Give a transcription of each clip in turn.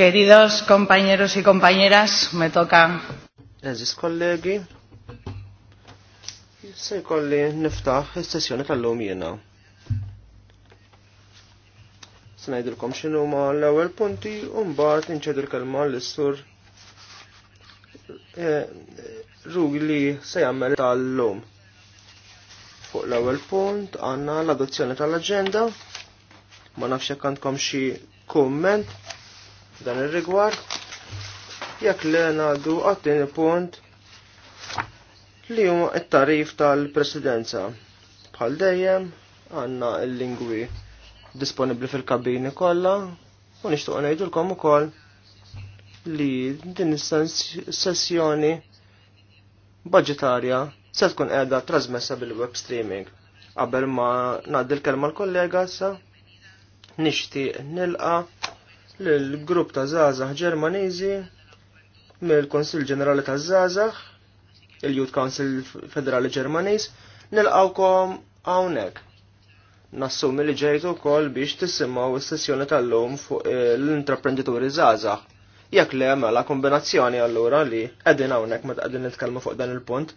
Queridos compañeros y compañeras, me toca. Eżis kollegi, se kolli niftaħ is-sessjoni tal-lum jiena. Se ngħidilkom x'inhu ma l-ewwel punti u mbagħad inċedu l-kelma l-istur eh, rugli se jagħmel tal-lum. Fuq l-ewwel punt għandna l-adozzjoni tal-aġenda ma nafx jekk għandkom xi kumment dan ir-rigward. Jekk le ngħaddu għattin tieni punt li huma t-tarif tal-presidenza. Bħal dejjem għandna l-lingwi disponibbli fil-kabini kollha u nixtieq ngħidulkom ukoll li din is-sessjoni budgetarja se tkun qiegħda trasmessa bil-web streaming. Qabel ma ngħaddi l-kelma l-kollega sa nixtieq nilqa' l-grupp ta' Zazax Ġermaniżi mill-Konsil Ġenerali ta' Zazax, il-Youth Council Federali Ġermaniż, nilqawkom hawnhekk. Nassumi li ġejtu wkoll biex tisimgħu s-sessjoni tal-lum fuq eh, l-intraprenditori Zazax. Jekk le mela kombinazzjoni allura li qegħdin hawnhekk meta qegħdin nitkellmu fuq dan il-punt.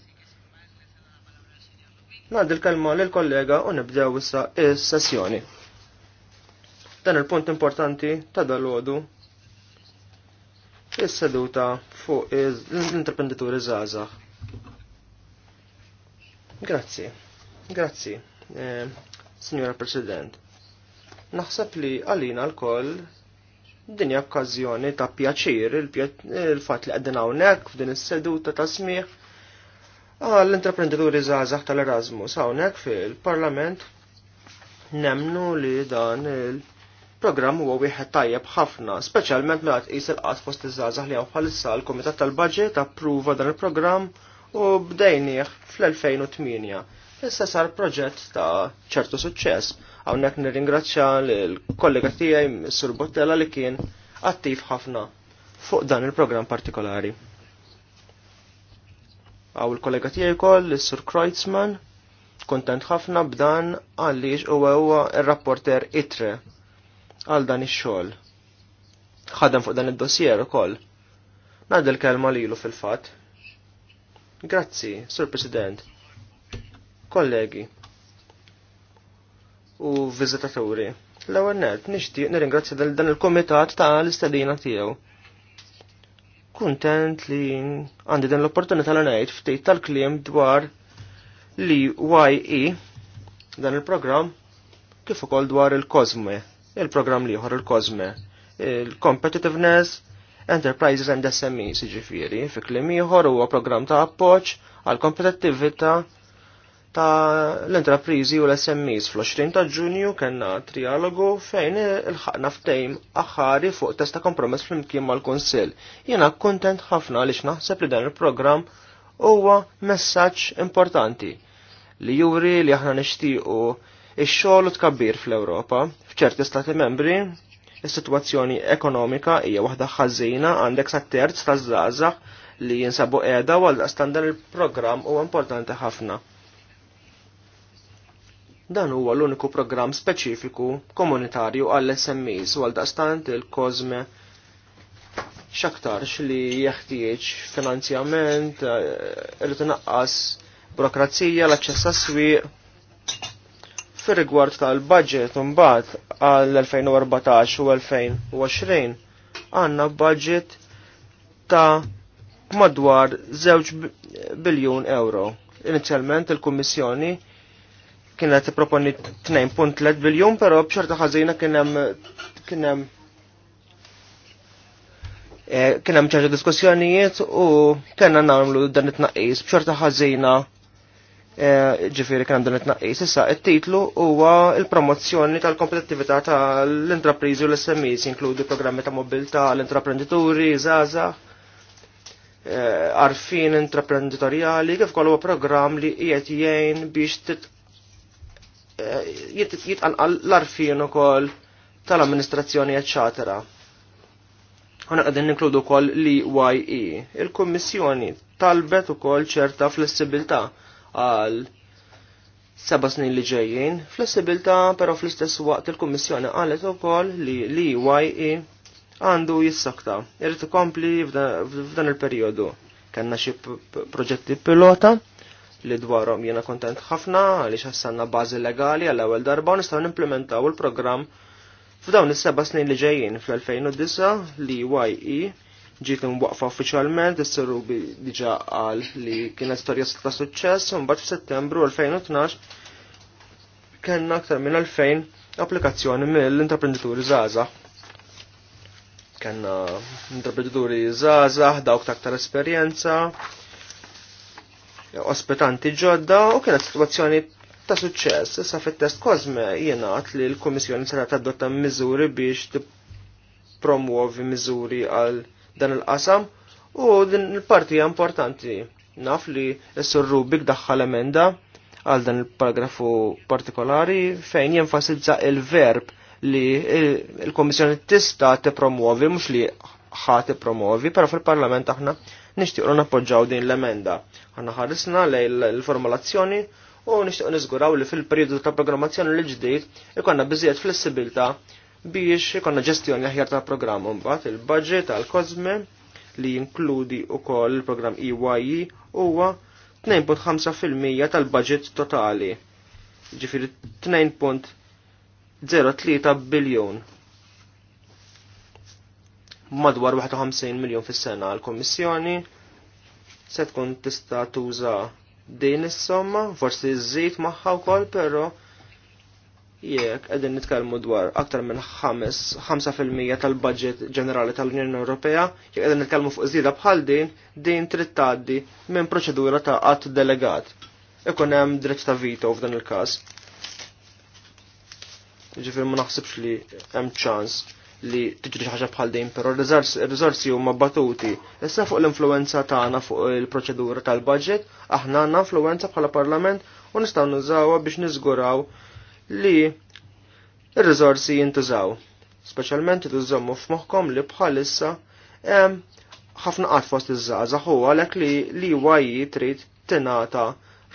Nagħdi l lill kollega u nibdew issa is-sessjoni dan il-punt importanti ta' dal-ħodu is-seduta fuq l-intreprenditori żgħażagħ. Grazzi, grazzi, eh, Signora President. Naħseb li għalina l-koll dinja okkazjoni ta' pjaċir il-fat li għaddin hawnhekk f'din is-seduta ta' smieħ għall-intreprenditori żgħażagħ tal-Erasmus hawnhekk fil-Parlament nemnu li dan il- programm huwa wieħed tajjeb ħafna, speċjalment meta qis il-qatt fost iż-żgħażagħ li hawn bħalissa l-Kumitat tal-Baġġet approva dan il-programm u bdejnieh fl-2008. Issa sar proġett ta' ċertu suċċess. Hawnhekk nirringrazzja l-kollega tiegħi Sur Bottella li kien attiv ħafna fuq dan il-programm partikolari. Aw il-kollega tiegħi wkoll sur Kreutzmann, kontent ħafna b'dan għaliex huwa huwa ir-rapporter itre għal dan ix-xogħol. Ħadem fuq dan id-dossier ukoll. Nad il-kelma lilu fil-fatt. Grazzi, Sur President. Kollegi. U viżitaturi. L-ewwel nett nixtieq nirringrazzja dan il-kumitat ta' l istedina tiegħu. Kuntent li għandi dan l-opportunità li ngħid ftit tal-kliem dwar li YE dan il-programm kif ukoll dwar il-Kozme il-programm liħor il-Kozme, il-Competitiveness, Enterprises and SMEs ġifiri, fi klim ieħor huwa programm ta' appoġġ għal kompetittività ta' l enterprizi u l-SMEs fl-20 ta' ġunju kena trialogu fejn il-ħakna ftejm aħħari fuq testa kompromess fl-imkien mal-Konsil. Jena kontent ħafna li naħseb li dan il-programm huwa messaġġ importanti li juri li aħna nixtiequ ix-xogħol tkabbir fl-Ewropa. F'ċerti stati membri, is-sitwazzjoni ekonomika hija waħda ħażina għandek sa terz taż-żgħażagħ li jinsabu qiegħda għal standard il-programm huwa importanti ħafna. Dan huwa l-uniku programm speċifiku komunitarju għall smis u għal daqstant il-kozme xaktarx li jeħtieġ finanzjament, eh, irid naqqas burokrazija, l-aċċess għas-swieq, fir rigward tal-budget mbagħad għal-2014 u 2020 għandna budget ta' madwar 2 biljun euro. Inizjalment il-Kummissjoni kienet proponi 2.3 biljun, però b'xorta ħażina kien hemm kien hemm eh, diskussjonijiet u kellna nagħmlu dan it-tnaqqis b'xorta ħażina E, ġifiri kandu għandhom it Issa, it-titlu huwa il-promozzjoni tal-kompetittività tal-intrapriżi u l-SMEs, inkludi programmi ta' mobilità l-intraprenditori, zaza, e, arfin intraprenditoriali, kif kollu programm li qiegħed jgħin biex e, jitqanqal l-arfin ukoll tal-amministrazzjoni, etc. Għana għadin inkludu kol l YE. Il-Kommissjoni talbet u kol ċerta flessibilta' għal seba snin li ġejjin, flessibilta però fl-istess waqt il-Kummissjoni qalet ukoll li li eye għandu jissakta, irrid ikompli f'dan il-perjodu. Kenna xi proġetti pilota li dwarhom jiena kontent ħafna għaliex ħassanna bażi legali għal ewwel darba u nistgħu nimplementaw il-programm f'dawn is-seba' snin li ġejjin fl-2009 li e YE ġiet imwaqfa uffiċjalment, is-Serubi diġà qal li kienet storja ta' suċċess, u mbagħad f'Settembru 2012 kellna aktar minn 2000 applikazzjoni mill-intraprenditori żgħażagħ. Kenna intraprenditori żgħażagħ dawk ta' aktar esperjenza, ospitanti ġodda u kienet sitwazzjoni ta' suċċess. Issa fit-test Kozme jingħad li l-Kummissjoni se tadotta miżuri biex promuovi miżuri għal dan il-qasam u din il parti importanti. Naf li s surru bik daħħal emenda għal dan il-paragrafu partikolari fejn jenfasizza il-verb li il-Komissjoni tista te-promuovi, mhux li ħa tippromovi, però fil-Parlament aħna nixtiequ nappoġġaw din l-emenda. Għanna ħarisna lej l-formulazzjoni u nishtiq niżguraw li fil-periodu ta' programmazzjoni l ġdijt ikonna biżiet flessibilta biex ikonna ġestjoni aħjar ta' programm mbagħad il-budget tal-Kozme li jinkludi ukoll il-programm EYE e huwa 2.5% tal-budget totali. Ġifieri 2.03 biljun. Madwar 51 miljon fis-sena għall-Kommissjoni se tkun tista' tuża din is-somma, forsi żżid magħha wkoll, però jekk qegħdin nitkellmu dwar aktar minn 5% tal-budget ġenerali tal-Unjoni Ewropea, jekk qegħdin nitkellmu fuq żieda bħal din, din trid tgħaddi minn proċedura ta' qatt delegat. Ikun hemm dritt ta' vito f'dan il-każ. Ġifir ma naħsibx li hemm ċans li tiġri ħaġa bħal din, però r-riżorsi huma batuti. Issa fuq l-influenza tagħna fuq il-proċedura tal-budget, aħna għandna influenza bħala Parlament u nistgħu nużawha biex niżguraw li il-rizorsi jintużaw. Speċjalment tużommu f'moħħkom li bħalissa ħafna qatt fost iż-żgħażagħ u għalhekk li li waji trid tingħata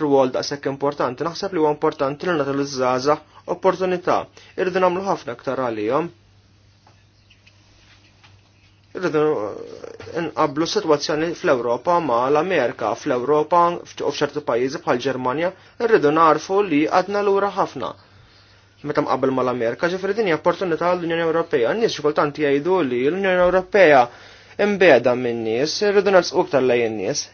rwol daqshekk importanti. Naħseb li huwa importanti li nagħtu liż-żgħażagħ opportunità. Irridu nagħmlu ħafna aktar għalihom. Irridu nqablu sitwazzjoni fl-Ewropa ma l-Amerika, fl-Ewropa u f'ċerti pajjiżi bħal Ġermanja, irridu narfu li għadna lura ħafna meta mqabbel mal-Amerika, ġifri din hija opportunità għall-Unjoni Ewropea. N-nies xi jgħidu li l-Unjoni Ewropea imbeda min nies, irridu nalsqu iktar lejn nies.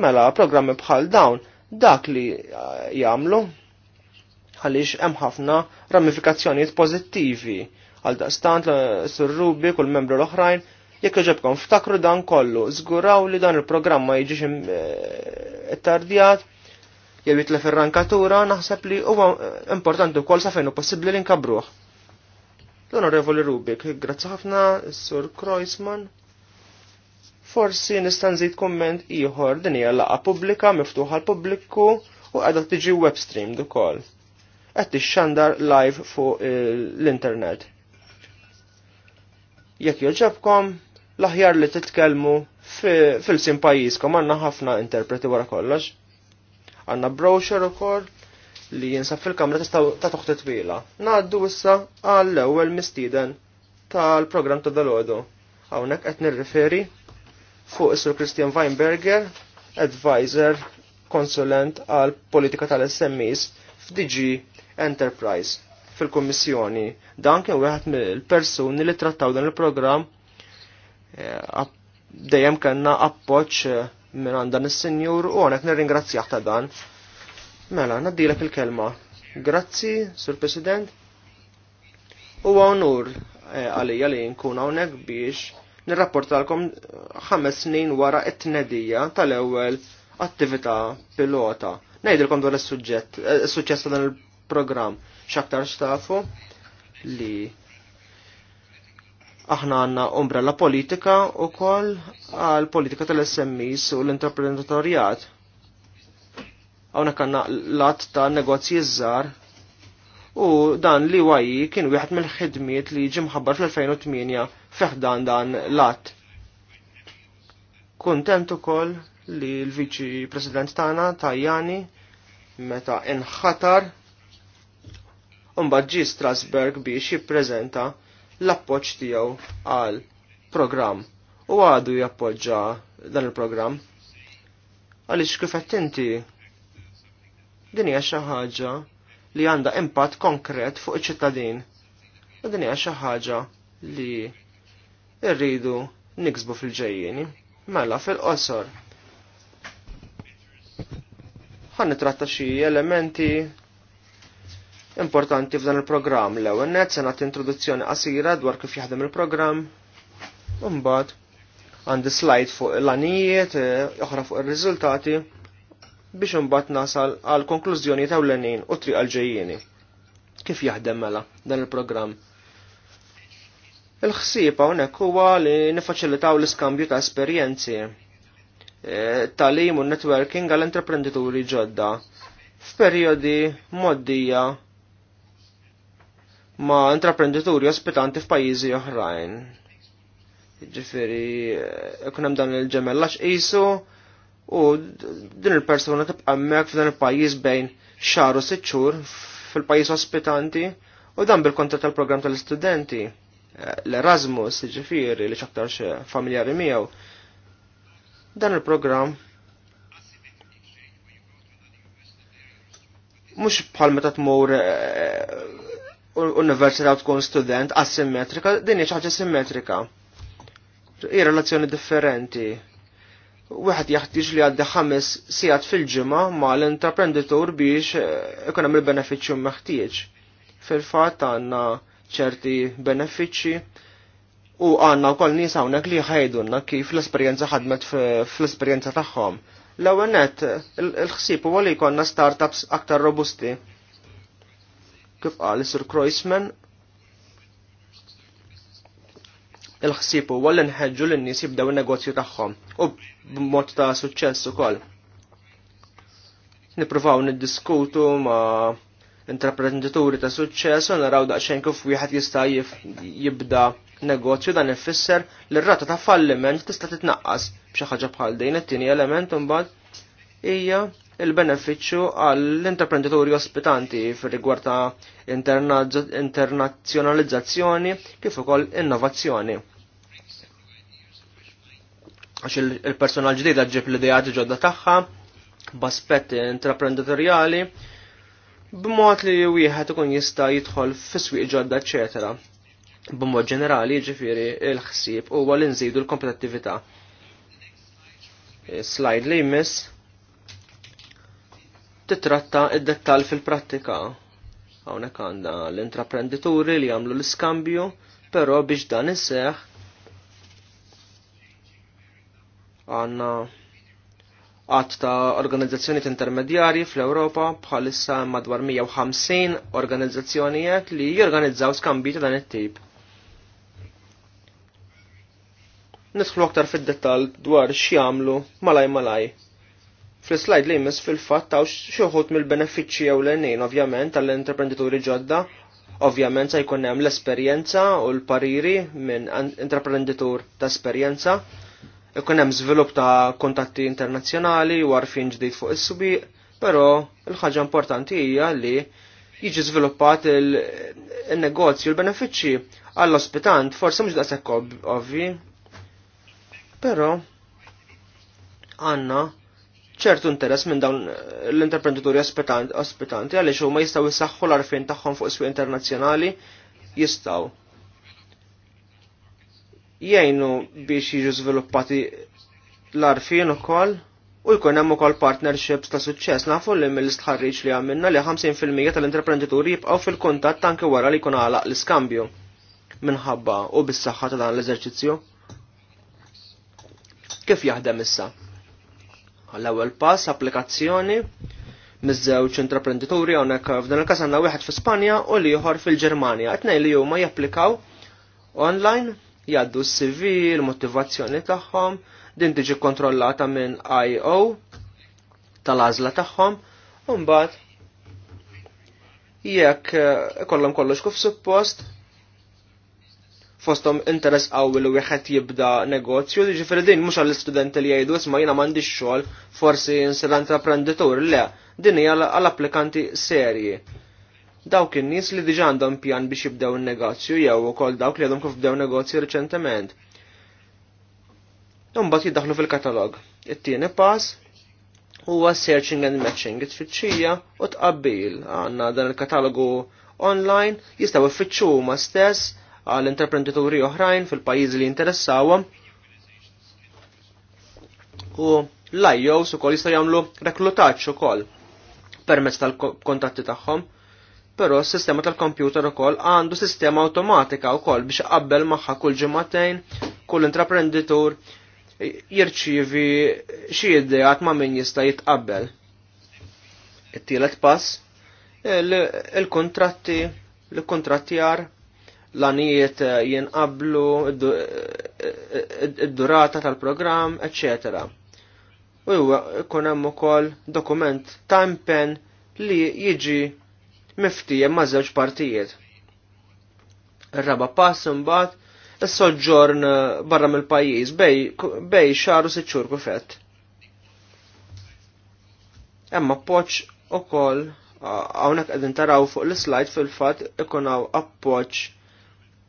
Mela, programmi bħal dawn dak li uh, jagħmlu għaliex hemm ħafna ramifikazzjonijiet pożittivi għal daqstant surrubi kull membru l-oħrajn jekk ġobkom ftakru dan kollu, żguraw li dan il programma ma jiġix eh, jew jitla ir-rankatura naħseb li huwa importanti wkoll sa fejn hu possibbli li nkabruh. L-Onorevoli Rubik, grazzi ħafna, Sur Kreuzmann. Forsi nista' nżid kumment ieħor din hija laqgħa pubblika miftuħa l pubbliku u qiegħda tiġi web streamed ukoll. Qed tixxandar live fuq eh, l-internet. Jekk jogħġabkom, l-aħjar li titkellmu fil-sim pajjiżkom għandna ħafna interpreti wara kollox. Għanna brochure ukor li jinsab fil-kamra ta' toħti twila. Ngħaddu issa għall-ewwel mistieden tal-programm ta' dalodu. Hawnhekk qed nirriferi fuq is-Sur Christian Weinberger, advisor konsulent għal politika tal-SMEs f'DG Enterprise fil-Kommissjoni. Dan kien wieħed mill-persuni li trattaw dan il program eh, dejjem kellna appoġġ eh, minn mela, għandan is-senjur u nir nirringrazzjah ta' dan. Mela, naddilek il-kelma. Grazzi, Sur President. U għonur eh, għalija li nkun għonek biex nirrapportalkom ħames snin wara it-tnedija tal-ewwel attività pilota. Ngħidilkom dwar is-suġġett, eh, is-suċċess ta' dan il-programm. X'aktar xtafu li Aħna għanna la politika u koll għal politika tal smis u l-intraprenditorjat. Għawnek l lat ta' negozji zzar u dan li waji kien wieħed mill-ħidmiet li ġimħabbar fl-2008 feħdan dan lat. Kontent ukoll li l-Viċi President tagħna Tajani meta inħatar Umbaġġi Strasberg biex jippreżenta l-appoġġ tiegħu għal programm u għadu jappoġġa dan il-programm. Għaliex kif qed inti din hija xi ħaġa li għandha impatt konkret fuq iċ-ċittadin. U din hija xi ħaġa li rridu niksbu fil-ġejjieni. Mela fil-qosor. Ħan nitratta xi elementi importanti f'dan il-programm. L-ewwel net se nagħti introduzzjoni qasira dwar kif jaħdem il-programm. Imbagħad għandi slide fuq l-anijiet, eh, oħra fuq ir-riżultati biex imbagħad nasal għal konklużjoni ta' l-għenin u triq għal-ġejjieni. Kif jaħdem mela dan il-programm? Il-ħsieb hawnhekk huwa li nifaċilitaw l-iskambju ta' esperjenzi eh, talim u networking għal entreprenditori ġodda f'perjodi moddija ma' intraprenditori ospitanti f'pajjiżi oħrajn. Ġifiri, eh, kun hemm dan il-ġemellax qisu u din il-persuna tibqa' hemmhekk f'dan il-pajjiż bejn xahar u sitt xhur fil-pajjiż ospitanti u dan bil kontra tal-programm tal-istudenti eh, l-Erasmus, ġifiri, li ċaktar familjari miegħu. Dan il-programm mhux bħal meta tmur eh, università tkun student asimmetrika, din hija ħaġa simmetrika. Hi relazzjoni differenti. Wieħed jaħtieġ li għaddi ħames sigħat fil-ġimgħa mal-intraprenditur biex eh, ikun hemm il-benefiċċju meħtieġ. Fil-fatt għandna ċerti benefiċċji u għandna wkoll nies hawnhekk li ħajdunna kif l-esperjenza ħadmet fl-esperjenza tagħhom. L-ewwel nett, il-ħsieb huwa li jkollna startups aktar robusti kif qal Sir Kreuzman il-ħsieb huwa li nħeġġu lin nies jibdew in-negozju tagħhom u b'mod ta' suċċess ukoll. Nippruvaw niddiskutu ma' intraprenditori ta' suċċess u naraw daqsxejn kif wieħed jista' jibda negozju dan ifisser li r-rata ta' falliment tista' titnaqqas b'xi ħaġa bħal din it-tieni element imbagħad hija il-beneficju għall-intreprenditori ospitanti fir-rigward ta' internazzjonalizzazzjoni kif ukoll innovazzjoni. Għax il-personal ġdida ġib l-idejat ġodda tagħha b'aspetti intraprenditorjali b'mod li wieħed ikun jista' jidħol fis-swieq ġodda eċetera. B'mod ġenerali ġifieri il-ħsieb huwa li nżidu l-kompetittività. Slide li jmiss titratta id dettall fil-prattika. Hawnhekk għandna l-intraprendituri li jagħmlu l-iskambju, però biex dan isseħ għandna għat ta' organizzazzjoni intermedjarji fl-Europa bħalissa madwar 150 organizzazzjonijiet li jorganizzaw skambji ta' dan it-tip. Nidħlu aktar fid dettall dwar x'jamlu malaj malaj. Fl-slide li jmiss fil-fatt taw xoħut mill-benefiċċji l-enin, ovvjament tal-entreprenditori ġodda, ovvjament se jkun hemm l-esperjenza u l-pariri minn entreprenditur ta' esperjenza, ikun hemm żvilupp ta' kuntatti internazzjonali u għarfien ġdid fuq is-subiq, però l-ħaġa importanti hija li jiġi żviluppat il-negozju l-benefiċċji għall-ospitant forsi mhux daqshekk ovvi, però għandna ċertu interess minn dawn l-interprenditori ospitanti għaliex huma jistgħu jsaħħu l-arfin tagħhom fuq swi internazzjonali jistgħu jgħinu biex jiġu żviluppati l-arfin ukoll u jkun hemm ukoll partnerships ta' suċċess nafu li mill-istħarriġ li għamilna li 50% tal interprenditori jibqgħu fil-kuntatt anke wara li jkun għalaq l-iskambju minħabba u bis-saħħa ta' dan l-eżerċizzju. Kif jaħdem issa? għall-ewwel pass applikazzjoni miż-żewġ intraprenditori hawnhekk f'dan il-każ għandna wieħed fi Spanja u ieħor fil-Ġermanja. Qed li huma japplikaw online jgħaddu s-CV, l-motivazzjoni tagħhom, din tiġi kontrollata minn IO tal-għażla tagħhom u mbagħad jekk ikollhom eh, kollox kif suppost fostom interess qawwi li wieħed jibda negozju, ġifieri din mhux għall-istudenti li jgħidu isma' jiena mandi xogħol, forsi nsir intraprenditur, le, din hija għall-applikanti serji. Dawk in-nies li diġà għandhom pjan biex jibdew in-negozju jew ukoll dawk li għadhom kif bdew negozju riċentement. Imbagħad jiddaħlu fil-katalog. It-tieni pass huwa searching and matching, it-tfittxija u tqabbil għandna dan il-katalogu online jistgħu fitxu huma stess għal intreprenditori oħrajn fil-pajjiżi li interessawhom. U su kol ukoll jamlu jagħmlu reklutaġġ ukoll permezz tal-kontatti tagħhom. Però s-sistema tal-kompjuter ukoll għandu sistema awtomatika wkoll biex qabbel maħħa kull ġimagħtejn kull intraprenditur jirċivi xi ideat ma' min jista' jitqabbel. It-tielet pass il-kontratti il-kontratti kontrattjar l-anijiet eh, jenqablu, id-durata tal-programm, etc. U huwa ikun hemm ukoll dokument time pen li jiġi miftijem ma' żewġ partijiet. Ir-raba pass imbagħad is soġġorn eh, barra mill-pajjiż bej xaru siċur xhur kufett. Hemm u ukoll hawnhekk qegħdin taraw fuq l slajt fil-fatt ikun għaw appoġġ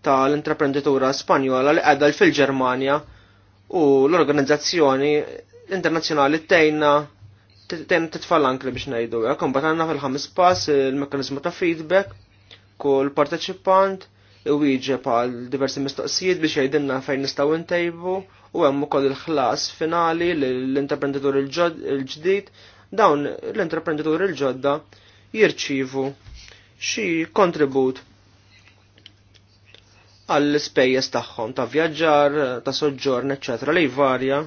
tal intraprenditura Spanjola li għedha fil-Ġermanja u l-organizzazzjoni internazzjonali tejna tejna t-tfallank li biex ngħidu. Kombat għandna fil-ħames pass il mekanizmu ta' feedback kull parteċipant iwieġeb għal diversi mistoqsijiet biex jgħidilna fejn nistgħu ntejbu u hemm ukoll il-ħlas finali l intraprenditur il-ġdid dawn l intraprenditur il-ġodda jirċivu xi kontribut għall-spejjeż tagħhom ta' vjaġġar, ta' soġġorn, eċċetera, li jvarja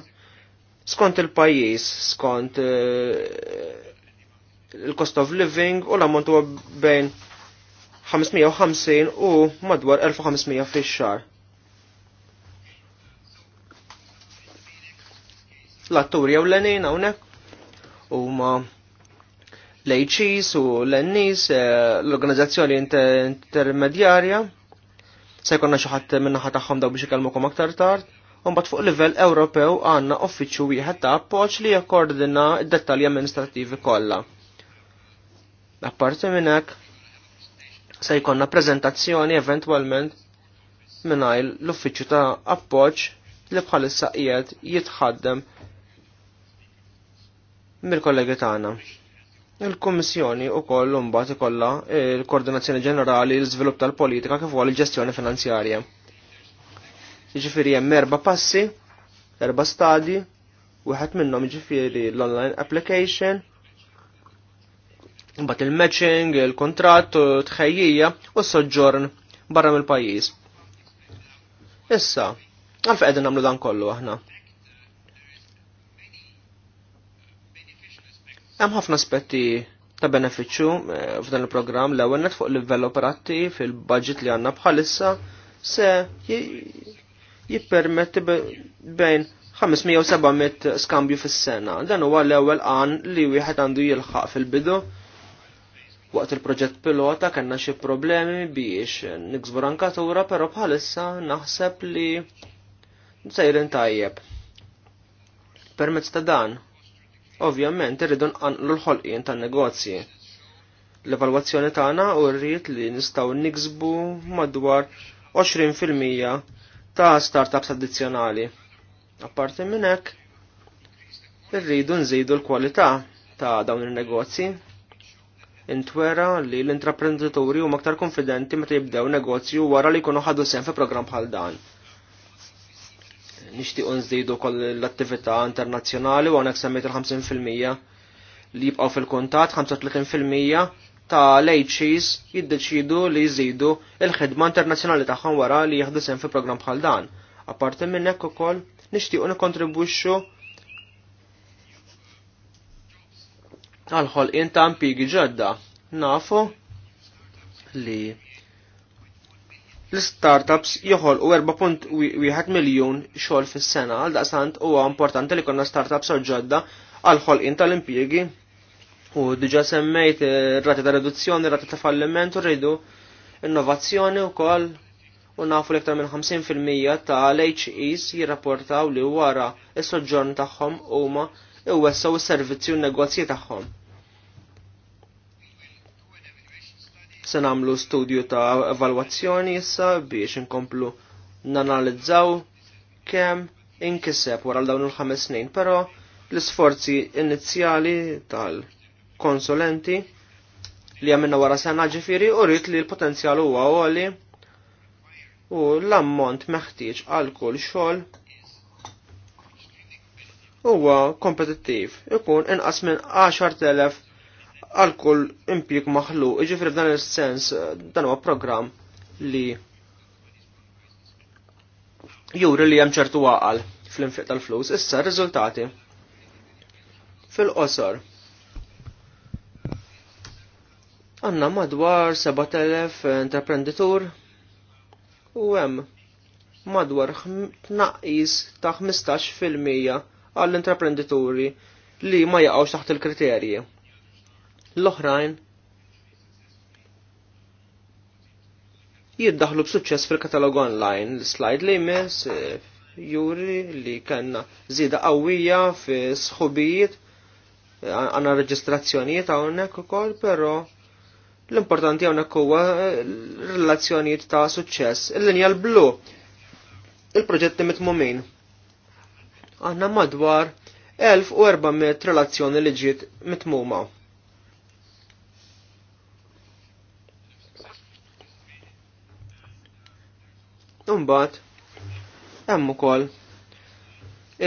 skont il-pajjiż, skont eh, il-cost of living u l-ammont huwa bejn 550 u madwar 1500 fix xahar L-atturi jew l enin hawnhekk huma l u l ennis eh, l-Organizzazzjoni Intermedjarja se jkollna xi ħadd minnaħa tagħhom daw biex ikellmukom aktar tard. Mbagħad fuq livell Ewropew għandna uffiċċju wieħed ta' appoġġ li jakkordina d-dettalji amministrattivi kollha. Apparti minn hekk se jkollna preżentazzjoni eventwalment mingħajr l-uffiċċju ta' appoġġ li bħalissa qiegħed jitħaddem mill-kollegi tagħna. Il-Kummissjoni u koll mbagħad ikollha l-koordinazzjoni ġenerali l żvilupp tal-politika kif ukoll il-ġestjoni finanzjarja. Jiġifieri hemm erba' passi, erba' stadji, wieħed minnhom jiġifieri l-online application, imbagħad il-matching, il-kontratt, tħejjija u s-soġġorn barra mill-pajjiż. Issa, għalfejn qegħdin nagħmlu dan kollu aħna. Hemm ħafna aspetti ta' beneficju eh, f'dan il-programm l ewwel fuq livell operattiv fil-budget li għandna bħalissa se jippermetti bejn 500 u 700 skambju fis-sena. Dan huwa l-ewwel qan li wieħed għandu jilħaq fil-bidu. Waqt il-proġett pilota kellna xi problemi biex nikżbu rankatura, però bħalissa naħseb li sejrin tajjeb. Permezz ta' dan, Ovvjament irridu nqanqlu l-ħolqien tan-negozji. L-evalwazzjoni tagħna u rrid li nistgħu niksbu madwar 20% ta' startups addizzjonali. Apparti minn hekk, irridu nżidu l-kwalità ta' dawn il-negozji. Intwera li l-intraprenditori huma aktar konfidenti meta jibdew negozju wara li jkunu ħadu sen fi programm bħal dan nixtiequ nżidu koll l-attività internazzjonali u għonek semmejt il-50% li jibqgħu fil-kuntat 35% ta' l jiddeċidu li jżidu il-ħidma internazzjonali tagħhom wara li jieħdu sem fi programm bħal dan. Apparti minn hekk ukoll nixtiequ nikkontribwixxu għal ħolqien ta' impigi ġodda. Nafu li l-startups joħol u 4.1 miljon xogħol fis-sena għal daqsant huwa importanti li konna startups ġodda għal ħolqien tal-impjiegi u diġa semmejt eh, rati ta' reduzzjoni, rati ta' falliment u rridu innovazzjoni wkoll u nafu l-iktar minn 50% tal-HEs jirrapportaw li wara is-soġġorn tagħhom huma iwessaw is-servizzi u n-negozji tagħhom. Se nagħmlu studju ta' evalwazzjoni issa biex inkomplu nanalizzaw kemm inkiseb wara dawn il-ħames snin, però l-isforzi inizjali tal-konsulenti li għamilna wara sena ġifiri u rrit li l-potenzjal huwa għoli u l-ammont meħtieġ għal kull xogħol huwa kompetittiv ikun inqas minn 10,000 għal kull impjik maħlu, iġifri f'dan il-sens, dan huwa program li juri li hemm ċertu waqal fl-infiq tal-flus, issa r-riżultati fil-qosor. Għanna madwar 7000 entreprenditur u hemm madwar tnaqqis ta' 15% għall-entreprenditori li ma jaqgħux taħt il-kriterji l-oħrajn jiddaħlu b'suċċess fil-katalog online. L-slide li jmiss eh, juri li kanna zida qawwija fi sħubijiet eh, għanna reġistrazzjonijiet hawnhekk ukoll, però l-importanti hawnhekk huwa eh, relazzjonijiet ta' suċċess. Il-linja l-blu il-proġetti mitmumin. Għanna madwar 1400 relazzjoni li ġiet mitmuma. Umbat, hemm ukoll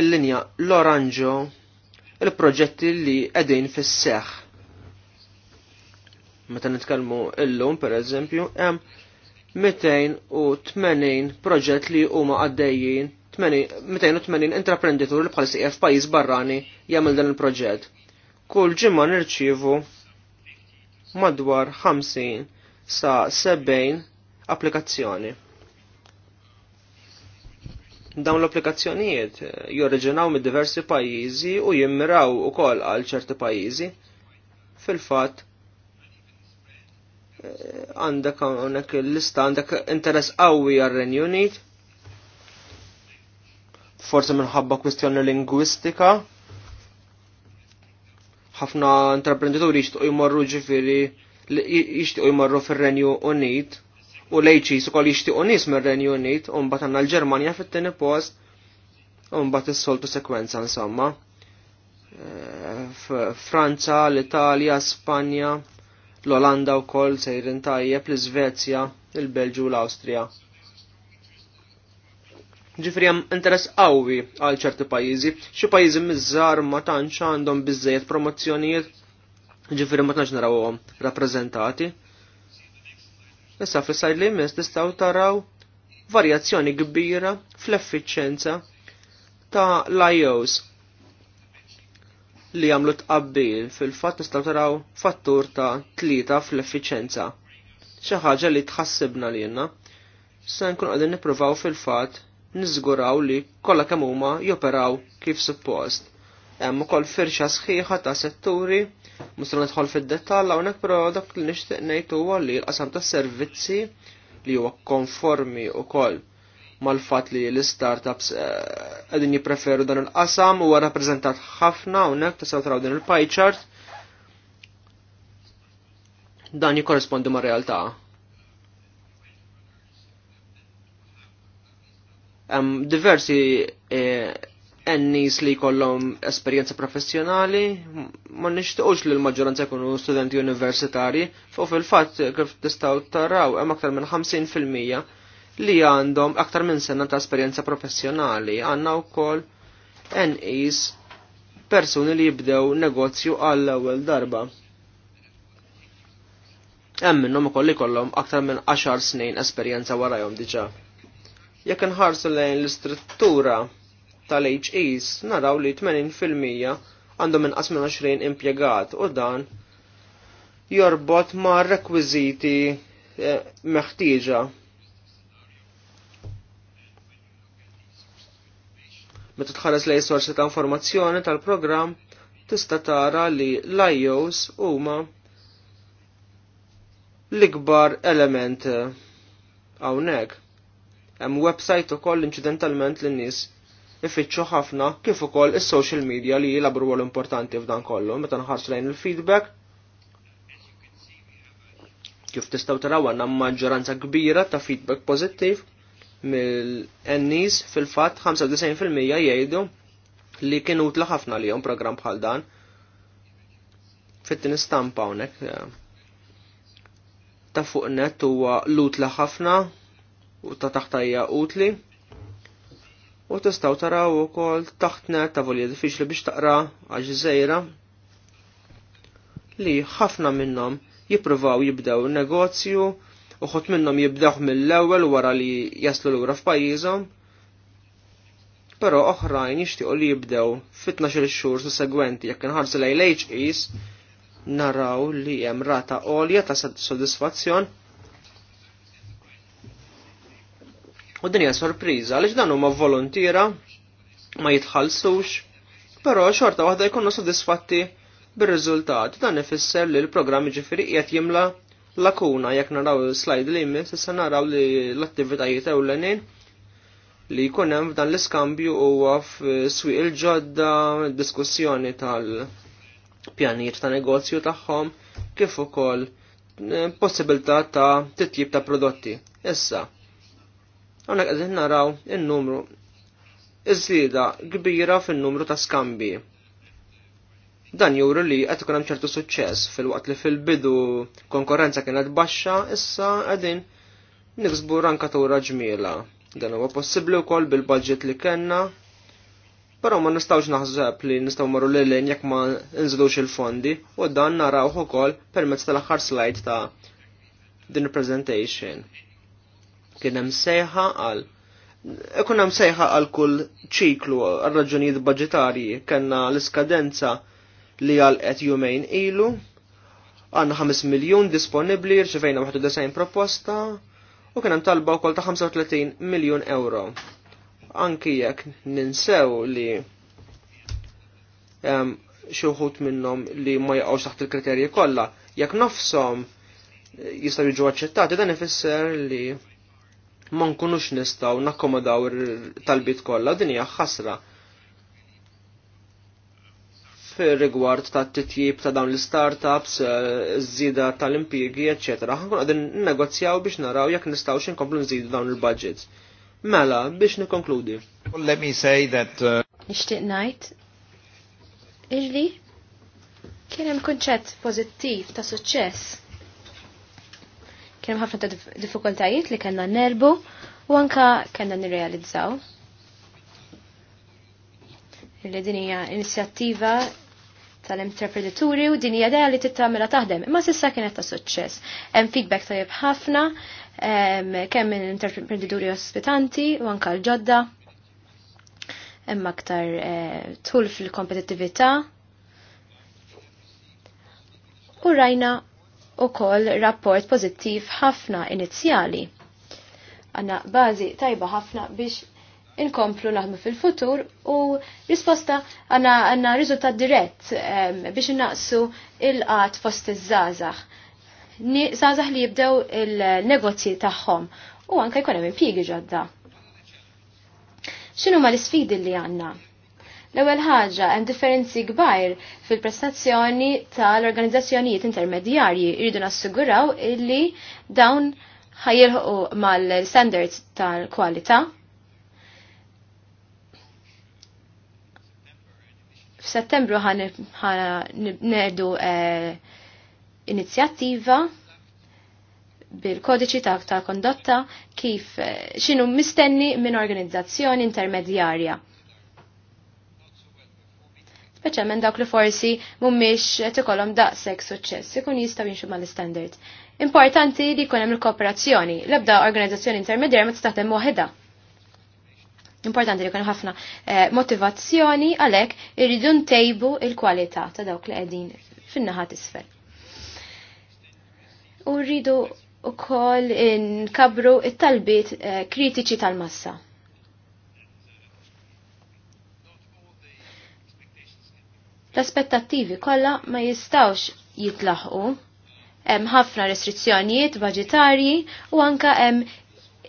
il-linja l-oranġo il-proġetti li qegħdin fis seħ Meta nitkellmu illum pereżempju hemm 280 proġett li huma għaddejjin 280 intraprenditur li bħalissi qiegħed f'pajjiż barrani jagħmel dan il-proġett. Kull ġimma nirċievu madwar 50 sa 70 applikazzjoni dawn l-applikazzjonijiet eh, jorriġinaw mid diversi pajjiżi u jimmiraw ukoll għal ċerti pajjiżi. Fil-fatt eh, għandek hawnhekk il-lista għandek interess qawwi għar-Renju Unit. Forsi minħabba kwistjoni lingwistika. Ħafna intraprenditori jixtiequ jmorru ġifiri jixtiequ jmorru fir-Renju Unit u lejċi su kol jishtiqu nis mirren renju Unit, unbat għanna l-Ġermanja fit-tini post, unbat is-soltu sekwenza insomma. Eh, Franza, l-Italja, Spanja, l-Olanda u kol sejrin tajjeb, l-Svezja, il-Belġu u l-Austria. Ġifri jem interess qawwi għal ċerti pajizi, xi pajizi mizzar ma tantx għandhom biżejjed promozzjonijiet, ġifri ma tantx narawhom rappreżentati. Issa fl-sajt li jmiss tistaw taraw varjazzjoni kbira fl-effiċenza ta' l-IOs li għamlu tqabbil fil-fat nistaw taraw fattur ta' tlita fl-effiċenza. ħaġa li tħassibna li jenna, se nkun għadin niprovaw fil-fat nizguraw li kollha kemm huma joperaw kif suppost. Hemm ukoll firxa sħiħa ta' setturi Musta fil fid-dettall hawnhekk però dak li nixtieq ngħid huwa li l-qasam tas-servizzi li huwa konformi wkoll mal-fat li l-startups eh, għedin jipreferu dan il-qasam u rappresentat ħafna ta' tisaw traw din il-pie chart dan jikorrespondi ma' realtà. Hemm diversi eh, n-nis li kollom esperienza professjonali, ma nishtuqx li l-maġġoranza jkunu studenti universitari, fuq fil fat kif tistaw taraw hemm aktar minn 50% li għandhom aktar minn sena ta' esperjenza professjonali, għandna wkoll n-nis persuni li jibdew negozju għall ewwel darba. Hemm minnhom ukoll li kollhom aktar minn 10 snin esperjenza warajhom diġà. Jekk inħarsu lejn l-istruttura tal-HEs naraw li 80% għandhom inqas minn 20 impjegat u dan jorbot ma' rekwiżiti eh, meħtieġa. Meta tħares lej sorsi ta' informazzjoni tal-programm tista' tara li l-IOs huma l-ikbar element eh, hawnhekk. Hemm website ukoll inċidentalment lin-nies ifittxu ħafna kif ukoll is-social media li jilabru għol importanti f'dan kollu meta nħarsu lejn il-feedback. Kif tistgħu taraw għanna maġġoranza kbira ta' feedback pożittiv mill-ennis fil-fatt 95% jgħidu li kienu utla ħafna li jom program bħal dan. Fittin istampa unek. Ta' fuq net huwa l-utla ħafna u ta' taħtajja utli u tistaw taraw u kol taħtna tavolja diffiċli biex taqra għax zejra li ħafna minnom jipruvaw jibdew negozju u ħot minnom jibdew mill-ewel wara li jaslu l-ura f'pajjiżhom, però oħrajn jixtiequ li jibdew fit-12 xhur segwenti jekk inħarsu lejn l-HEs naraw li hemm rata għolja ta' sodisfazzjon U din hija sorpriża għaliex dan huma volontiera ma jitħallsux, però xorta waħda jkunu sodisfatti bir-riżultat. Dan ifisser li l-programm ġifieri qiegħed jimla lakuna jekk naraw slide li jmiss issa naraw li l-attivitajiet ewlenin li jkun hemm f'dan l-iskambju huwa f'swieq il-ġodda diskussjoni tal-pjanijiet ta' negozju tagħhom kif ukoll possibilità ta' titjib ta' prodotti. Issa, Għonek għazin naraw il-numru iż-żieda kbira fin-numru ta' skambi. Dan juru li qed ikun hemm ċertu suċċess fil-waqt li fil-bidu konkurrenza kienet baxxa, issa qegħdin niksbu ranka tura ġmiela. Dan huwa possibbli wkoll bil-budget li kellna, però ma nistgħux naħseb li nistgħu marru lejn jekk ma nżlux il-fondi u dan narawh ukoll permezz tal-aħħar slide ta' din presentation kien hemm sejħa għal ikun hemm sejħa għal kull ċiklu għal raġunijiet budġetarji kellna l-iskadenza li għal qed jumejn ilu għandna 5 miljun disponibbli rċevejna 91 proposta u kien hemm talba wkoll ta' 35 miljun euro. Anki jekk ninsew li xuħut xi wħud minnhom li ma jaqgħux taħt il-kriterji kollha, jekk nofsom jistgħu jiġu aċċettati dan ifisser li ma nkunux nistgħu nakkomodaw talbit kollha din hija ħasra fir-rigward ta' titjib ta' dawn l-startups, eh, żida tal-impjiegi, eċetera. Ħankun qegħdin negozjaw biex naraw jekk nistgħux inkomplu nżidu dawn il-budgets. Mela, biex nikonkludi. Well, let me say that... Uh, Nishtiq najt? Iġli? hemm kunċett pożittiv ta' suċċess kien hemm ħafna diffikultajiet li kellna nerbu u anka kena nirrealizzaw. Illi din hija inizjattiva tal-intreprenituri u din hija idea li tittamela taħdem, imma s'issa kienet ta' suċċess. Hemm feedback tajjeb ħafna, kemm minn intreprenituri ospitanti u anka l-ġodda. Hemm aktar eh, tul fil-kompetittività. U rajna ukoll rapport pożittiv ħafna inizjali. Għanna bażi tajba ħafna biex inkomplu naħdmu fil-futur u risposta għanna għanna riżultat dirett um, biex innaqsu il-qat fost iż-żazax. Zazax li jibdew il-negozji tagħhom u anke jkun hemm impjiegi ġodda. X'inhuma l-isfidi li għandna? L-ewwel ħaġa hemm differenzi kbar fil-prestazzjoni tal-organizzazzjonijiet intermedjarji jridu nassiguraw illi dawn ħajilħu mal-standards tal-kwalità. F'Settembru nerdu eh, inizjattiva bil-kodiċi ta' kondotta kif eh, xinu mistenni minn organizzazzjoni intermedjarja speċjalment dawk li forsi mhumiex qed ikollhom daqshekk suċċess ikun jistgħu jinxu mal-istandard. Importanti li jkun hemm il-kooperazzjoni, l-ebda organizzazzjoni intermedjarja ma tistaħdem waħedha. Importanti li jkun ħafna eh, motivazzjoni għalhekk irridu ntejbu il-kwalità ta' dawk li qegħdin fin naħa isfel. U rridu ukoll inkabru it-talbiet eh, kritiċi tal-massa l-aspettattivi kollha ma jistawx jitlaħqu. Hemm ħafna restrizzjonijiet budgetarji u anka hemm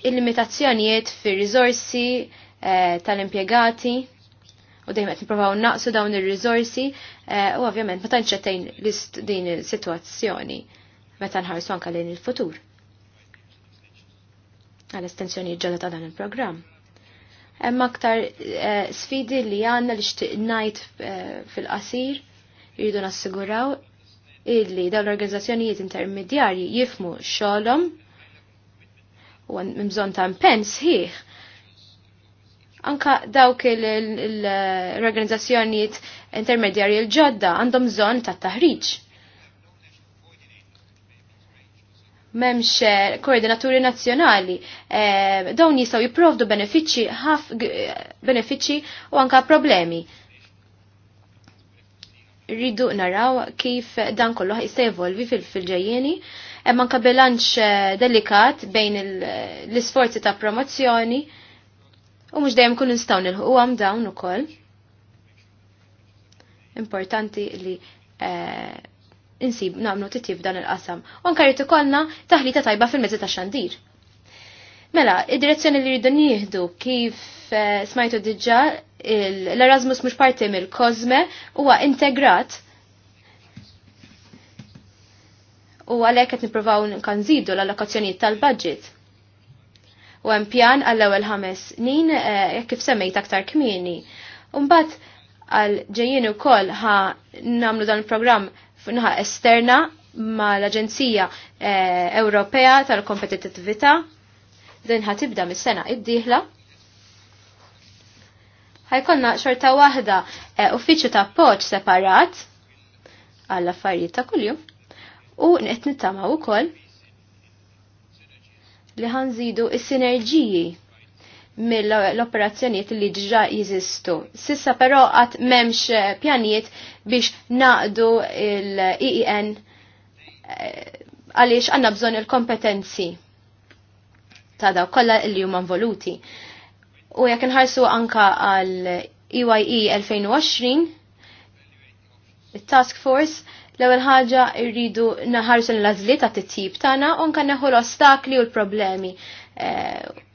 il-limitazzjonijiet fir-riżorsi eh, tal-impjegati u dejjem qed nippruvaw naqsu dawn ir-riżorsi eh, u ovvjament meta nċettejn din is-sitwazzjoni meta nħarsu anka lejn il-futur għal estensjoni ġodda ta' dan il-programm. Hemm aktar eh, sfidi li għandna li xtieq ngħid eh, fil-qasir jridu nassiguraw illi dawn l-organizzazzjonijiet intermedjarji jifmu xogħolhom u mżon ta' impenn sħiħ. Anka dawk l-organizzazzjonijiet intermedjarji l-ġodda għandhom bżonn ta' taħriġ memx eh, koordinaturi nazzjonali eh, dawn jistgħu jipprovdu benefiċi ħaf eh, benefiċi u anka problemi. Ridu naraw kif dan kollu jista' jevolvi fil-ġejjeni hemm anka bilanċ delikat bejn l-isforzi ta' promozzjoni u mhux dejjem kun nistgħu nilħu għam dawn ukoll. Importanti li insib namnu titjib dan il-qasam. Onka rrit ikollna taħlita tajba fil-mezzi ta' xandir. Mela, id-direzzjoni li rridu nieħdu kif eh, smajtu diġà l-Erasmus mhux parti mill-Kozme huwa integrat u għalhekk qed nippruvaw nkanżidu l-allokazzjonijiet tal-budget. U hemm pjan għall-ewwel ħames snin eh, kif semmejt aktar kmieni. Mbagħad għal ġejjin ukoll ħa namlu dan il-programm f'naħa esterna ma l-Aġenzija eh, Ewropea tal-Kompetittività din ħatibda mis-sena id-dieħla. Ħajkonna xorta waħda eh, uffiċċju ta' poġġ separat għall affarijiet ta' kuljum u qed nittama' wkoll li ħanżidu is-sinerġiji mill-operazzjonijiet li ġġa jizistu. Sissa però għat memx eh, pjanijiet biex naqdu il ien eh, għaliex għanna bżon il-kompetenzi ta' daw kolla li huma involuti. U jekk nħarsu anka għal EYE 2020, il-Task Force, l-ewwel ħaġa rridu naħarsu l-lażliet ta' tip tagħna u neħu l-ostakli u l-problemi. Eh,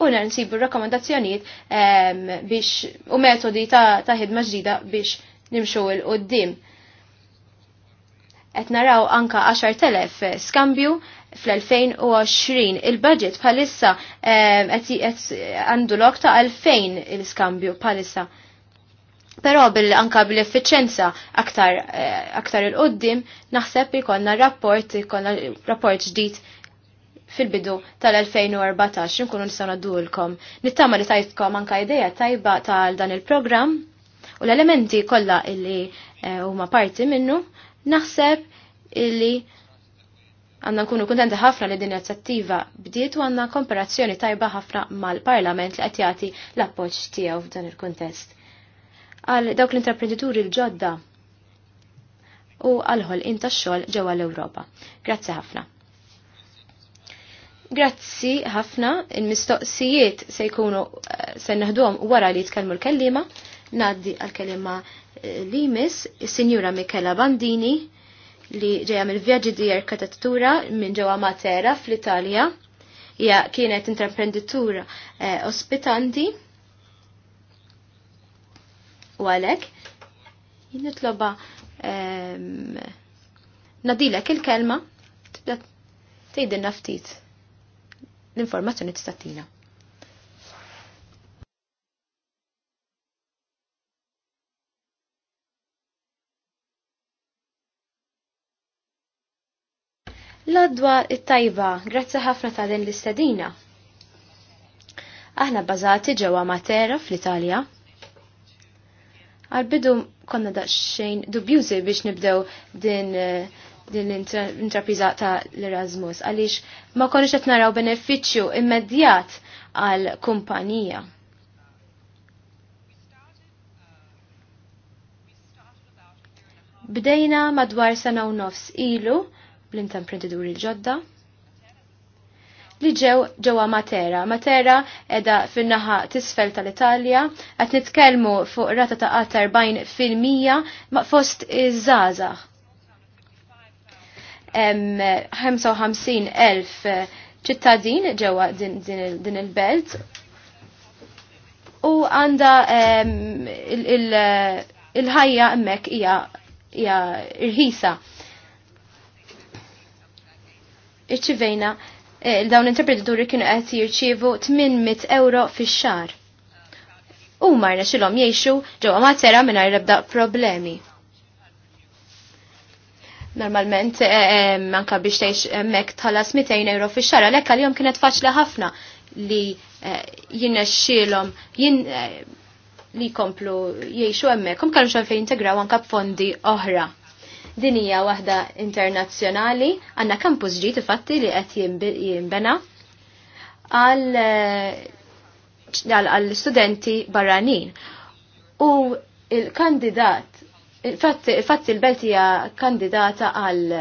u nsibu rakkomandazzjonijiet ehm, biex u metodi ta' ħidma ġdida biex nimxu l qoddim Et naraw anka 10.000 skambju fl-2020 il-budget palissa ehm, għandu lok ta' 2000 il-skambju palissa. Pero bil anka bil-effiċenza aktar, eh, aktar il-qoddim naħseb ikonna rapport, ikonna rapport ġdid fil-bidu tal-2014 nkunu nistgħu naddulkom. Nittama li tajtkom anka idea tajba tal dan il-programm u l-elementi kollha illi eh, huma parti minnu naħseb illi għanna nkunu kuntenti ħafna li din inizjattiva bdiet u għanna komparazzjoni tajba ħafna mal-Parlament li qed jagħti l-appoġġ tiegħu f'dan il-kuntest. Għal dawk l intraprenditur il ġodda u għalħol inta tax-xogħol ġewwa l-Ewropa. Grazzi ħafna. Grazzi ħafna, il-mistoqsijiet se jkunu eh, se naħduhom wara li jitkellmu l-kellima, naddi għal-kellima eh, li jmiss, is-Sinjura Michela Bandini li ġejja mill-vjaġġi di arkitettura minn ġewwa Matera fl-Italja. Hija kienet intraprenditura eh, ospitanti u għalhekk nitloba ehm, nadilek il-kelma tibda tgħidilna ftit l-informazzjoni tistatina. L-adwa it-tajba, grazzi ħafna ta' din l-istadina. Aħna bbażati ġewwa Matera fl-Italja. Għal-bidu konna daqsxejn dubjużi biex nibdew din eh, din l-intrapriża ta' l-Erasmus għaliex ma konniex qed naraw benefiċċju immedjat għal kumpanija. Bdejna madwar sena u nofs ilu bl-intemprendituri l-ġodda li ġew ġewwa Matera. Matera edha fin-naħa tisfel tal-Italja, qed nitkellmu fuq rata ta' qatt 40 fil-mija ma' fost iż-żgħażagħ. 55,000 ċittadin ġewwa din il-belt u għanda il-ħajja emmek hija irħisa. il eh, dawn l-interpretaturi kienu qed jirċievu 800 euro fix-xar. U marna xilhom jgħixu ġewwa Matera mingħajr ebda problemi normalment eh, eh, manka biex tgħix hemmhekk tħallas 200 euro fix-xara li jom kienet faċli ħafna li eh, xilom, jinn li komplu jiexu emmek, kum kallu xalfej integraw anka fondi oħra. Din hija waħda internazzjonali, għanna kampus ġi tifatti li qed jinbena għal studenti barranin. U il-kandidat Il-fatti il-Beltija kandidata għal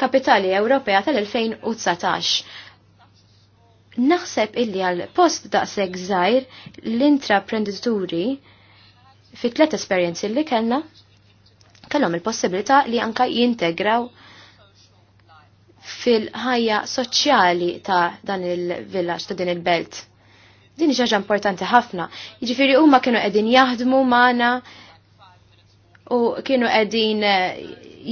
Kapitali Ewropea tal-2019. Naħseb illi għal post daqseg żgħir l-intraprendituri fi tliet esperjenzi li kellna kellhom il-possibilità li anka jintegraw fil-ħajja soċjali ta' dan il-villaġġ ta' din il-belt. Din ġaġa importanti ħafna. Jiġifieri huma kienu qegħdin jaħdmu magħna u kienu qegħdin eh,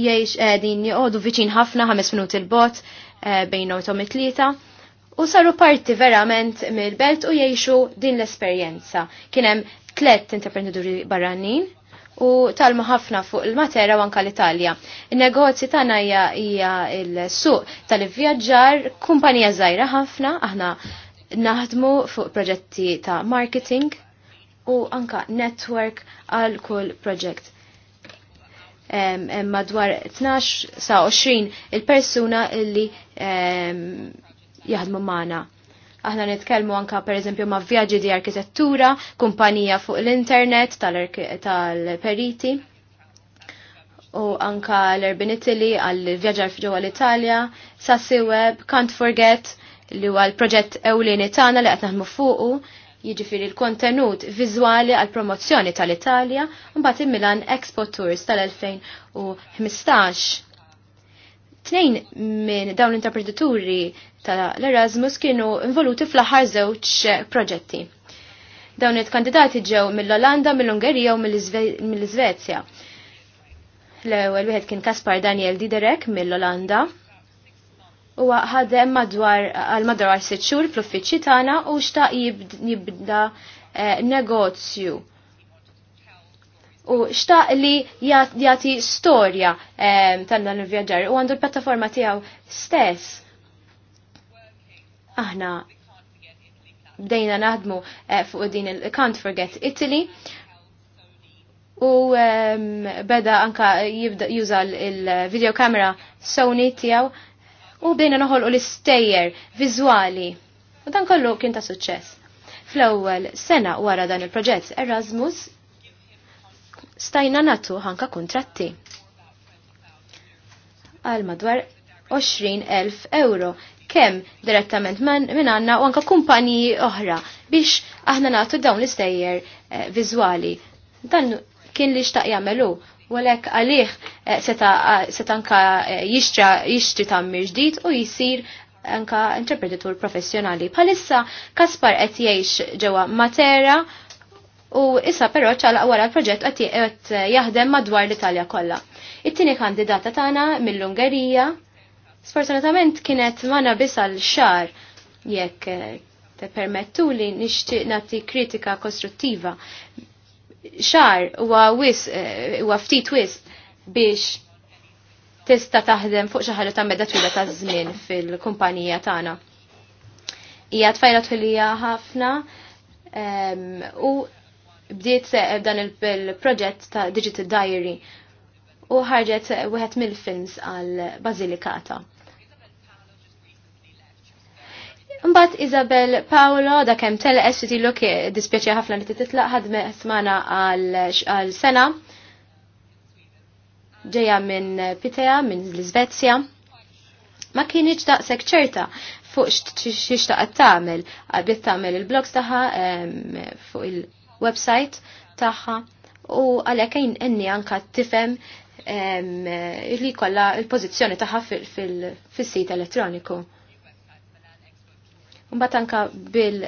jgħix qegħdin joqogħdu viċin ħafna ħames minuti il-bot eh, bejn u it-tlieta u saru parti verament mill-belt u jgħixu din l-esperjenza. Kien hemm tlet interprenditori barranin u talmu ħafna fuq il-matera u anka l-Italja. Il-negozji tagħna hija il-suq tal-ivvjaġġar, kumpanija żgħira ħafna, aħna naħdmu fuq proġetti ta' marketing u anka network għal kull proġett madwar 12 sa 20 il-persuna illi jaħdmu magħna. Aħna nitkellmu anka per eżempju ma' vjaġġi di arkitettura, kumpanija fuq l-internet tal-periti u anka l-Urban Italy għal vjaġġar ġewwa l-Italja, Sassi Web, Can't Forget li huwa l-proġett ewlieni tagħna li qed naħdmu fuqu jiġifiri l-kontenut viżwali għal promozzjoni tal-Italja mbagħad il-Milan Expo Tours tal-2015. Tnejn minn dawn l-interpretaturi tal-Erasmus kienu involuti fl-aħħar żewġ proġetti. Dawn it-kandidati ġew mill-Olanda, mill-Ungerija u mill-Iżvezja. L-ewwel wieħed kien Kaspar Daniel Diderek mill-Olanda, u ħadem madwar għal madwar sitt xhur fl-uffiċċju tagħna u xtaq jibda eh, negozju. U xtaq li jagħti storja eh, tal dan il-vjaġġar u għandu l-pjattaforma tiegħu stess. Aħna bdejna naħdmu eh, fuq din il-Can't Forget Italy u ehm, beda anka jibda juża il-videokamera Sony tiegħu u bdejna noħolqu l-istejjer viżwali. U dan kollu kien ta' suċċess. Fl-ewwel sena wara dan il-proġett Erasmus stajna natu ħanka kuntratti. għal madwar 20.000 euro kemm direttament minn għanna u anka kumpaniji oħra biex aħna natu dawn l-istejjer eh, viżwali. Dan kien li xtaq jagħmelu u għalhekk għalih eh, eh, seta' anka eh, jixtri tammir ġdid u jisir anka interpretatur professjonali. Palissa Kaspar qed jgħix ġewwa Matera u issa però ċalaq wara l-proġett qed jaħdem madwar l-Italja kollha. It-tieni kandidata tagħna mill-Ungerija sfortunatament kienet mana biss għal xar jekk te permettu li nixtieq nagħti kritika kostruttiva xar huwa wis eh, huwa ftit wis biex tista' taħdem fuq xi ħaġa ta' medda twila ta' żmien fil-kumpanija tagħna. Hija tfajla tħilija ħafna u bdiet dan il-proġett ta' Digital Diary u ħarġet wieħed mill-films għal Basilikata. Mbatt Isabel Paolo da kemm telqes xi tilok dispieċi ħafna li titlaq ħadme smana għal sena ġeja minn Pitea, minn l-Svezja. Ma kienieċ daqshekk ċerta fuq xiex għattamil, tagħmel, qabiet tagħmel il-blogs tagħha fuq il-website tagħha u għalhekk enni anka tifhem li kolla il-pożizzjoni tagħha fis-sit elettroniku. Mbagħad anka bil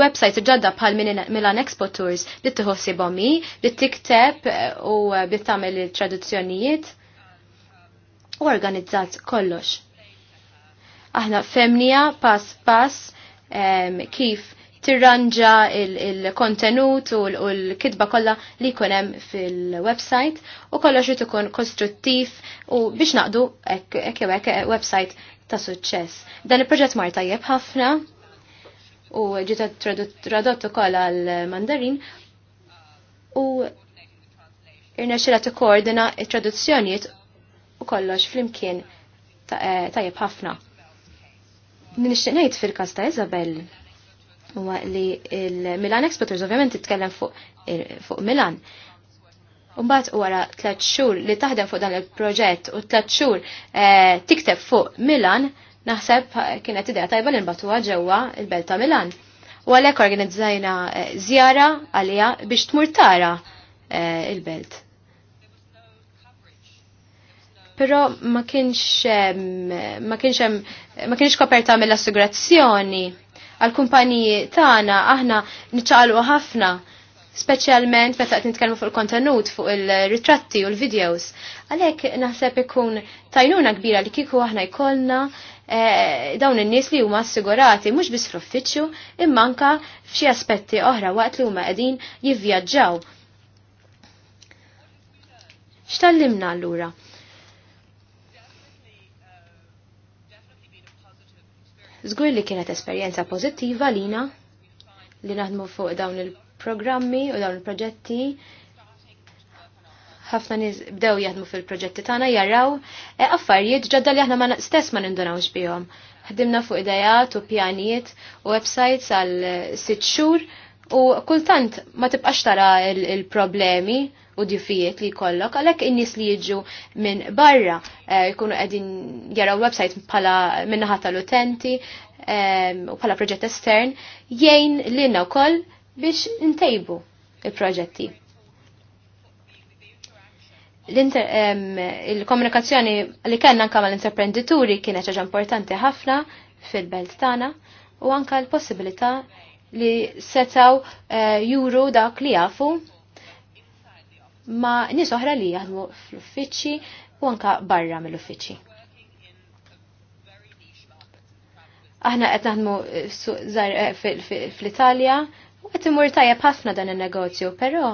website ġadda bħal Milan Expo Tours li tħossibhom hi, li tikteb eh, u bit eh, tagħmel il-traduzzjonijiet u organizzat kollox. Aħna femnija pass pass kif tirranġa il-kontenut u l-kitba kollha li jkun hemm fil-website u kollox irid ikun kostruttiv u biex naqdu hekk hekk website ta' suċċess. Dan il-proġett mar tajjeb ħafna u ġiet tradott ukoll għal Mandarin u irnexxilha tikkoordina t-traduzzjonijiet u kollox flimkien eh, tajjeb ħafna. Nixtieq ngħid fil-każ ta' Isabel huwa li il-Milan Exporters ovvjament titkellem fuq Milan. Umbat wara tlaċ xur li taħdem fuq dan il-proġett u tlaċ xur eh, tikteb fuq Milan, naħseb eh, kienet idea tajba li nbatu ġewwa il-belt ta' Milan. U għalhekk organizzajna żjara eh, għalija biex tmur tara il-belt. Però ma kienx ma kienx ma kienx koperta mill-assigurazzjoni għal kumpaniji tagħna aħna niċċaqalqu ħafna specialment meta qed nitkellmu fuq il-kontenut, fuq il-ritratti u l-videos. Għalhekk naħseb ikun tajnuna kbira li kieku aħna jkollna eh, dawn in-nies li huma assigurati mhux biss fl-uffiċċju imma anke f'xi aspetti oħra waqt li huma qegħdin jivvjaġġaw. X'tallimna allura? Żgur li kienet esperjenza pożittiva lina li naħdmu fuq dawn il- il-programmi u dawn il-proġetti ħafna nies bdew jaħdmu fil-proġetti tagħna jaraw eh, affarijiet ġodda li aħna ma stess ma nindunawx bihom. Ħdimna fuq idejat u pjanijiet u websites għal sitt xhur u kultant ma tibqax tara il-problemi u diffijiet li kollok, għalhekk in-nies li jiġu minn barra eh, jkunu qegħdin jaraw website bħala min-naħa tal-utenti eh, u bħala proġett estern jgħin lilna wkoll biex ntejbu il-proġetti. Il-komunikazzjoni li kellna anka mal-intreprenditori kienet ħaġa importanti ħafna fil-belt tagħna u anka l-possibilità li setaw eh, juru dak li jafu ma nies oħra li jaħdmu fl-uffiċċji u anka barra mill-uffiċċji. Aħna qed naħdmu eh, eh, fl-Italja, U qed imur tajjeb ħafna dan in-negozju, però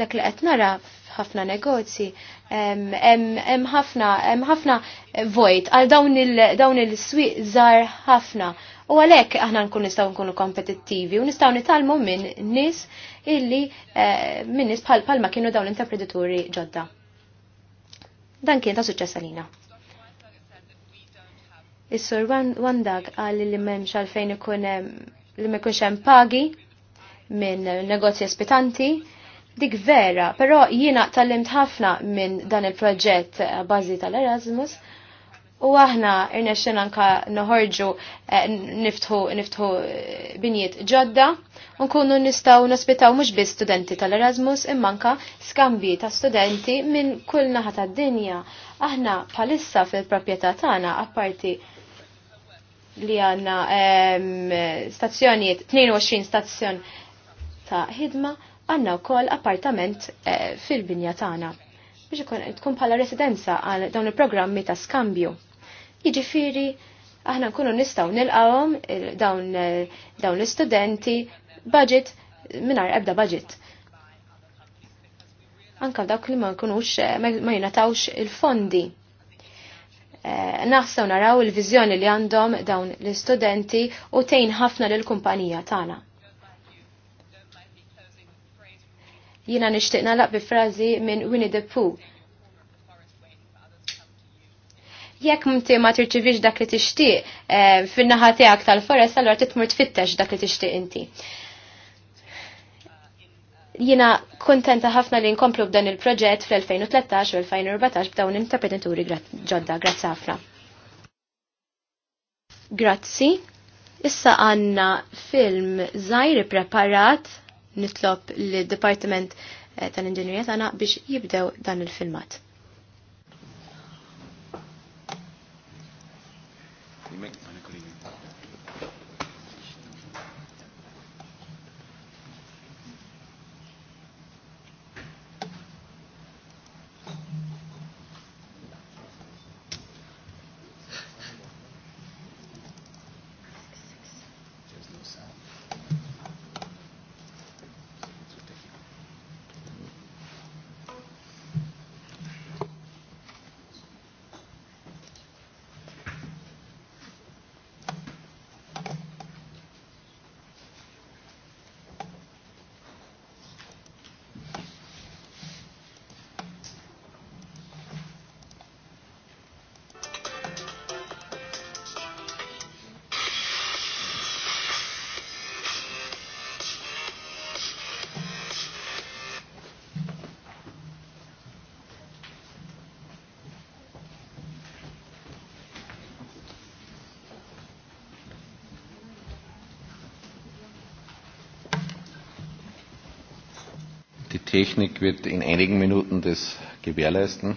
dak li qed nara f'ħafna negozji hemm ħafna hemm ħafna vojt għal dawn il swiq zar swieq ħafna. U għalhekk aħna nkun nistgħu nkunu kompetittivi u nistgħu nitalmu minn nies illi eh, minn nies bħalma palma kienu dawn l-interpretituri ġodda. Dan kien ta' suċċess għalina. Is-sur Wandag għal li m'hemmx għalfejn ikun li ma jkunx hemm pagi minn negozji ospitanti, dik vera, però jiena tal-limt ħafna minn dan il-proġett eh, bażi tal-Erasmus. U aħna irnexxin anka noħorġu eh, niftħu niftħu eh, binjiet ġodda u nkunu nistgħu nospitaw mhux biss studenti tal-Erasmus imma anka skambji ta' studenti minn kull naħa tad-dinja. Aħna bħalissa fil-proprjetà tagħna apparti li għandna ehm, stazzjonijiet 22 stazzjon ta' ħidma għanna wkoll appartament eh, fil-binja tagħna biex tkun bħala residenza għal dawn il-programmi ta' skambju. Jiġifieri aħna nkunu nistgħu nilqawhom eh, dawn eh, dawn l-istudenti budget mingħajr ebda budget. Anka dawk li ma nkunux ma jingħatawx il-fondi. Naħsew naraw il-viżjoni li għandhom dawn l-istudenti u tejn ħafna lill kumpanija tagħna. Jina nishtiqna laq bi frazi minn Winnie the Pooh. Jekk mti ma tirċivix dak li tixtieq eh, fin-naħa tiegħek tal-forest, allura titmur tfittex dak li tixtieq inti jina kontenta ħafna li nkomplu b'dan il-proġett fl-2013 u 2014 b'dawn interpretenturi ġodda, grazzi ħafna. Grazzi. Issa għanna film zaħir preparat nitlob l-Departiment eh, tal-Inġenjerija tagħna biex jibdew dan il-filmat. Technik wird in einigen Minuten das gewährleisten.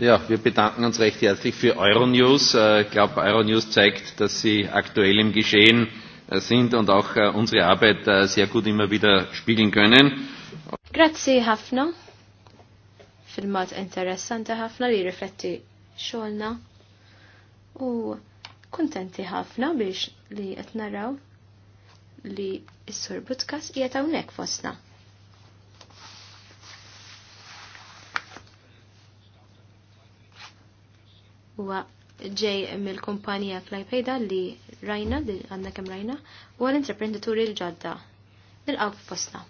Ja, wir bedanken uns recht herzlich für Euronews. Äh, ich glaube, Euronews zeigt, dass Sie aktuell im Geschehen äh, sind und auch äh, unsere Arbeit sehr gut immer wieder spiegeln können. Grazie, Hafner. Filmat interessante interessanti ħafna li rifletti xogħolna u kontenti ħafna biex li qed li s-sur Butkas qiegħed hawnhekk fosna. huwa ġej mill-kumpanija Flypeda li rajna, li għandna kemm rajna, u għal-intreprenditori l-ġodda. f f'posta.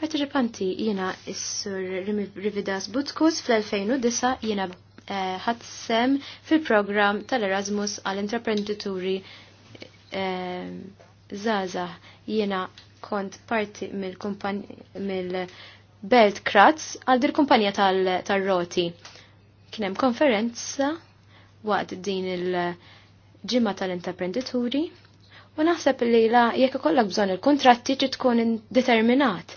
Parteċipanti jiena s sur Rividas Butkus fl-2009 jiena eh, ħadd sem fil-programm tal-Erasmus għall-intraprendituri eh, Zaza jiena kont parti mill-Belt Kratz għal dir kumpanija tal-roti. Kienem konferenza waqt din il-ġimma tal-intraprenditori u naħseb li la jekk ikollok bżonn il-kontratti ġi tkun determinat.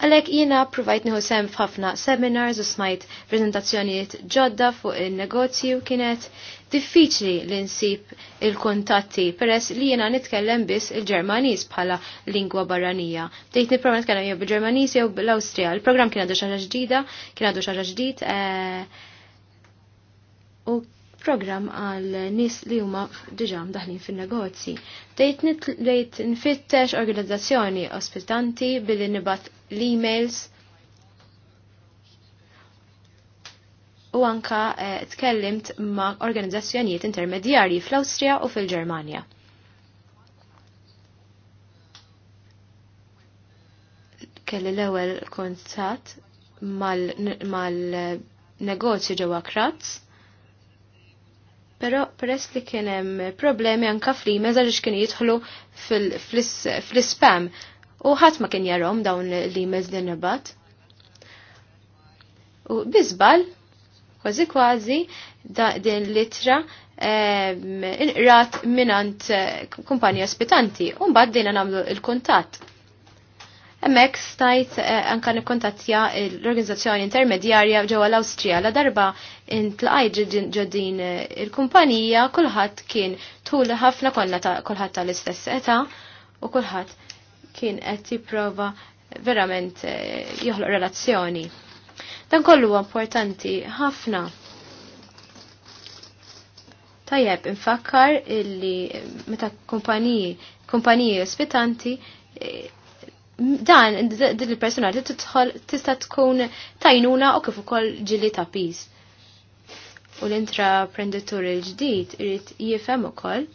Għalek jiena provajt nieħu sem f'ħafna seminars u smajt prezentazzjonijiet ġodda fuq il-negozju kienet diffiċli li nsib il-kontatti peress li jiena nitkellem biss il-Ġermaniż bħala lingwa barranija. Bdejt nipprova nitkellem jew bil-Ġermaniż jew bil-Awstrija. Il-programm kien għadu xaġa ġdida, kien għadu xaġa ġdid eh, u program għal nis li huma diġam daħlin fin-negozji. Dejt nfittex organizzazzjoni ospitanti billi nibat l-emails u anka eh, tkellimt ma' organizzazzjonijiet intermedjarji fl-Awstrija u fil-Ġermanja. kelli l-ewel kontat mal-negozju eh, ġewwa Kratz. Però peress li kien hemm problemi anke fl meza għaliex kienu jidħlu fl-spam u ħadd ma kien jarhom dawn l-emails din nibat. U bizbal, Kważi kważi din litra inqrat minant eh, kumpanija ospitanti, u mbagħad dejna nagħmlu il-kuntatt. Emmek stajt eh, anka nikkontattja l-organizzazzjoni intermedjarja ġewwa l-Awstrija la darba intlaqajt ġodin eh, il-kumpanija kulħadd kien tul ħafna konna ta' kulħadd tal-istess età u kulħadd kien qed jipprova verament joħloq relazzjoni. Dan kollu importanti ħafna. Tajjeb, infakkar illi meta kumpaniji, kumpaniji ospitanti, dan din il-persuna tista' tkun tajnuna u kif ukoll ġili ta' pis. U l-intraprenditur il-ġdid irid jifhem ukoll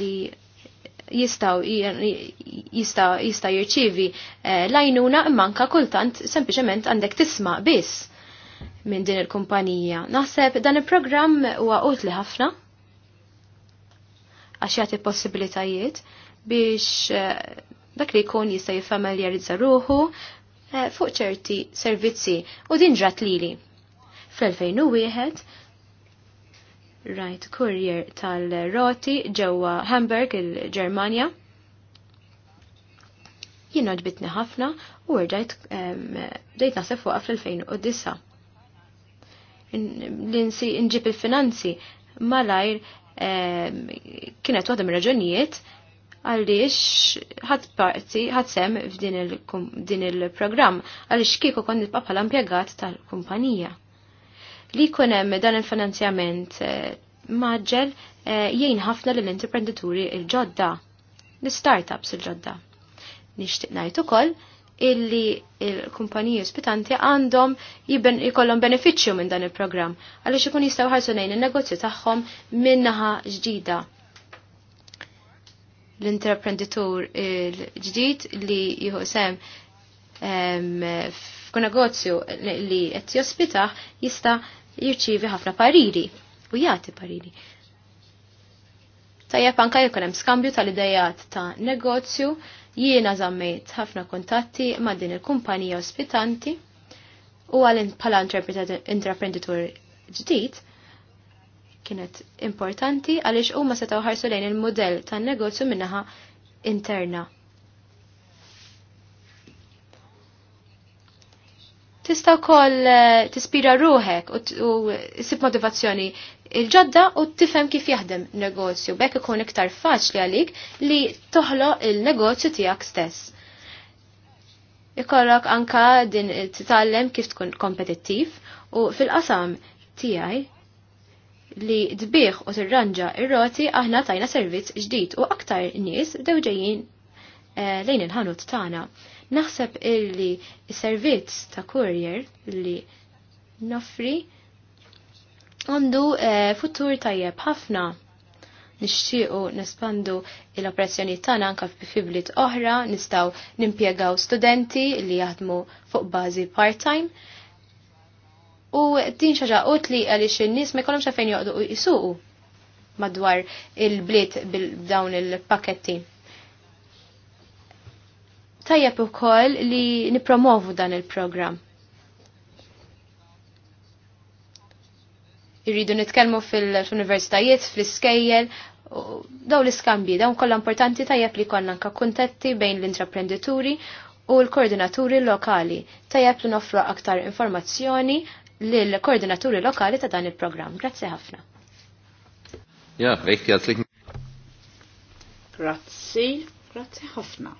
li jistaw jistaw jistaw jirċivi eh, lajnuna manka kultant sempliċement għandek tisma' biss minn din il-kumpanija. Naħseb dan il-programm huwa utli ħafna għax jagħti possibilitajiet biex eh, dak li jkun jista' jiffamiljarizza ruħu eh, fuq ċerti servizzi u din ġrat lili. Fl-2001 rajt Courier tal-roti ġewwa Hamburg il-Ġermanja. Jiena ġbitni ħafna u rġajt bdejt naħseb fuqha fl-2009. L-insi nġib il-finanzi malajr kienet waħda minn raġunijiet għaliex ħadd parti ħadd sem f'din il-programm għaliex kieku kont nibqa' bħala impjegat tal-kumpanija li jkun hemm dan il-finanzjament eh, maġġel eh, jgħin ħafna lill entreprenditori il-ġodda, l-startups il-ġodda. Nixtieq ngħid ukoll illi il-kumpaniji ospitanti għandhom jibben ikollhom benefiċċju minn dan il-programm għaliex ikun jistgħu ħarsu lejn in-negozju tagħhom min-naħa ġdida. L-intreprenditur il-ġdid li jieħu sem u negozju li qed jospitaħ jista' jirċievi ħafna pariri u jagħti pariri. Tajjeb anka jekk hemm skambju tal-idejat ta' negozju, jiena żammejt ħafna kuntatti ma' din il-kumpanija ospitanti u għal bħala intraprenditur ġdid kienet importanti għaliex huma setgħu ħarsu lejn il-modell tan-negozju minnaħa interna. tista' wkoll eh, tispira ruħek u issib motivazzjoni il-ġodda u tifhem kif jaħdem negozju. Bekk ikun iktar faċli għalik li toħloq il-negozju tiegħek stess. Ikollok anka din titgħallem kif tkun kompetittiv u fil-qasam tiegħi li dbiħ u tirranġa ir-roti aħna tajna servizz ġdid u aktar nies dew ġejjin eh, lejn il-ħanut tagħna. Naħseb illi servizz ta' kurjer li nofri għandu eh, futur tajjeb ħafna. Nixtiequ nespandu l-operazzjoni tagħna anke f'bibliet oħra, nistgħu nimpjegaw studenti li jaħdmu fuq bażi part-time. U din xi ħaġa utli għaliex in-nies ma jkollhomx fejn joqogħdu jisuqu madwar il-bliet dawn il-paketti tajjeb ukoll li nipromovu dan il-programm. Irridu nitkellmu fil-universitajiet, fl-iskejjel, daw l-iskambji, dawn kollha importanti tajjeb li konna nka kuntetti bejn l-intraprendituri u l-koordinaturi lokali. Tajjeb li noffru aktar informazzjoni lill-koordinaturi lokali ta' dan il-programm. Grazzi ħafna. Ja, recht herzlichen Grazzi, grazie ħafna.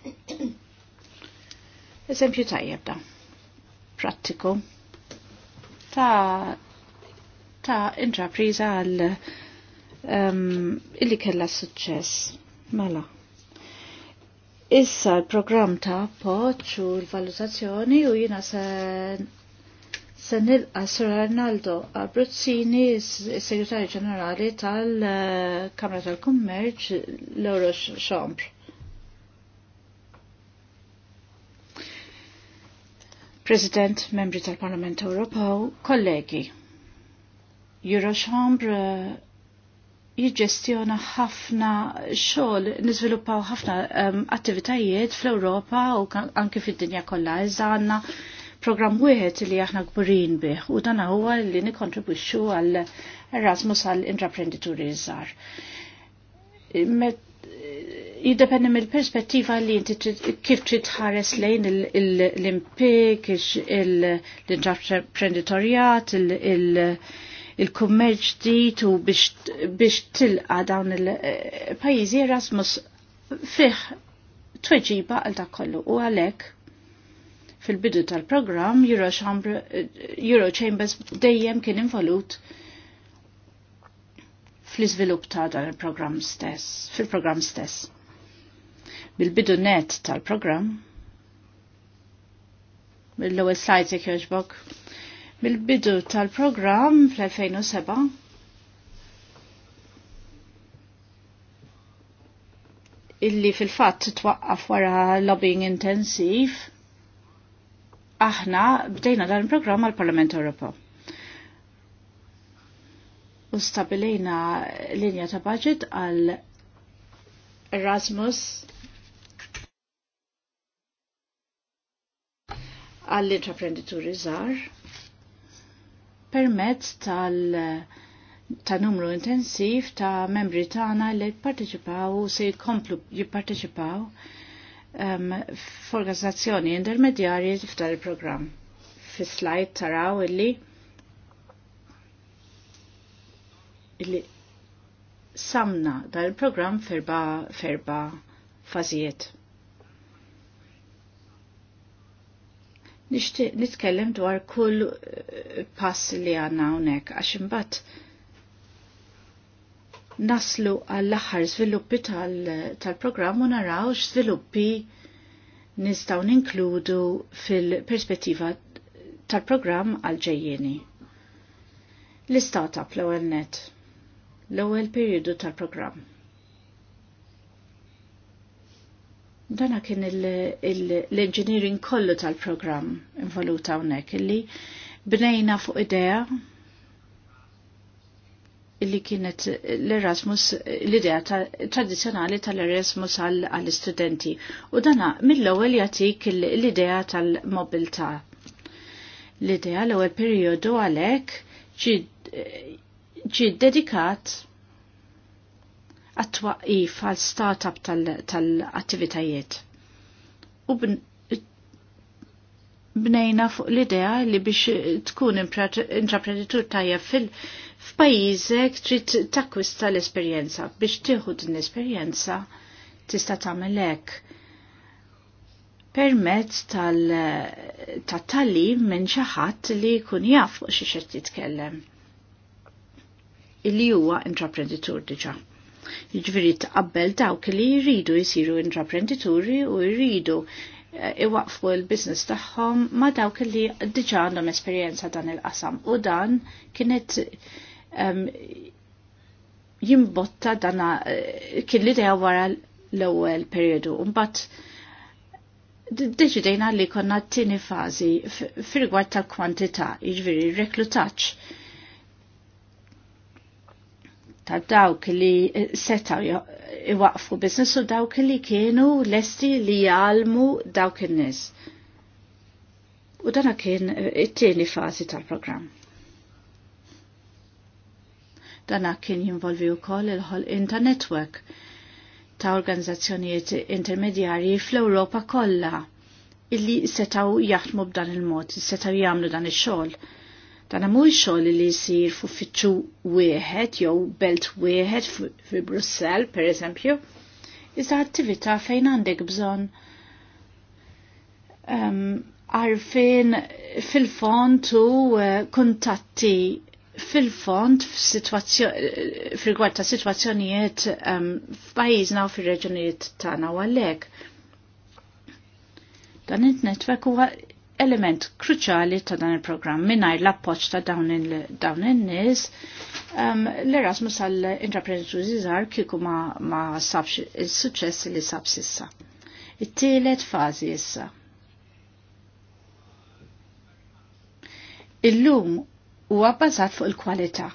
Eżempju tajjeb da. Prattiku. Ta' ta' intrapriza għal um, illi kella suċċess. Mela. Issa l-program ta' poċ u l-valutazzjoni u jina se se nilqa Sir Arnaldo Abruzzini, segretarju ġenerali tal-Kamra tal-Kummerċ, l-Euro Chambre. President, membri tal-Parlament Ewropew, kollegi. Euroxhambre jiġġestjona ħafna xogħol, niżviluppaw ħafna um, attivitajiet fl-Ewropa u anke fid-dinja kollha iżda għandna programm wieħed li aħna kburin bih u dan huwa li nikontribwixxu għall Erasmus għall intraprendituri żgħar. Met jiddependi mill-perspettiva li inti kif trid tħares lejn l-impik, l-intraprenditorjat, il-kummerċ dit u biex tilqa dawn il-pajjiżi Erasmus fih tweġiba għal dak kollu u għalhekk fil-bidu tal-programm Eurochambers dejjem kien involut fl-iżvilupp ta' dan il-programm stess, fil-programm stess. Bil-bidu net tal-programm, mill-ewwel slides jek jogħġbok. bil bidu tal program fl-2007 illi fil-fatt twaqqaf wara lobbying intensiv aħna bdejna dan il-programm għal-Parlament Ewropew u linja ta' budget għal Erasmus għall-intraprenditori żgħar permezz tal ta' numru intensiv ta' membri tagħna li jipparteċipaw u se jkomplu jipparteċipaw um, f'organizzazzjoni intermedjarji f'dar il-programm. Fis-slajd taraw illi li samna dal-program ferba ferba fażijiet. Nishtiq nitkellem dwar kull eh, pass li għanna unek, għax imbagħad naslu għall-aħħar sviluppi tal-programm u naraw x'żviluppi nistgħu ninkludu fil-perspettiva tal-programm għal ġejjieni. L-istat up ewwel net l-ewwel perjodu tal-programm. Dana kien l-engineering kollu tal-programm involuta hawnhekk illi bnejna fuq idea illi kienet l-Erasmus, l-idea tradizjonali tal-Erasmus għall istudenti U dana mill-ewwel jagħtik l-idea tal-mobilità. L-idea l-ewwel perjodu għalhekk ġi dedikat għat-twaqif għal startup tal-attivitajiet. U bnejna fuq l-idea li biex tkun intraprenditur tajja fil- f'pajjiżek trid takkwista l-esperjenza biex tieħu din l-esperjenza tista' tagħmel hekk permezz tal tallim minn xi ħadd li jkun jaf fuq xi xed jitkellem li huwa intraprenditur diġa. Jiġifieri tqabbel dawk li jridu jsiru intraprendituri u jridu eh, iwaqfu l-biznis tagħhom ma dawk li diġa għandhom esperjenza dan il-qasam u dan kienet um, jimbotta dana eh, kien l-idea wara l-ewwel periodu. Mbagħad deċidejna li konna t-tieni fażi fir tal-kwantità, jiġifieri reklutaċ ta' dawk li setaw iwaqfu biznis u dawk li kienu lesti li jgħalmu dawk il-nis. U dana kien eh, it-tieni fazi tal-programm. Dana kien jinvolvi wkoll il ħol ta' network ta' organizzazzjonijiet intermedjarji fl-Ewropa kollha illi setaw jaħdmu b'dan il-mod, setaw jagħmlu dan ix-xogħol. il mod setaw jagħmlu dan ix xogħol Dan mhuwiex xoll li jsir fitxu wieħed jew belt wieħed fi Brussell pereżempju, iżda attività fejn għandek bżonn ehm, għarfin fil-font u eh, kuntatti fil-font fil-gwad ta' situazzjonijiet um, f'pajjiżna u fir-reġunijiet tagħna u għalhekk. Dan it-netwerk huwa element kruċali ta' dan il-programm minnajr l-appoċ ta' dawn il-nis um, l-Erasmus għal intraprenditori żgħar kieku ma, ma sabx il sucċess li sab sissa. It-tielet fażi issa. Illum huwa bbażat fuq il-kwalità.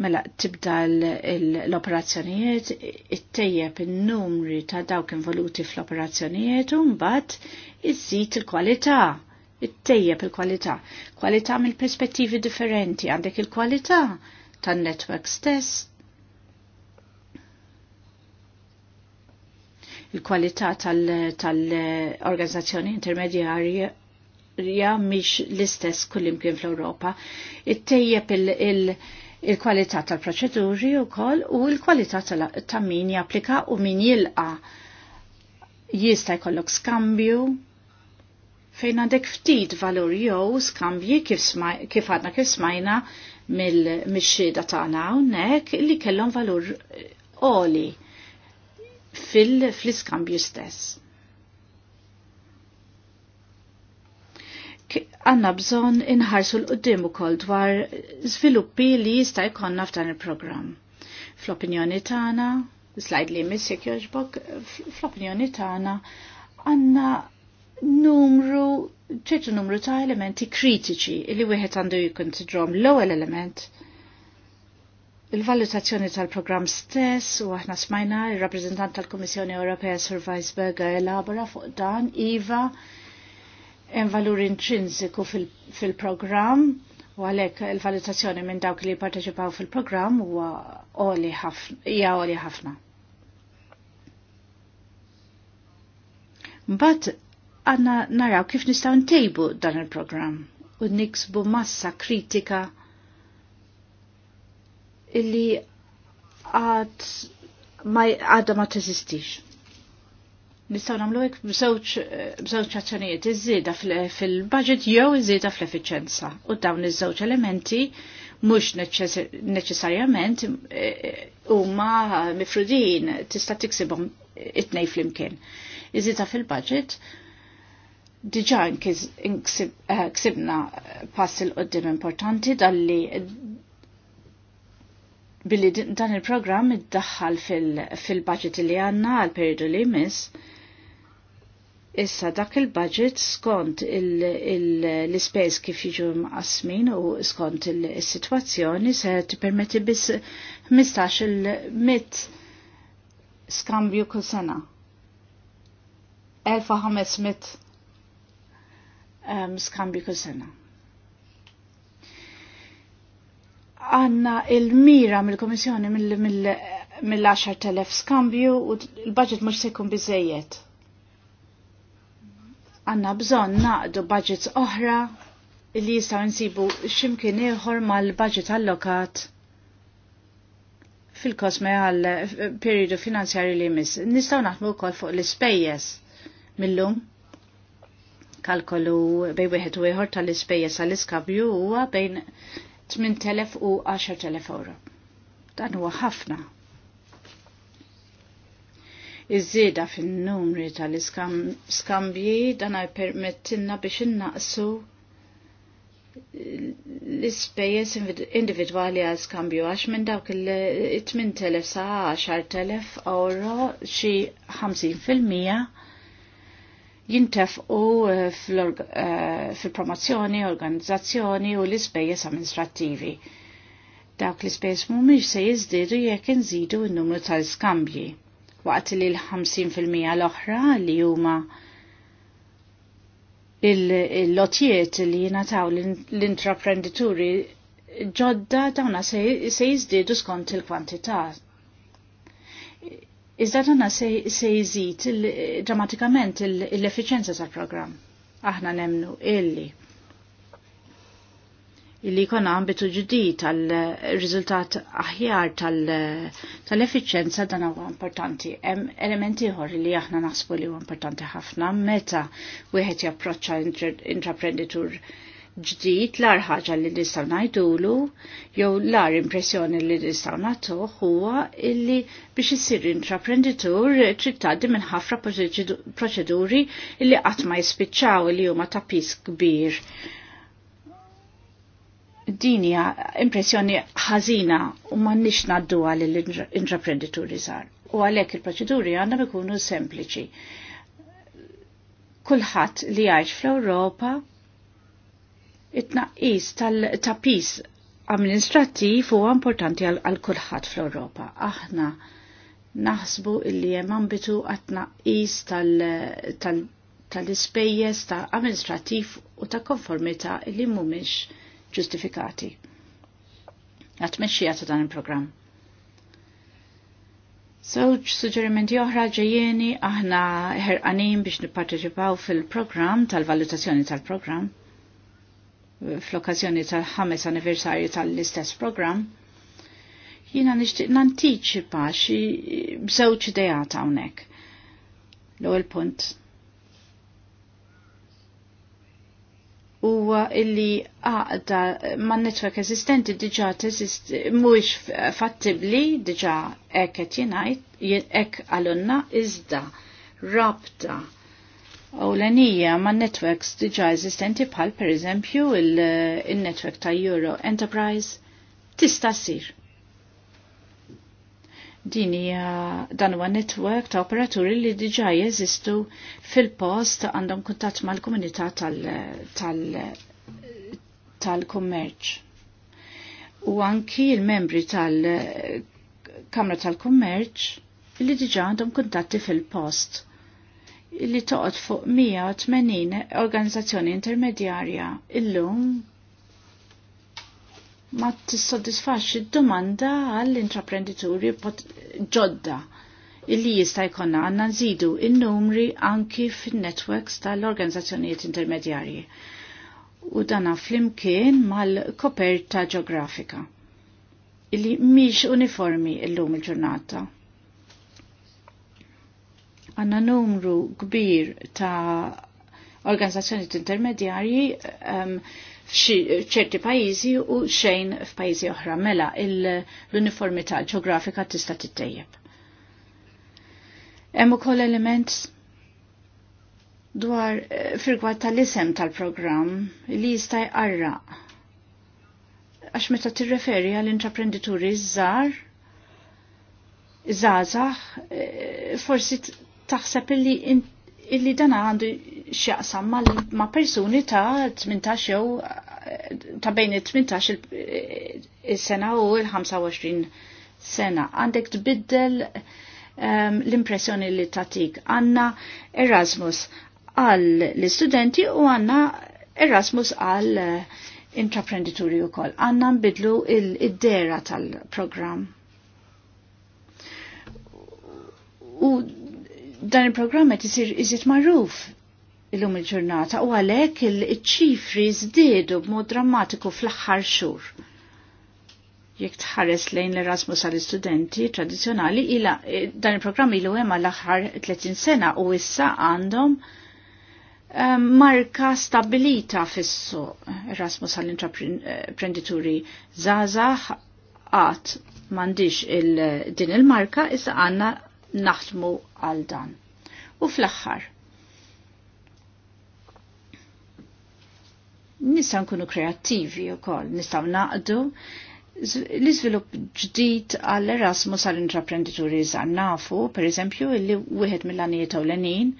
Mela tibda l-operazzjonijiet, it-tejjeb in-numri ta' dawk involuti fl-operazzjonijiet un mbagħad iżżid il-kwalità, ittejjeb il-kwalità. Kwalità mill-perspettivi differenti għandek il-kwalità tan-network stess, il-kwalità tal-organizzazzjoni tal intermedjarja miex l-istess kullimkien fl-Europa. Ittejjeb il-kwalità tal-proċeduri u koll u il-kwalità ta' min japplika u min jilqa. Jista' jkollok skambju fejn għandek ftit valur jew skambji kif għadna kif smajna mill-xhieda tagħna hawnhekk li kellhom valur għoli eh, fil-iskambju stess. għanna bżon inħarsu l-qoddim ukoll dwar sviluppi li jista' jkollna f'dan il-programm. Fl-opinjoni tagħna, slide li jmiss jekk fl-opinjoni tagħna għanna numru ċertu numru ta' elementi kritiċi li wieħed għandu jikkonsidrom l-ewwel element il-valutazzjoni tal-programm stess u aħna smajna il-rappreżentant tal-Kummissjoni Ewropea Sir Weisberger elabora fuq dan iva hemm valur intrinsiku fil-programm u għalhekk il-valutazzjoni minn dawk li jipparteċipaw fil-programm huwa għoli ħafna. Mbagħad għanna naraw kif nistaw ntejbu dan il-program u niksbu massa kritika illi għad ma għadda ma teżistix. Nistaw namlu għek bżewċ eh, azzjonijiet iż-żieda fil-budget jew iż-żieda fl-efficienza u dawn iż-żewġ elementi mux neċessarjament eh, u ma mifrudin tista tiksibhom it-nej flimkien. imkien Iżita fil-budget diġa eh, ksibna pass il-qoddim importanti dalli billi dan il-program id-daħħal fil-budget li għanna għal periodu li jmiss. Issa dak il-budget skont l-ispejs kif jiġu mqasmin u skont il-situazzjoni se t-permetti biss 15 il-mit skambju kull sena. 1500 um, skambju kull sena. Għanna il-mira mill-Komissjoni mill-10,000 mill mill skambju u l-budget mux sekkun bizzejiet. Għanna bżon naqdu budgets oħra li jistaw nsibu ximkien ieħor mal-budget allokat fil-kosme għal periodu finanzjari li jmiss. Nistaw naħdmu kol fuq l-spejjes mill-lum kalkolu bej wieħed u ieħor tal-ispejjeż għall-iskabju huwa bejn 8,000 u 10,000 euro. Dan huwa ħafna. Iż-żieda fin-numri tal-iskambji dan permettilna biex innaqsu l-ispejjeż individwali għal skambju għax minn dawk il-8,000 sa 10,000 euro xi 50 jintefqu eh, eh, fil-promozzjoni, organizzazzjoni u l-ispejjeż amministrattivi. Dawk l-ispejjeż mhumiex se jiżdiedu jekk inżidu n-numru tal skambji. waqt li l-50% l-oħra li huma il lotjiet li jinataw l-intraprendituri ġodda dawna se jizdidu skont il-kwantità Iżda dana se jżid drammatikament l-effiċenza tal-programm. Aħna nemnu illi illi kon għambitu ġdid tal-riżultat aħjar tal efficienza dan huwa importanti. Hemm elementi ħor li aħna naħsbu li huwa importanti ħafna meta wieħed japproċċa intraprenditur intra ġdid l-ar ħaġa li nistaw najdulu, jew l-ar impressjoni li nistaw natuħ huwa illi biex isir intraprenditur trittaddi minn ħafra proċeduri illi qatt ma jispiċċaw li huma ta' pis kbir. Dinja impressjoni ħażina u ma nix naddu għal l-intraprendituri żgħar. U għalhekk il-proċeduri għandhom ikunu sempliċi kulħadd li għajx fl-Ewropa it-naqis tal-tapis amministrattiv huwa importanti għal kulħadd fl-Ewropa. Aħna naħsbu illi hemm ambitu għat-tnaqqis tal-ispejjeż ta' amministrattiv u ta' konformità illi mhumiex ġustifikati. Għatmexxija ta' dan il-programm. Sewġ suġġerimenti oħra ġejjeni aħna ħerqanin biex nipparteċipaw fil-programm tal-valutazzjoni tal-programm fl-okkazjoni tal-ħames anniversarju tal-istess program, jina nishtiq nantiċipa xi bżewġ idejat hawnhekk. L-ewwel punt. huwa illi għada man netwerk eżistenti diġa teżist mhuwiex fattibbli diġa hekk qed jenajt, hekk għalunna iżda rabta Ewlenija ma' networks diġa eżistenti bħal per eżempju il-network ta' Euro Enterprise tista' sir. Din hija dan huwa network ta' operaturi li diġa jeżistu fil-post għandhom kuntatt mal-komunità tal-kummerċ. U anki il-membri tal-Kamra tal-Kummerċ li diġa għandhom kuntatti fil-post li toqgħod fuq 180 organizzazzjoni intermedjarja illum ma tissodisfax id-domanda għall-intraprenditori ġodda illi jista' jkollna għandna nżidu in-numri anki fin-networks tal-organizzazzjonijiet intermedjarji u dana flimkien mal-koperta ġeografika illi mhix uniformi illum il-ġurnata. il ġurnata Għanna numru kbir ta' organizzazzjoni intermedjarji um, ċerti pajizi u xejn f'pajizi oħra mela l-uniformità ġeografika tista' tittejjeb. Hemm ukoll element dwar eh, firgwad tal-isem tal-programm li jista' jqarra Għax meta tirreferi għall intraprendituri żgħar, żgħażagħ, eh, forsi taħseb illi illi dana għandu xaqsam ma persuni ta' 18 jew eh, ta' bejn 18 il-sena eh, u il-25 sena. Għandek tbiddel um, l-impressjoni li tatik. Għanna Erasmus għal l-studenti u għanna Erasmus għal eh, intraprenditori u koll. Għanna nbidlu id-dera tal-program. U dan il-programm qed isir marruf magħruf illum il-ġurnata u għalhekk il-ċifri żdiedu b'mod drammatiku fl-aħħar xhur. Jekk tħares lejn l-Erasmus għall istudenti tradizzjonali ila e, dan il-programm ilu hemm l aħħar 30 sena u issa għandhom e, marka stabilita fissu Erasmus għall-intraprenditori e, zazax għat mandiġ il din il-marka issa għanna naħdmu għal dan. U fl-axħar, nista' nkunu kreattivi wkoll, nistgħu naqdu l-iżvilupp ġdid għall Erasmus għall intraprendituri żgħar nafu, pereżempju, li wieħed mill-għanijiet ewlenin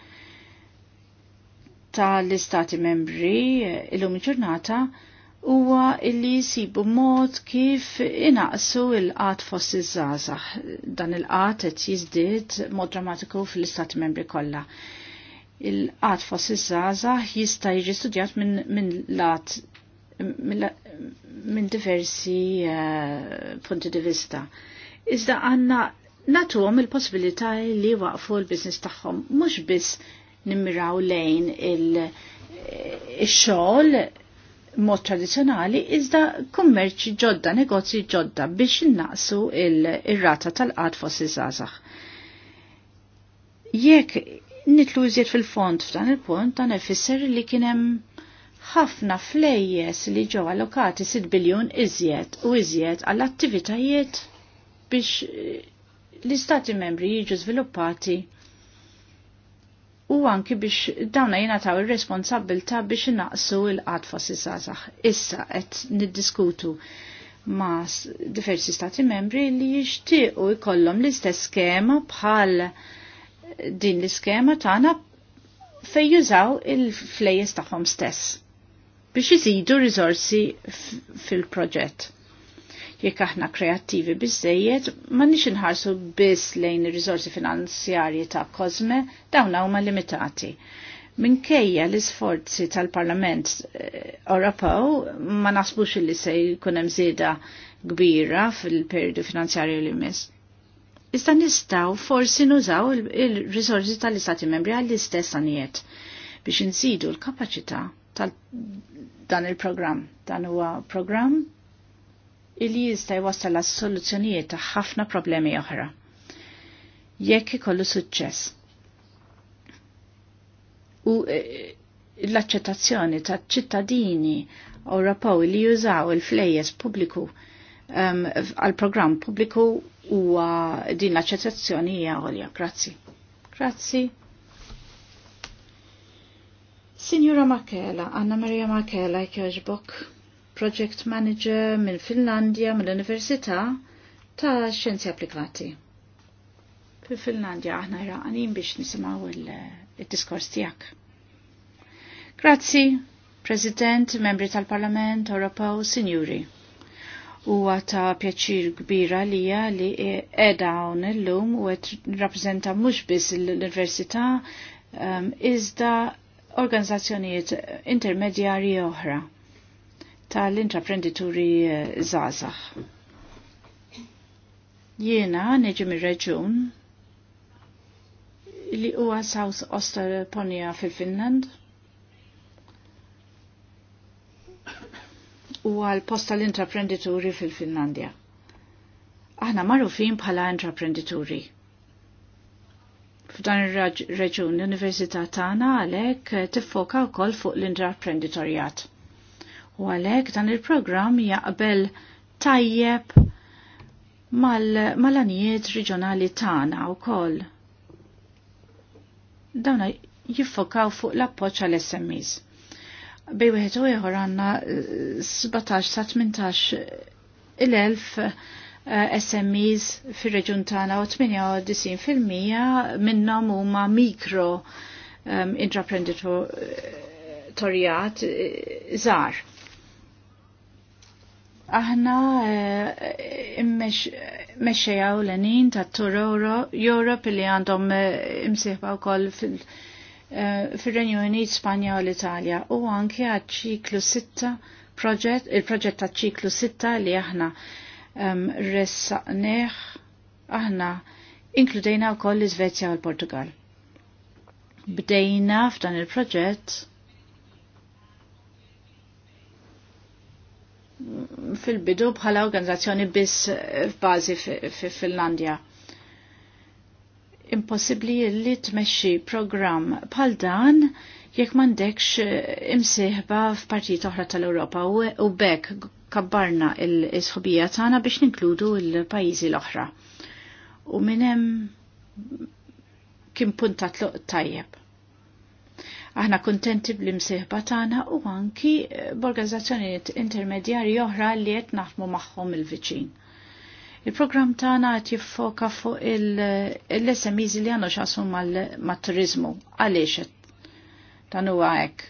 tal-istati membri il-lum ġurnata huwa illi jisibu mod kif inaqsu il-qat fost iż-żgħażagħ. Dan il-qat qed jiżdied mod drammatiku fl-istati membri kollha. Il-qat fost iż-żgħażagħ jista' jiġi studjat minn min lat minn diversi uh, punti di vista. Iżda għanna natuhom il-possibilità li waqfu l-biznis tagħhom mhux biss nimmiraw lejn il-xogħol il eh, mod tradizjonali iżda kummerċi ġodda, negozji ġodda biex innaqsu il-rata tal-qad fossi zazax. Jekk nitlu iżjed fil-fond f'dan il-punt dan ifisser li kien hemm ħafna flejjes li ġew allokati 6 biljun iżjed u iżjed għall attivitajiet biex l-istati membri jiġu żviluppati u anki biex dawna taw il-responsabilta biex naqsu il-qat fossisasax. Issa qed niddiskutu ma diversi stati membri li jixtiequ jkollhom l-istess skema bħal din l-iskema tagħna fejjużaw jużaw il flejjes tagħhom stess biex iżidu risorsi fil-proġett. Jekk aħna kreattivi biżejjed, ma nix inħarsu biss lejn ir-riżorsi finanzjarji ta' Kozme, dawn huma limitati. Minkejja l-isforzi tal-Parlament eh, Ewropew ma nasbux li se jkun hemm żieda kbira fil-periodu finanzjarju li mis. Iżda nistgħu forsi nużaw il-riżorsi tal-Istati Membri għall-istess anijiet biex insidu l-kapaċità tal dan il-programm. Dan huwa programm illi jista' jwassal għas soluzzjonijiet ta' ħafna problemi oħra. Jekk ikollu suċċess. U e, l-accettazzjoni ta' ċittadini u Ewropew li jużaw il-flejjes pubbliku għal program programm pubbliku huwa din l-accettazzjoni hija għolja. Grazzi. Grazzi. Signora Makela, Anna Maria Makela, jkjoġbok project manager minn Finlandja mill-Università ta' Xjenzi Applikati. Fil-Finlandja aħna raqanin biex nisimgħu il-diskors tiegħek. Grazzi, President, membri tal-Parlament Ewropew, Sinjuri. Huwa ta' pjaċir kbira lija li qiegħda hawn illum u qed rappreżenta mhux biss l-Università um, iżda organizzazzjonijiet intermedjarji oħra tal-intraprendituri eh, zazax. Jiena neġi mir-reġun li huwa South Osterponia fil-Finland. U għal post tal-intraprendituri fil-Finlandja. Aħna marrufin bħala intraprendituri. F'dan ir-reġun l-Università tagħna għalhekk tiffoka wkoll fuq l-intraprenditorjat. U għalhekk dan il-programm jaqbel tajjeb mal-anijiet mal reġjonali tagħna wkoll. Dawna jiffokaw fuq l-appoġġ għal smis Bej wieħed u ieħor għandna 17 eh, sa 18 il 1000 SMEs fir-reġjun tagħna u 98% minnhom huma mikro um, eh, intraprenditorjat eh, żgħar. Aħna eh, immexxejaw l-enin ta' Tororo Europe li għandhom eh, imsieħba wkoll fil-Renju eh, Unit, Spanja u l-Italja u anke għad-ċiklu 6 il-proġett ta' ċiklu 6 li aħna um, ressaqneħ, aħna inkludejna u koll l-Svezja u l-Portugal. Bdejna f'dan il-proġett fil-bidu bħala organizzazzjoni biss f'bażi fil-Finlandja. Impossibbli li tmexxi programm bħal dan jekk m'għandekx imsieħba f'partijiet oħra tal-Ewropa u bekk kabbarna l-isħobija tagħna biex ninkludu l-pajjiżi l-oħra. U minn hemm kien punta tluq tajjeb. Aħna kontenti bl-imsieħba tagħna u anki eh, b'organizzazzjonijiet intermedjarji oħra li qed naħdmu magħhom il-viċin. Il-programm tagħna qed jiffoka fuq il eh, smes li għandu xasu mat-turizmu. Għaliex dan huwa hekk.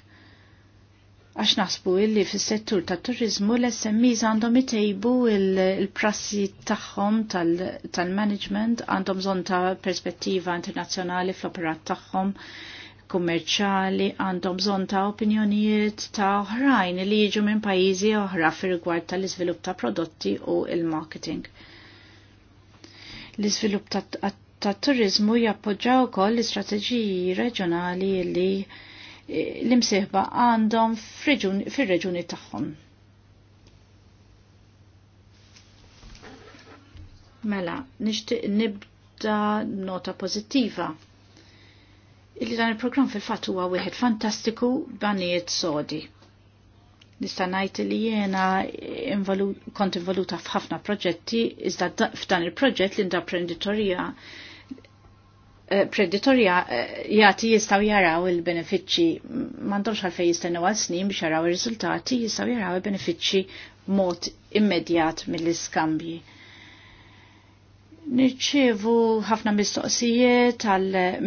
Għax naħsbu illi fis-settur tat-turizmu l-SMEs għandhom itejbu il-prassi tagħhom tal-management għandhom bżonn ta' perspettiva internazzjonali fl-operat tagħhom kummerċali għandhom bżonn ta' opinjonijiet ta' oħrajn li jiġu minn pajjiżi oħra fir-rigward tal-iżvilupp ta' prodotti u il-marketing. L-iżvilupp ta', turizmu jappoġġaw ukoll l-istrateġiji reġjonali li l-imsieħba għandhom fir-reġuni tagħhom. Mela, nixtieq nibda nota pożittiva illi dan il-program fil-fat huwa wieħed fantastiku banijiet sodi. Nista' ngħid li jiena kont involuta f'ħafna proġetti iżda f'dan il-proġett l-intraprenditorija eh, preditorja eh, jati jistaw jaraw il-benefiċċi m'għandhomx għalfejn jistennew għal snin biex jaraw ir-riżultati jistaw jaraw il-benefiċċi mod immedjat mill-iskambji Nirċevu ħafna mistoqsijiet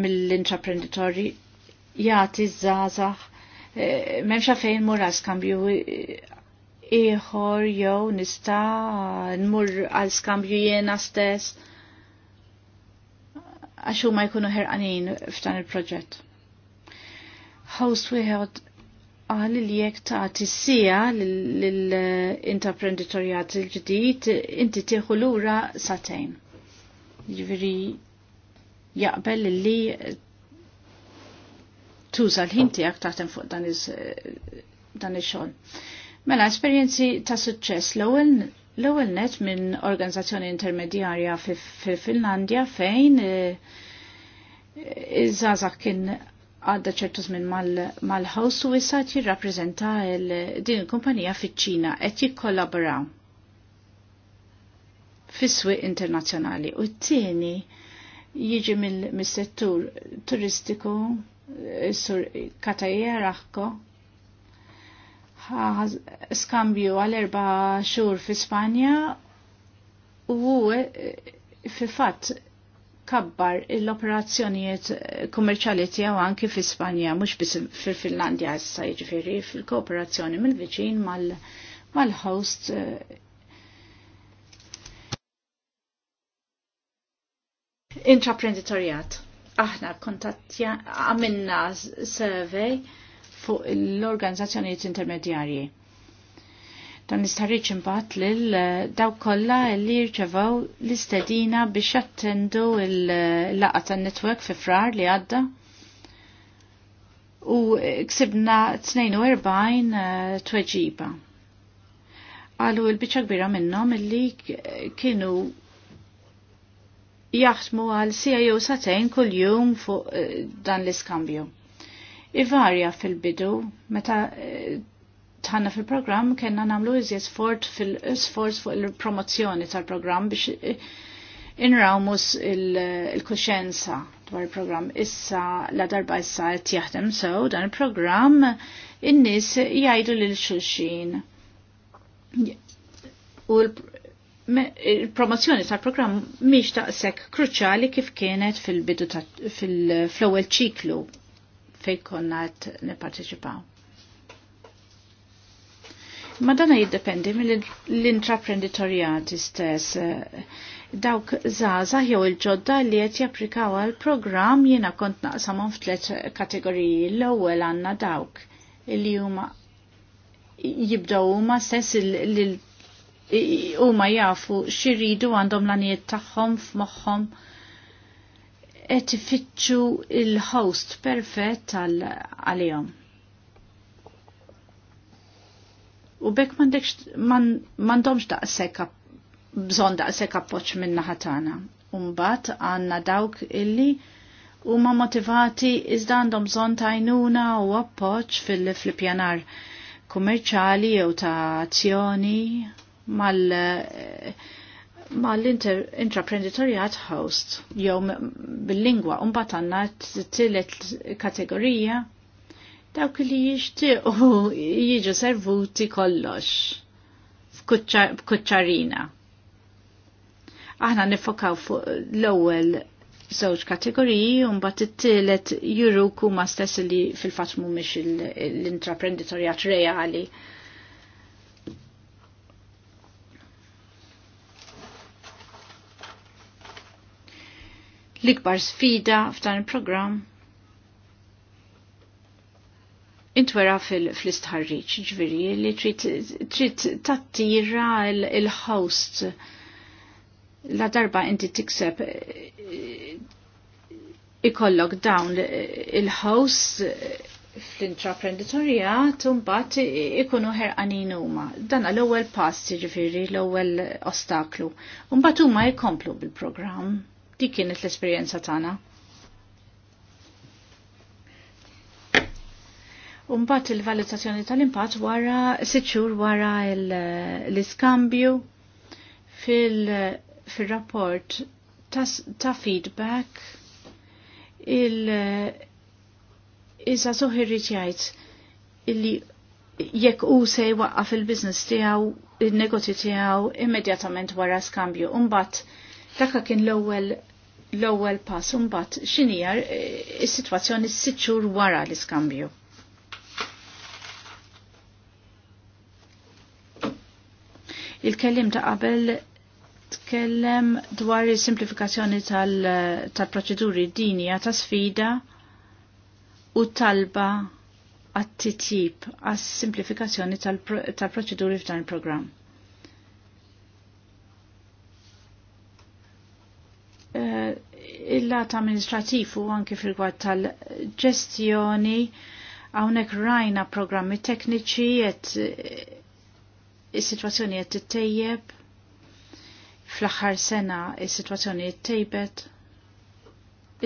mill-intraprenditori jagħti żgħażagħ eh, memx fejn mur għal-skambju iħor jew nista nmur għal-skambju jena stess għaxu ma jkunu ħerqanin f'dan il-proġett. Host wieħed għal li jek taħti sija l-intraprenditorjat il-ġdijt inti tieħu lura satejn ġviri jaqbel li tuża l ħinti tiegħek taħtem fuq dan ix-xogħol. Mela esperjenzi ta' suċċess l-ewwel net minn organizzazzjoni intermedjarja fi Finlandja fejn iż eh, żazak kien għadda ċertu żmien mal-ħawsu issa qed jirrappreżenta din il-kumpanija fiċ-Ċina qed jikkollaboraw fiswi internazjonali internazzjonali. U t-tieni jiġi mill-settur turistiku sur Katajja Raħko skambju għal erba xhur fi Spanja u e, fi fatt kabbar l-operazzjonijiet kummerċali tiegħu anki fi Spanja mhux biss fil-Finlandja issa jiġifieri fil-kooperazzjoni mill-viċin mal-host mal host Intraprenditorjat. Aħna kontattja għamilna survey fuq l-organizzazzjonijiet intermedjarji. Dan istarriċ imbagħad lil eh, dawk kollha li jirċevaw l-istedina biex jattendu l-laqgħa tan-netwerk fi frar li għadda u eh, ksibna 42 eh, tweġiba. Għalu il-bicċa kbira minnom illi kienu jaħdmu għal sija jew kull kuljum fuq eh, dan l-iskambju. Ivarja fil-bidu, meta eh, tħanna fil-programm kena namlu iżjed sfort fil-sforz fuq il-promozzjoni tal-programm biex eh, inrawmu il-kuxenza dwar il-programm. Issa la darba issa jtjaħdem jaħdem sew dan il-programm in-nies jgħidu lil xulxin. U il-promozzjoni tal-programm miex taqsek kruċali kif kienet fil-bidu fil-flowel ċiklu fej konna nipparteċipaw. Ma dana jiddependi mill-intraprenditorjat istess. Dawk zaza jew il-ġodda li qed japplikaw għal programm jiena kont naqsamhom f'tliet kategoriji. L-ewwel għandna dawk li huma jibdew huma stess lil huma jafu xirridu għandhom l-għaniet tagħhom moħħom qed ifittxu il-host perfett għal-għalijom. U bekk m'għandekx m'għandhomx daqshekk bżonn daqshekk appoġġ minn naħa tagħna. Mbagħad għandna dawk illi huma motivati iżda għandhom bżonn tajnuna u appoġġ fil flipjanar kummerċali jew ta' azzjoni mal mal-intraprenditorjat host jew bil-lingwa u mbagħad għandna t tillet kategorija dawk li jixtiequ jiġu servuti kollox f'kuċċarina. Aħna nifokaw fuq l-ewwel żewġ kategoriji u mbagħad it-tielet juru kuma stess li fil-fatt mhumiex l-intraprenditorjat reali. l-ikbar sfida f'dan il program intwera fil-istħarriċ, ġviri, li trid tattira il-host la darba inti tikseb eh, ikollok dawn il-host fl intraprenditorija mbagħad ikunu ħerqanin huma. Dan l-ewwel pass jiġifieri l-ewwel ostaklu. Mbagħad huma jkomplu bil-programm Dik kienet l-esperjenza tagħna. Umbat il-valutazzjoni tal-impatt wara sitt xhur wara l-iskambju fil-rapport ta' feedback il-iza soħirrit jgħid illi jekk u se jwaqqa fil-biznis tiegħu il-negozju tiegħu immedjatament wara skambju. Umbat, dakka kien l-ewwel l-ewwel pass mbagħad x'inhija eh, s-sitwazzjoni sitt xhur wara l-iskambju. Il-kellim ta' qabel tkellem dwar is simplifikazzjoni tal-proċeduri tal dinja ta' sfida u talba għat-titjib għas-simplifikazzjoni tal-proċeduri f'dan il-programm. Eh, il-lat amministrativ u anki fil-gwad tal-ġestjoni għawnek rajna programmi tekniċi jett eh, il-situazzjoni jett t-tejjeb fl-axar sena il-situazzjoni jett tejbet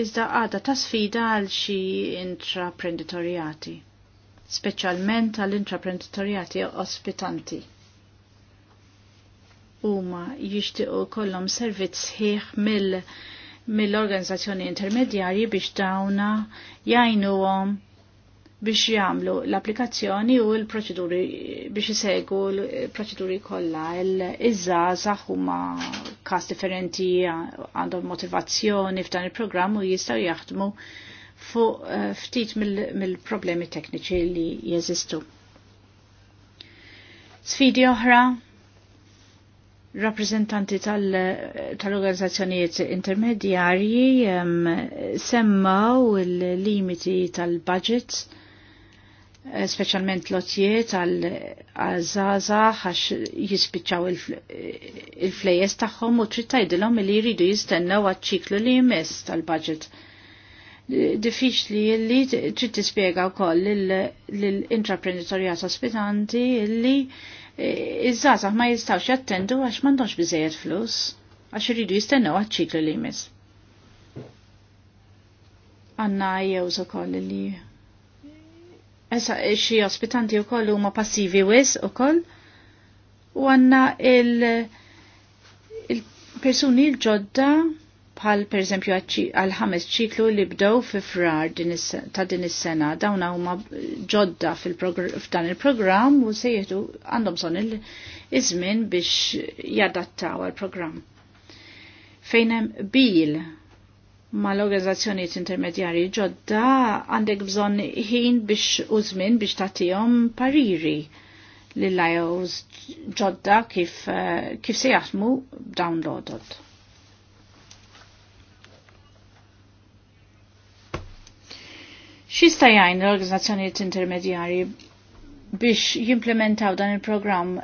iżda għada ta' sfida għal xi intraprenditorijati specialment għal intraprenditorijati ospitanti huma jixtiequ kollhom servizz ħieħ mill mill-organizzazzjoni intermedjarji biex dawna jajnuhom biex jagħmlu l-applikazzjoni u l-proċeduri biex isegu l-proċeduri kollha l-iżgħażagħ huma każ differenti għandhom motivazzjoni f'dan il-programm u jistgħu jaħdmu fuq eh, ftit mill-problemi tekniċi li jeżistu. Sfidi oħra rappresentanti tal-organizzazzjonijiet tal intermedjarji ehm, semmaw il-limiti tal-budget, eh, specialment lotjiet għal azaza għax jispiċċaw il-flejes il tagħhom u trittajdilhom li jridu jistennew għaċ-ċiklu li jmiss tal-budget. Diffiċli li trid tispjega wkoll lill-intraprenditorjat ospitanti li, li iż-żazax ma jistawx jattendu għax m'għandhomx biżejjed flus għax iridu jistennew għaċ-ċiklu li jmiss. Għanna jew ukoll li Esa xi ospitanti wkoll huma passivi wis ukoll u għandna il-persuni il l-ġodda il ġodda il bħal per eżempju għal ħames ċiklu li bdow fi frar ta' din is-sena dawn huma ġodda f'dan il-programm u se għandhom bżonn il-żmien biex jadattaw għall-programm. Fejn hemm bil ma l-organizzazzjonijiet intermedjarji ġodda għandek bżonn ħin biex u żmien biex tagħtihom pariri lil lajos ġodda kif, eh, kif se jaħdmu b'dawn l-odod. Xista jgħin l-organizzazzjoniet intermedjari biex jimplementaw dan il-programm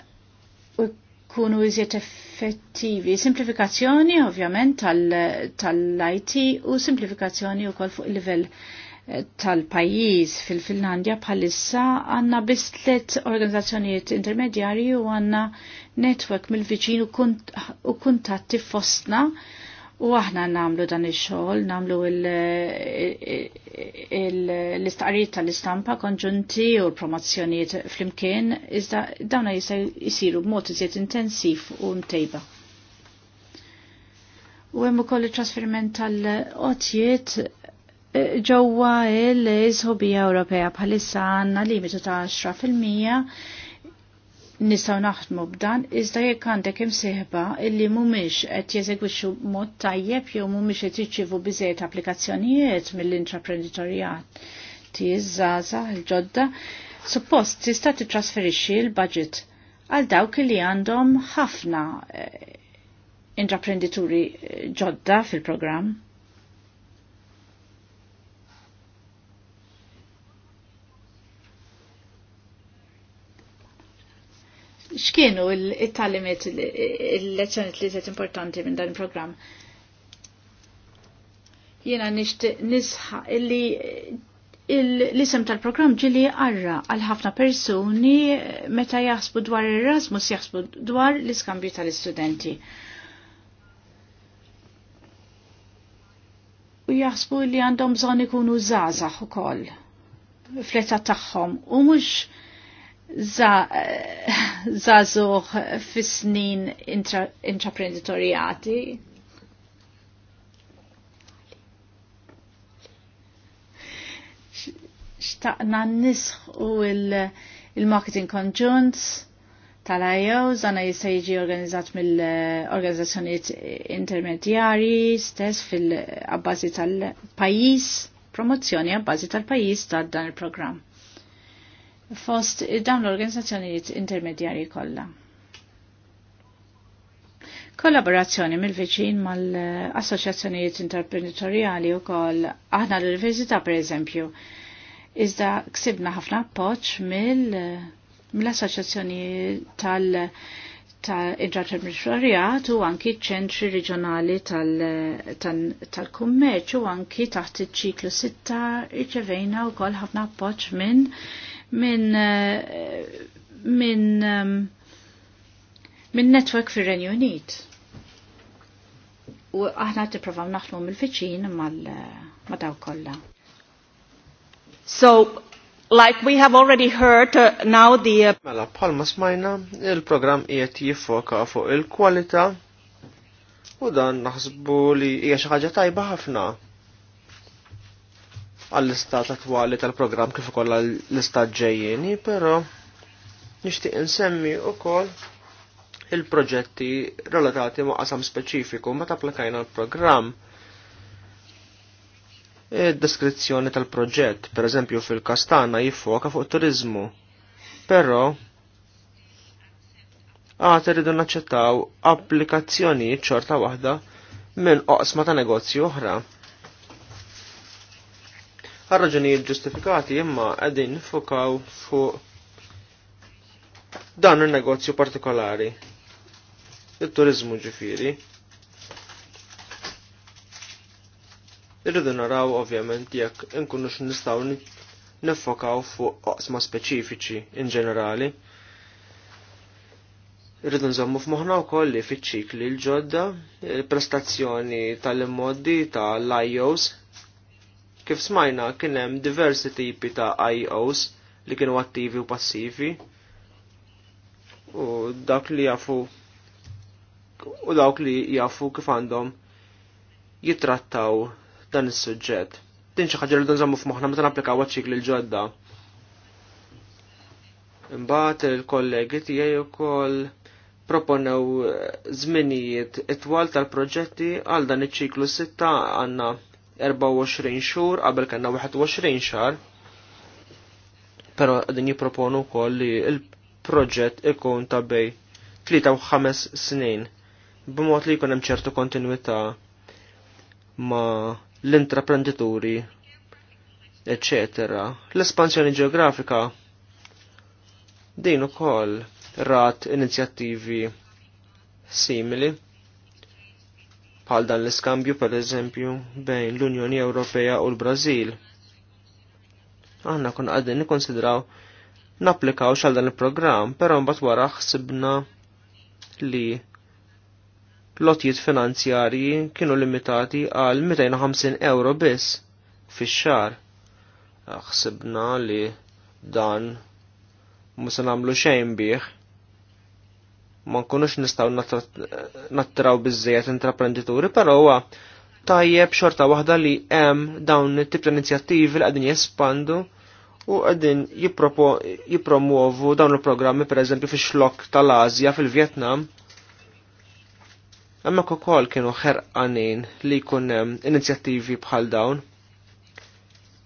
u kunu iżjed effettivi. Simplifikazzjoni ovvjament tal-IT tal u simplifikazzjoni u kol fuq il-level eh, tal-pajjiż fil-Finlandja bħalissa għanna biss tliet organizzazzjonijiet intermedjarji u għanna network mill-viċin u kuntatti fostna U aħna namlu dan il-xol, namlu l-istqarijiet tal-istampa konġunti u l-promozzjonijiet fl-imkien, iżda dawna jisiru b b'mod iżjed intensiv u mtejba. U hemm ukoll it-trasferiment tal-qotjiet e, ġewwa l-Isħobija Ewropea bħalissa għandna limitu ta' 10 fil-mija nistaw naħdmu b'dan, iżda jekk għandek imsieħba illi mhumiex qed jeżegwixxu mod tajjeb jew mhumiex qed jiċċievu biżejjed applikazzjonijiet mill-intraprenditorjat żgħażagħ il-ġodda, suppost tista' titrasferixxi l-budget għal dawk li għandhom ħafna eh, intraprendituri eh, ġodda fil-programm x'kienu it-talimiet il-lezzjoniet li zet importanti minn dan il-programm? Jiena nixtieq nisħa illi l-isem tal program ġili għarra għal ħafna persuni meta jaħsbu dwar Erasmus jaħsbu dwar l-iskambju tal-istudenti. U jaħsbu li għandhom bżonn ikunu zazax ukoll fl fletta tagħhom u mhux Eh, zazuħ fissnin snin intraprenditorijati. Xtaqna u il-marketing konġunt tal-IO, zana jista' jiġi organizzat mill-organizzazzjonijiet eh, intermedjari stess fil abbazi tal-pajis, promozzjoni abbazi tal-pajis ta' dan il-programm fost dawn l-organizzazzjonijiet intermedjarji kollha. Kollaborazzjoni mill-viċin mal-assoċjazzjonijiet interprenitoriali u koll aħna l-Università per eżempju. Iżda ksibna ħafna appoċ mill-assoċjazzjoni tal- tal-intraterritoriat u anki ċentri reġjonali tal-kummerċ u anki taħt iċ-ċiklu sitta irċevejna u koll ħafna appoċ minn minn eh, minn um, minn network fir renju Unit. U aħna provaw naħlu mill-fiċin eh, ma' daw kollha. So like we have already heard uh, now the uh, Mela palma smajna il-programm qiegħed jiffoka fuq il-kwalità u dan naħsbu li hija xi ħaġa tajba ħafna għall-istat attwali tal-programm kif ukoll għall-istat ġejjeni, però nixtieq insemmi ukoll il-proġetti relatati ma' qasam speċifiku meta applikajna l-programm. Id-deskrizzjoni tal-proġett, per eżempju fil-Kastana jiffoka fuq turizmu, però għad irridu naċċettaw applikazzjoni ċorta waħda minn oqsma ta' negozju oħra għal-raġunijiet ġustifikati imma għedin nifokaw fuq dan il-negozju partikolari. Il-turizmu ġifiri. Irridu naraw ovvjament jekk inkunux nistaw nifokaw fuq oqsma speċifiċi in ġenerali. Irridu nżommu f'moħħna wkoll li fiċ-ċikli l-ġodda, il-prestazzjoni tal-immoddi tal-IOs Kif smajna kien hemm diversi tipi ta' IOs li kienu attivi u passivi. U dak li jafu u dawk li jafu kif għandhom jitrattaw dan is-suġġett. Din xi ħaġa li nżammu f'moħħna meta napplikaw ċikli l-ġodda. Imbagħad il-kollegi tiegħi wkoll proponew żminijiet itwal tal-proġetti għal dan iċ-ċiklu sitta għandna 24 xhur qabel kellna 21 xahar. Però din jipproponu wkoll li l-proġett ikun ta' bej 3 5 snin b'mod li jkun hemm ċertu kontinwità ma' l-intraprenditori eccetera. L-espansjoni ġeografika din ukoll rat inizjattivi simili bħal dan l-iskambju per eżempju bejn l-Unjoni Ewropea u l-Brażil. Aħna kun għaddin nikkonsidraw naplikaw xal dan il-programm, però mbagħad wara ħsibna li lotjiet finanzjarji kienu limitati għal 250 euro biss fix-xar. Ħsibna li dan musa nagħmlu xejn bih ma nkunux nistaw nattraw bizzejet intraprenditori, pero huwa tajjeb xorta waħda li hemm dawn it-tip ta' inizjattivi li qegħdin jespandu u qegħdin jippromuovu dawn il-programmi pereżempju fix-xlok tal-Asja fil-Vjetnam. Hemmhekk ukoll kienu ħerqanin li jkun hemm inizjattivi bħal dawn.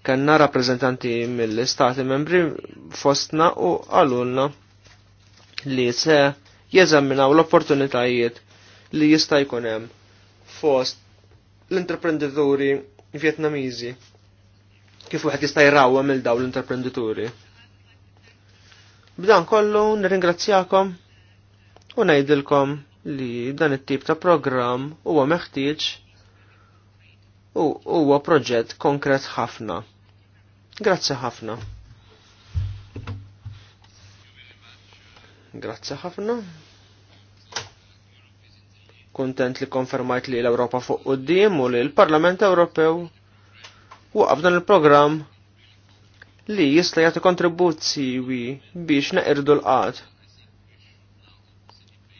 Kenna rappreżentanti mill-istati membri fostna u għalulna li se jeżaminaw l-opportunitajiet li jista' jkun hemm fost l-intreprenditori Vjetnamiżi kif wieħed jista' jrawwa mill dawn l-intreprenditori. B'dan kollu nirringrazzjakom u ngħidilkom li dan it-tip ta' programm huwa meħtieġ u huwa proġett konkret ħafna. Grazzi ħafna. Grazzi ħafna. Kontent li konfermajt li l-Europa fuq d-dim u li l-Parlament Ewropew waqaf dan il-programm li jista' jagħti kontribuzzi biex naqirdu l-qad.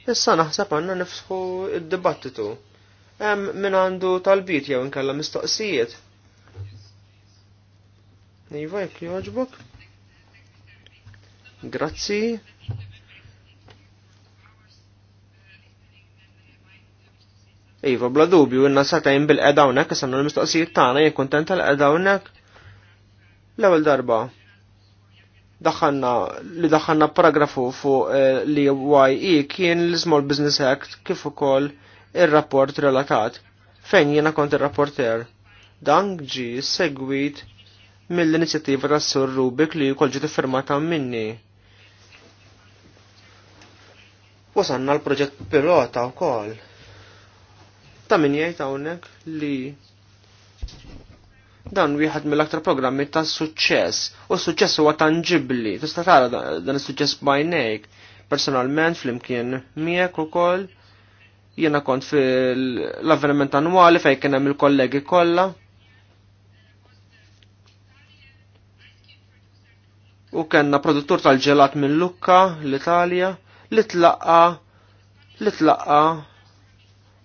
Issa naħseb għanna nifsħu id-dibattitu. Hemm min għandu talbit jew inkella mistoqsijiet. Iva, jekk joġbok. Grazzi. Iva, bla dubju, inna satajn bil-edawnek, għasanna l-mistoqsijiet tagħna jien kontent tal-edawnek. L-ewwel darba daħanna li daħanna paragrafu fuq eh, li YE kien l-Small Business Act kif ukoll ir-rapport relatat fejn jiena kont ir-rapporter. Dan ġi segwit mill-inizjattiva tas sur Rubik li wkoll ġiet iffirmata minni. Wasanna l-proġett pilota wkoll Ta' min jgħid hawnhekk li dan wieħed mill-aktar programmi ta' suċċess u s-suċċess huwa tangibbli, tista' tara dan is-suċċess bajnejk. Personalment flimkien miegħek ukoll jiena kont fil-avveniment annwali fejn kien hemm il-kollegi kollha. U kellna produttur tal-ġelat minn Lukka, l-Italja, li tlaqqa li tlaqqa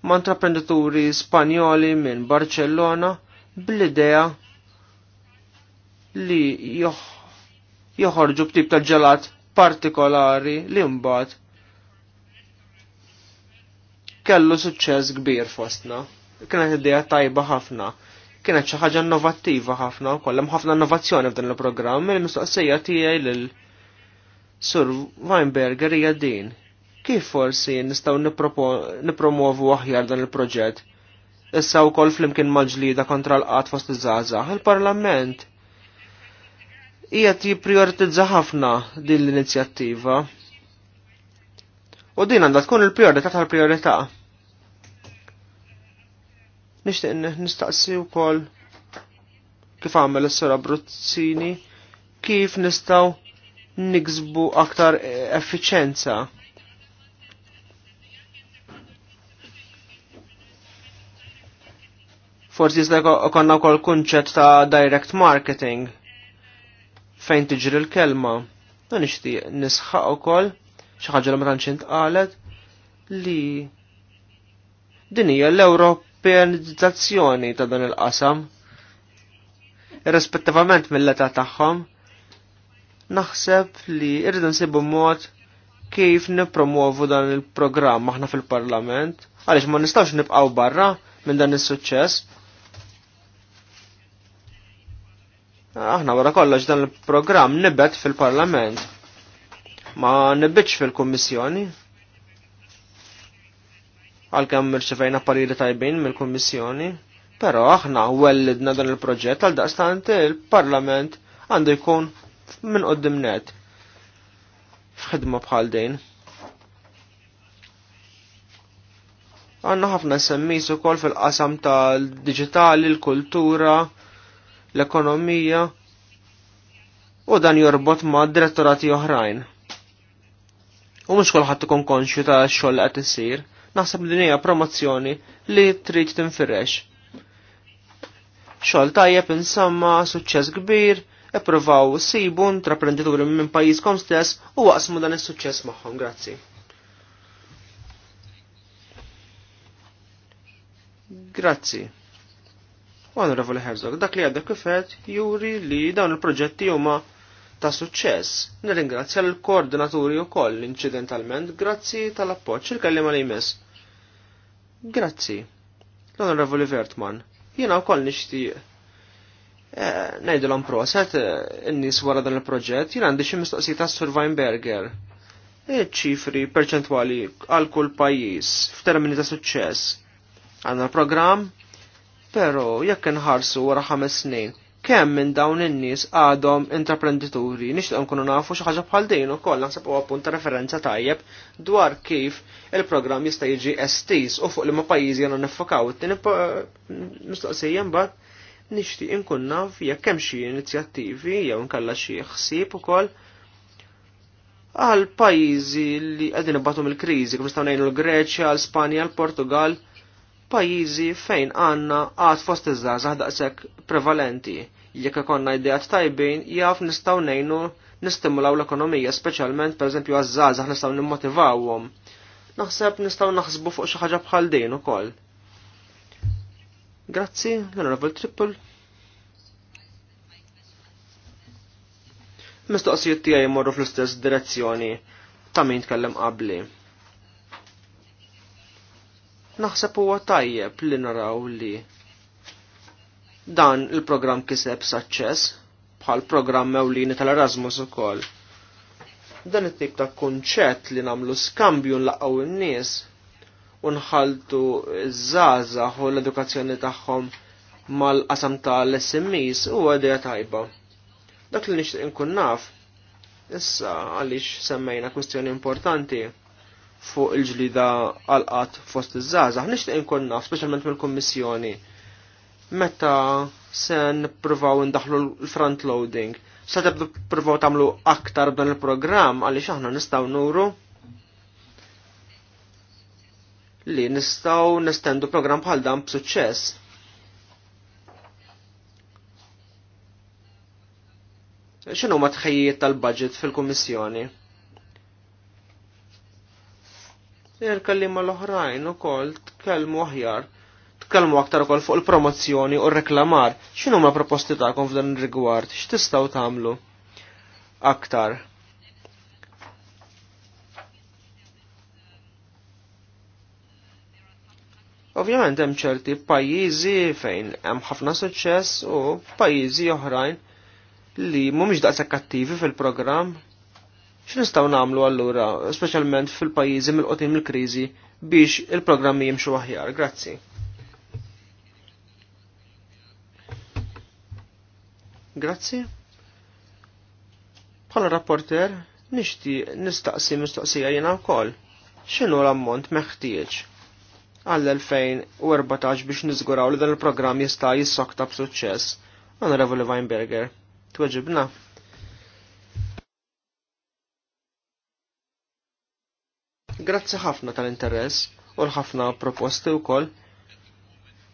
ma' intraprenditori Spanjoli minn Barcellona bl-idea li joħorġu b'tip ta' ġelat partikolari li mbagħad kellu suċċess kbir fostna. Kienet idea tajba ħafna, kienet xi ħaġa innovattiva ħafna, u kollha ħafna innovazzjoni f'dan il-programm, il-mistoqsija tiegħi lil Sur Weinberger hija din. Kif forsi nistaw nipromovu aħjar dan il-proġett? Issa wkoll flimkien mal-ġlida kontra l qat fost iż-żgħażagħ, il-Parlament qiegħed jiprioritizza ħafna din l-inizjattiva. U din għandha tkun il-priorità tal-priorità. Nixtieq nistaqsi wkoll kif għamel is-sora Bruzzini kif nistgħu niksbu aktar e-, effiċenza. Forsi jista' konna wkoll kunċett ta' direct marketing fejn tiġri l-kelma. Dan nixtieq nisħaq ukoll xi ħaġa l ma għalet, intqalet li din hija l europeanizzazzjoni ta' dan il-qasam. Irrispettivament mill leta tagħhom, naħseb li irridu nsibu mod kif nipromuovu dan il-programm aħna fil-Parlament, għaliex ma nistawx nibqgħu barra minn dan is-suċċess. Aħna wara kollox dan il-programm nibet fil-Parlament. Ma nibitx fil-Kummissjoni. Għalkemm irċevejna pariri tajbin mill-Kummissjoni. Però aħna wellidna dan il-proġett għal daqstant il-Parlament għandu jkun minn qoddim net. F'ħidma bħal din. għanna ħafna semmis u kol fil-qasam tal-digitali, l-kultura, l-ekonomija u dan jorbot ma' direttorati oħrajn. U mhux kolħat ikun konxju ta' xogħol qed sir naħseb din hija promozzjoni li trid tinfirex. Xogħol tajjeb insamma suċċess kbir, ippruvaw sibu intraprendituri minn pajjiżkom stess u waqsmu dan is-suċċess magħhom. Grazzi. Grazzi. Onorevoli Herzog, dak li għadda kifet juri li dawn il-proġetti huma ta' suċċess. Nirringrazzja l-koordinaturi u koll incidentalment grazzi tal-appoċ il-kellima li jmiss. Grazzi. L-Onorevoli Vertman, jiena u koll l Nejdilom proset, eh, n-nis wara dan il-proġett, jena għandi xi mistoqsijiet ta' Sur Berger. Ċifri perċentwali għal kull pajis f'termini ta' suċċess. Għandna l-programm Pero jekk inħarsu wara ħames snin, kemm minn dawn in-nies għadhom intraprenditori nixtieq nkunu nafu xi ħaġa bħal din ukoll naħseb huwa punt ta' referenza tajjeb dwar kif il-programm jista' jiġi estis u fuq li ma' pajjiżi għandna nifokaw it-tieni mistoqsija mbagħad nixtieq inkun naf jekk hemm xi inizjattivi jew inkella xi ħsieb ukoll għal pajjiżi li qegħdin ibbatum il-kriżi kif nistgħu ngħinu l-Greċja, l-Spanja, l-Portugal. l greċja l spanja l portugal pajizi fejn għanna għad fost iż-żazah daqshekk prevalenti. Jekk ikonna ideat tajbin, jaf nistgħu ngħinu nistimulaw l-ekonomija, speċjalment pereżempju għaż-żazah nistgħu nimmotivawhom. Naħseb nistgħu naħsbu fuq xi ħaġa bħal din ukoll. Grazzi, l-Honorable Triple. Mistoqsijiet tiegħi jmorru fl-istess direzzjoni ta' min tkellem qabli. Naħseb huwa tajjeb li naraw li dan il-programm kiseb saċċess bħal programm ewlieni tal-Erasmus ukoll. Dan it-tip ta' kunċett li nagħmlu skambju nlaqgħu in-nies u nħaltu żgħażagħ u l-edukazzjoni tagħhom mal-qasam tal-SMEs huwa idea tajba. Dak li nixtieq inkun naf issa għaliex semmejna kwistjoni importanti fuq il-ġlida għal-qat fost iż-żazax. Nixtieq inkun naf, mill-Kummissjoni, meta se nippruvaw indaħlu l-front loading. Se tippruvaw tagħmlu aktar dan il-programm għaliex aħna nistgħu nuru li nistgħu nestendu programm bħal dan b'suċċess. X'inhuma tħejjiet tal-budget fil-Kummissjoni? il-kallima l-oħrajn ukoll tkellmu aħjar, tkellmu aktar ukoll fuq il-promozzjoni u reklamar. xinu ma proposti tagħkom f'dan ir-rigward? X'tistgħu tagħmlu aktar? Ovvjament hemm ċerti pajjiżi fejn hemm ħafna suċċess u pajjiżi oħrajn li mhumiex daqshekk kattivi fil-programm X'nistgħu nagħmlu allura, speċjalment fil-pajjiżi mill-qotim mill-kriżi biex il-programmi jimxu aħjar. Grazzi. Grazzi. Bħala rapporter, nixti nistaqsi mistoqsija jena wkoll. X'inhu l-ammont meħtieġ għall-2014 biex niżguraw li dan il-programm jista' jissokta b'suċċess. Onorevoli Weinberger, tweġibna. Grazzi ħafna tal-interess u l-ħafna proposti u koll.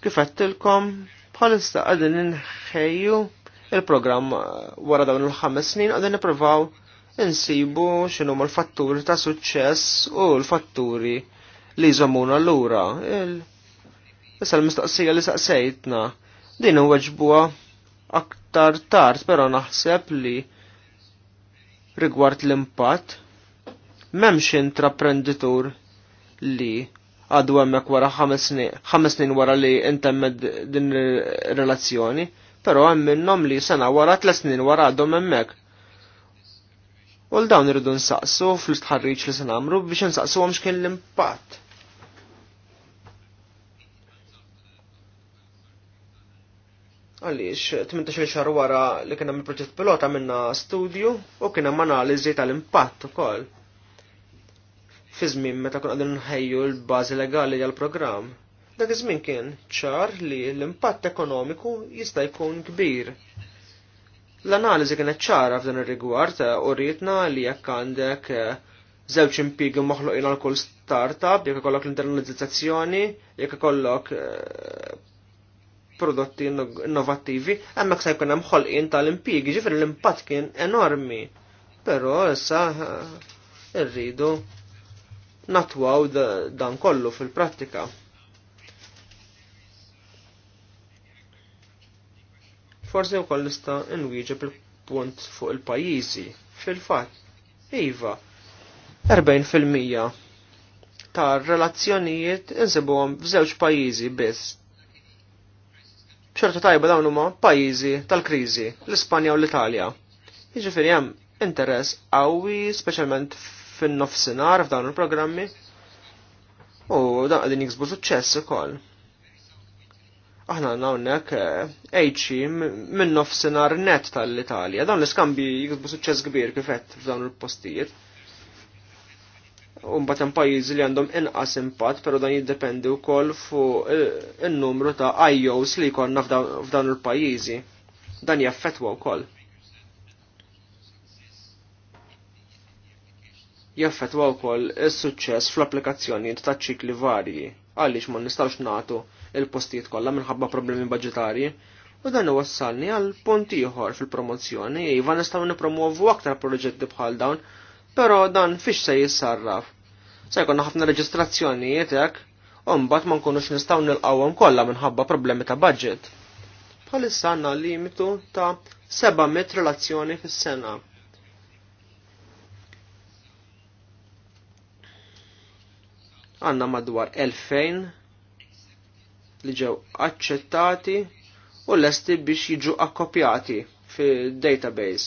Kifettilkom bħalista għadin nħejju il-programm uh, wara dawn il-ħames snin għadin niprovaw insibu xinu l-fatturi ta' suċċess u l-fatturi li jżomuna l-ura. Issa l-mistoqsija li saqsejtna din weġbuha aktar tard, pero naħseb li rigward l-impatt memx intraprenditur li għadu għemmek wara ħames snin wara li intemmed din relazzjoni, pero għem minnom li sena wara tla snin wara għadhom hemmhekk. U l-dawn irridu nsaqsu fl-istħarriċ li se nagħmlu biex nsaqsu għom x'kien l-impatt. Għaliex, 18 xar wara li kien hemm il-proġett pilota minna studju u kien hemm analiżi tal-impatt ukoll fi żmien meta kun għadin nħejju l-bażi legali għall-programm. Dak iż-żmien kien ċar li l-impatt ekonomiku jista' jkun kbir. L-analiżi kienet ċara f'dan ir-rigward u rietna li jekk għandek eh, żewġ impjiegi moħloqin għal kull startup, jekk ikollok l-internalizzazzjoni, jekk ikollok eh, prodotti innovattivi, hemmhekk se jkun hemm ħolqien tal-impjiegi, ġifier l-impatt kien enormi. Però issa eh, irridu natwaw dan kollu fil-prattika. Forse u koll nista nwieġeb il-punt fuq il-pajizi. Fil-fat, iva, 40% ta' relazzjonijiet insibuhom f'żewġ pajjiżi biss. ċertu tajba dawn huma pajjiżi tal-kriżi, l-Ispanja u l-Italja. Jiġifieri hemm interess qawwi speċjalment fin-nofsinhar f'dawn il-programmi u dan qegħdin jiksbu suċċess ukoll. Aħna għandna hawnhekk ejċi eh, minn nofsinhar net tal-Italja, dawn l-iskambi jiksbu suċċess kbir kif qed f'dawn il-postijiet. mbagħad hemm pajjiżi li għandhom inqas impatt, però dan jiddependi wkoll fuq in-numru ta' IOs li jkollna f'dawn il-pajjiżi. Dan jaffetwa wkoll. jaffetwa wkoll is-suċċess fl-applikazzjoni ta' ċikli varji għaliex ma nistgħux nagħtu il-postijiet kollha minħabba problemi budgetari, u dan iwassalni għal punt ieħor fil-promozzjoni iva nistgħu nippromuovu aktar proġetti bħal dawn, però dan fiex se jissarraf. Se jkollna ħafna reġistrazzjonijiet hekk u mbagħad ma nkunux nistgħu nilqawhom kollha minħabba problemi ta' budget. Bħalissa għandna limitu ta' 700 relazzjoni fis-sena għanna madwar 2000 li ġew accettati u lesti biex jiġu akkopjati fil-database.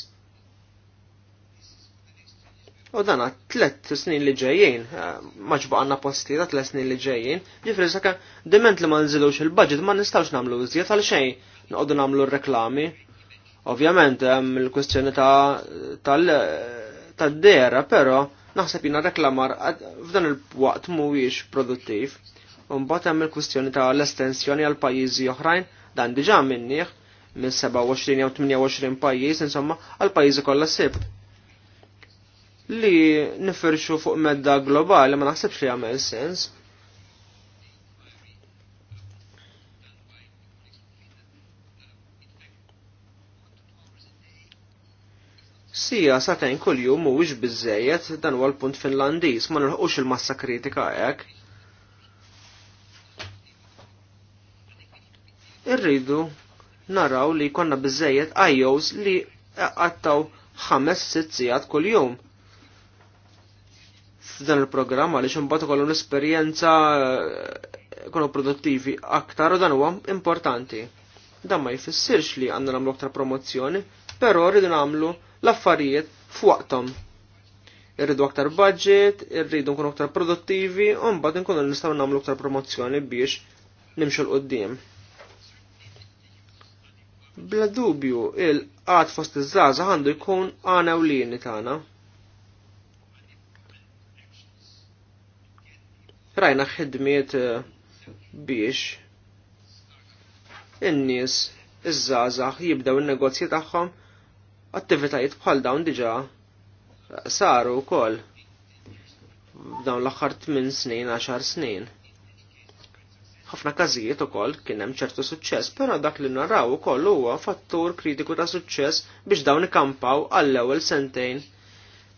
U dana tlet snin li ġejjin, eh, maġbu għanna posti ta' tlet snin li ġejjin, ġifri saka dement li ma nżilux il-budget ma nistawx namlu iżjed għal xejn, nqogħdu namlu r-reklami. Ovvjament, hemm il-kwestjoni ta' tal-dera, pero Naħseb jina reklamar f'dan il-waqt mhuwiex produttiv. Mbagħad hemm il-kwistjoni ta' l-estensjoni għal pajjiżi oħrajn dan diġà minnih minn 27 jew 28 pajjiż insomma għal pajjiżi kollha sib Li nifirxu fuq medda globali ma naħsebx li jagħmel sens. mistoqsija satajn kuljum mhuwiex biżejjed dan huwa l-punt Finlandiż ma nilħqux il-massa kritika hekk. Irridu naraw li konna biżejjed għajjows li qattaw ħames sitt sigħat kuljum. F'dan il programma għaliex imbagħad ikollhom l-esperjenza jkunu eh, produttivi aktar u dan huwa importanti. Dan ma jfissirx li għandna nagħmlu aktar promozzjoni, però rridu nagħmlu l-affarijiet fuqtom. Irridu aktar budget, irridu nkunu aktar produttivi, u mbagħad nkunu nistgħu nagħmlu aktar promozzjoni biex nimxu l-qudiem. Bla dubju, il-qad fost iż-żaża għandu jkun għana u lini tagħna. rajna ħidmiet eh, biex in-nies iż-żgħażagħ jibdew in-negozji tagħhom Attivitajiet bħal dawn diġa saru wkoll dawn l-aħħar 8 snin, 10 snin. Ħafna każijiet ukoll kien hemm ċertu suċċess, però dak li naraw ukoll huwa fattur kritiku ta' suċċess biex dawn ikampaw għall-ewwel sentejn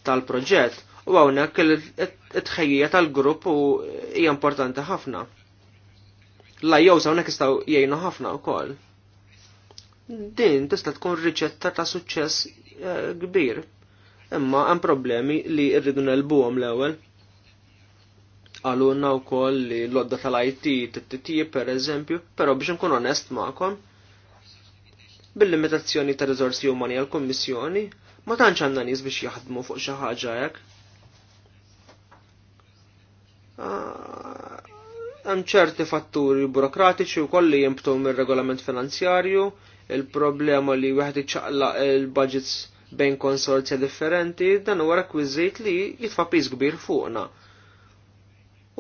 tal-proġett u hawnhekk it-tħejjija tal-grupp hija importanti ħafna. L-ajjow hawnhekk jistgħu jgħinu ħafna wkoll. Din tista' tkun riċetta ta' suċċess eh, kbir. Imma hemm problemi li rridu nelbuhom l-ewwel. Għalunna wkoll li l-odda tal-IT t-TT per eżempju, però biex nkun onest magħkom, bil-limitazzjoni ta' riżorsi umani għal-Kommissjoni, ma tantx għandna nies biex jaħdmu fuq xi ħaġa hekk hemm ċerti fatturi burokratiċi wkoll li jimptu mir-regolament finanzjarju, il-problema li wieħed iċċaqla il-budgets bejn konsorzja differenti, dan huwa rekwiżit li jitfa' piż kbir fuqna.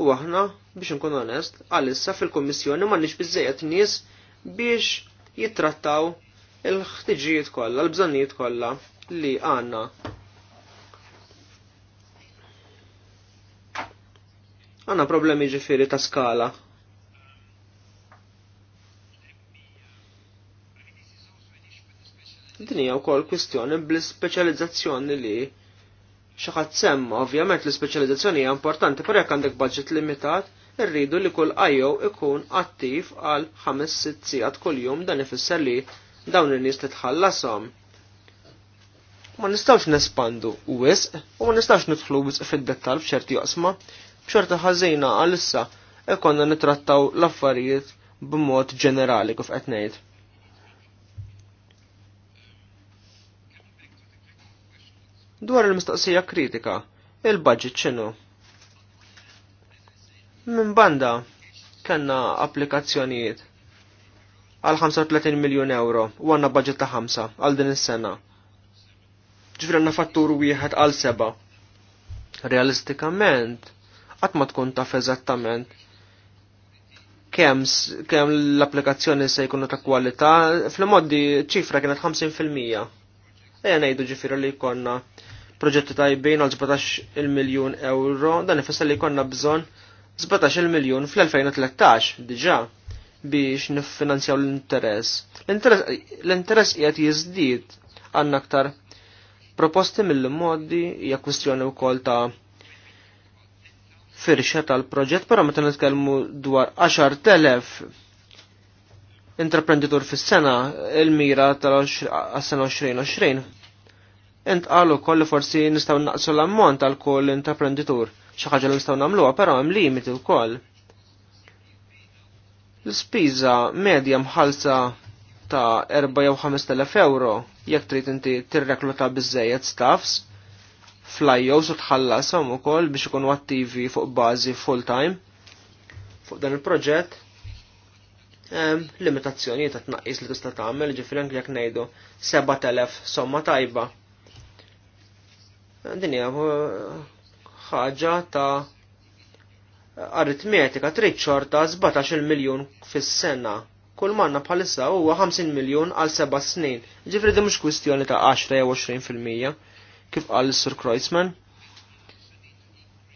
U aħna, biex nkun onest, għalissa fil-Kummissjoni m'għandniex biżejjed nies biex jittrattaw il-ħtiġijiet kollha, l-bżonnijiet kollha li għandna. Għandna problemi ġifieri ta' skala Din hija wkoll kwistjoni bl-ispeċjalizzazzjoni li xi ħadd semma, ovvjament l-ispeċjalizzazzjoni hija importanti, per jek għandek budget limitat, irridu li kull qajjew ikun attiv għal 5-6 sigħat kuljum dan ifisser li dawn in-nies li tħallasom. Ma nistgħux nespandu wisq u ma nistgħux nidħlu wisq fid-dettall f'ċerti joqsma, b'xorta għal għalissa ikonna nitrattaw l-affarijiet b'mod ġenerali kif qed ngħid. Dwar il-mistoqsija kritika, il-budget x'inhu? Minn banda kanna applikazzjonijiet għal 35 miljun euro u għanna budget ta' 5 għal din is-sena. Ġifri għanna fattur wieħed għal seba. Realistikament, qatt ma tkun taf eżattament kemm kem l-applikazzjoni se jkunu ta' kwalità, fl-moddi ċifra kienet 50%. Ejja ngħidu ġifieri li jkollna proġetti tajbin għal 17 miljun euro, dan ifisser li konna bżonn 17 il miljun fl-2013 diġà biex niffinanzjaw l-interess. L-interess qiegħed jizdid għandna aktar proposti mill-modi hija kwistjoni wkoll ta' firxa tal-proġett, però meta nitkellmu dwar 10,000 intraprenditur fis-sena il-mira tal-sena 2020 intqalu koll forsi nistaw naqsu l-ammont għal kull intraprenditur. Xi ħaġa li nistgħu nagħmluha però hemm limiti wkoll. L-ispiża medja mħalsa ta' 4 jew euro jekk trid inti tirrekluta biżejjed staffs flajjows u tħallasom ukoll biex ikunu attivi fuq bażi full time fuq dan il-proġett limitazzjonijiet ta' tnaqqis li tista' tagħmel ġifieri anke jekk ngħidu 7000 somma tajba dinja ħaġa ta' aritmetika trid xorta 17 miljun fis-sena. Kull manna bħalissa huwa 50 miljun għal seba' snin. Ġifri di mhux kwistjoni ta' 10 jew 20 fil-mija kif qal Sir Kreuzman.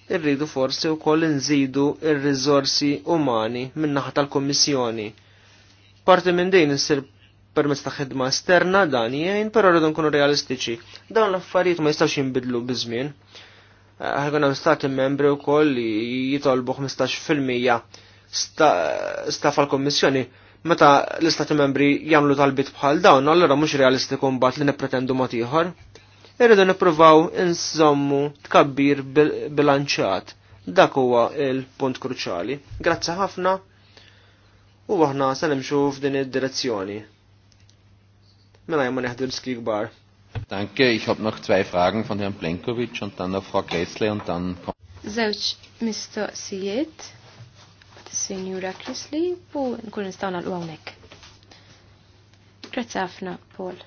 Irridu forsi wkoll nżidu ir-riżorsi umani min-naħa tal-Kummissjoni. Parti minn din sir permezz ta' ħidma esterna dan jgħin, però rridu nkunu realistiċi. Dawn l-affarijiet ma jistax jinbidlu biżmien. Ħajkun hemm stati membri wkoll li jitolbu 15% staff għall-Kommissjoni meta l-istati membri jagħmlu talbit bħal dawn, allura mhux realistiku mbagħad li nippretendu mod ieħor. Irridu nippruvaw insommu tkabbir bilanċat. Dak huwa il-punt kruċali. Grazzi ħafna u aħna se nimxu f'din id-direzzjoni mela jemma neħdu riski kbar. Danke, ich habe noch zwei Fragen von Herrn Plenkovic und dann noch Frau Gressle und dann Zewċ mistoqsijiet t Signora Krisli u nkun nistaw nal hawnhekk. Grazzi ħafna, Paul.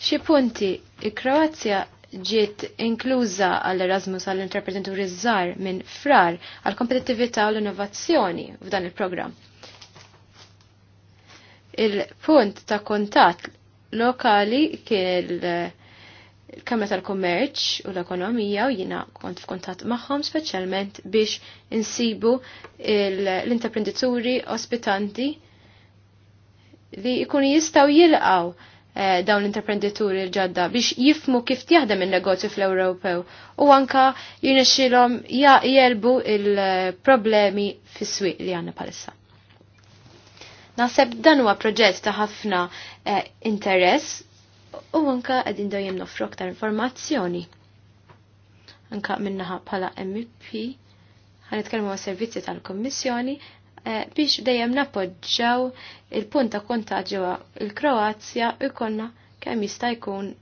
Xi punti, il-Kroazja ġiet inkluża għall Erasmus għall interpretenturi żgħar minn frar għall kompetittività u l-innovazzjoni f'dan il-programm. Il-punt ta' kontat lokali kien il-Kamra tal-Kummerċ u l-Ekonomija u jina kont f'kuntatt magħhom speċjalment biex insibu l interprendituri ospitanti li jkunu jistaw jilqaw eh, dawn l interprendituri l-ġadda biex jifmu kif jaħdem il-negozju fl-Ewropew u anka jirnexxilhom jelbu il-problemi fis-swieq li għandna palissa. Naħseb dan huwa proġett ta' ħafna eh, interess u anka qegħdin dejjem nofru aktar informazzjoni. Anka minnaħa bħala MEP ħanitkellmu ma' servizzi tal-Kommissjoni eh, biex dejjem napoġġaw il-punt ta' ġewwa il-Kroazja u jkollna kemm jista' jkun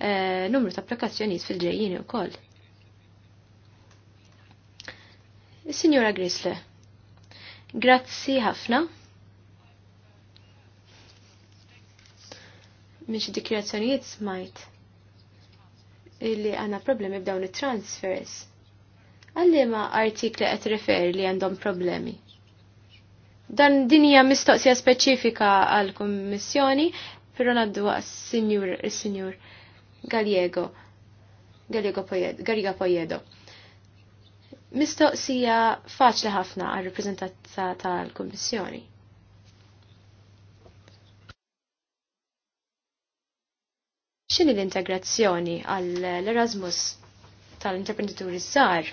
eh, numru ta' applikazzjonijiet fil-ġejjini wkoll. Signora Grisle, grazzi ħafna minx dikjerazzjonijiet smajt illi għanna problemi b'dawn it-transfers. Għalli ma artikli qed referi li għandhom problemi. Dan dinja mistoqsija speċifika għal kummissjoni però naddu għas il-senjur Gallego. Gallego Pojedo. Garriga Pojedo. Mistoqsija faċli ħafna għal rappresentanza tal-Kummissjoni. ċini l-integrazzjoni għall-Erasmus tal-intreprenditori żgħar?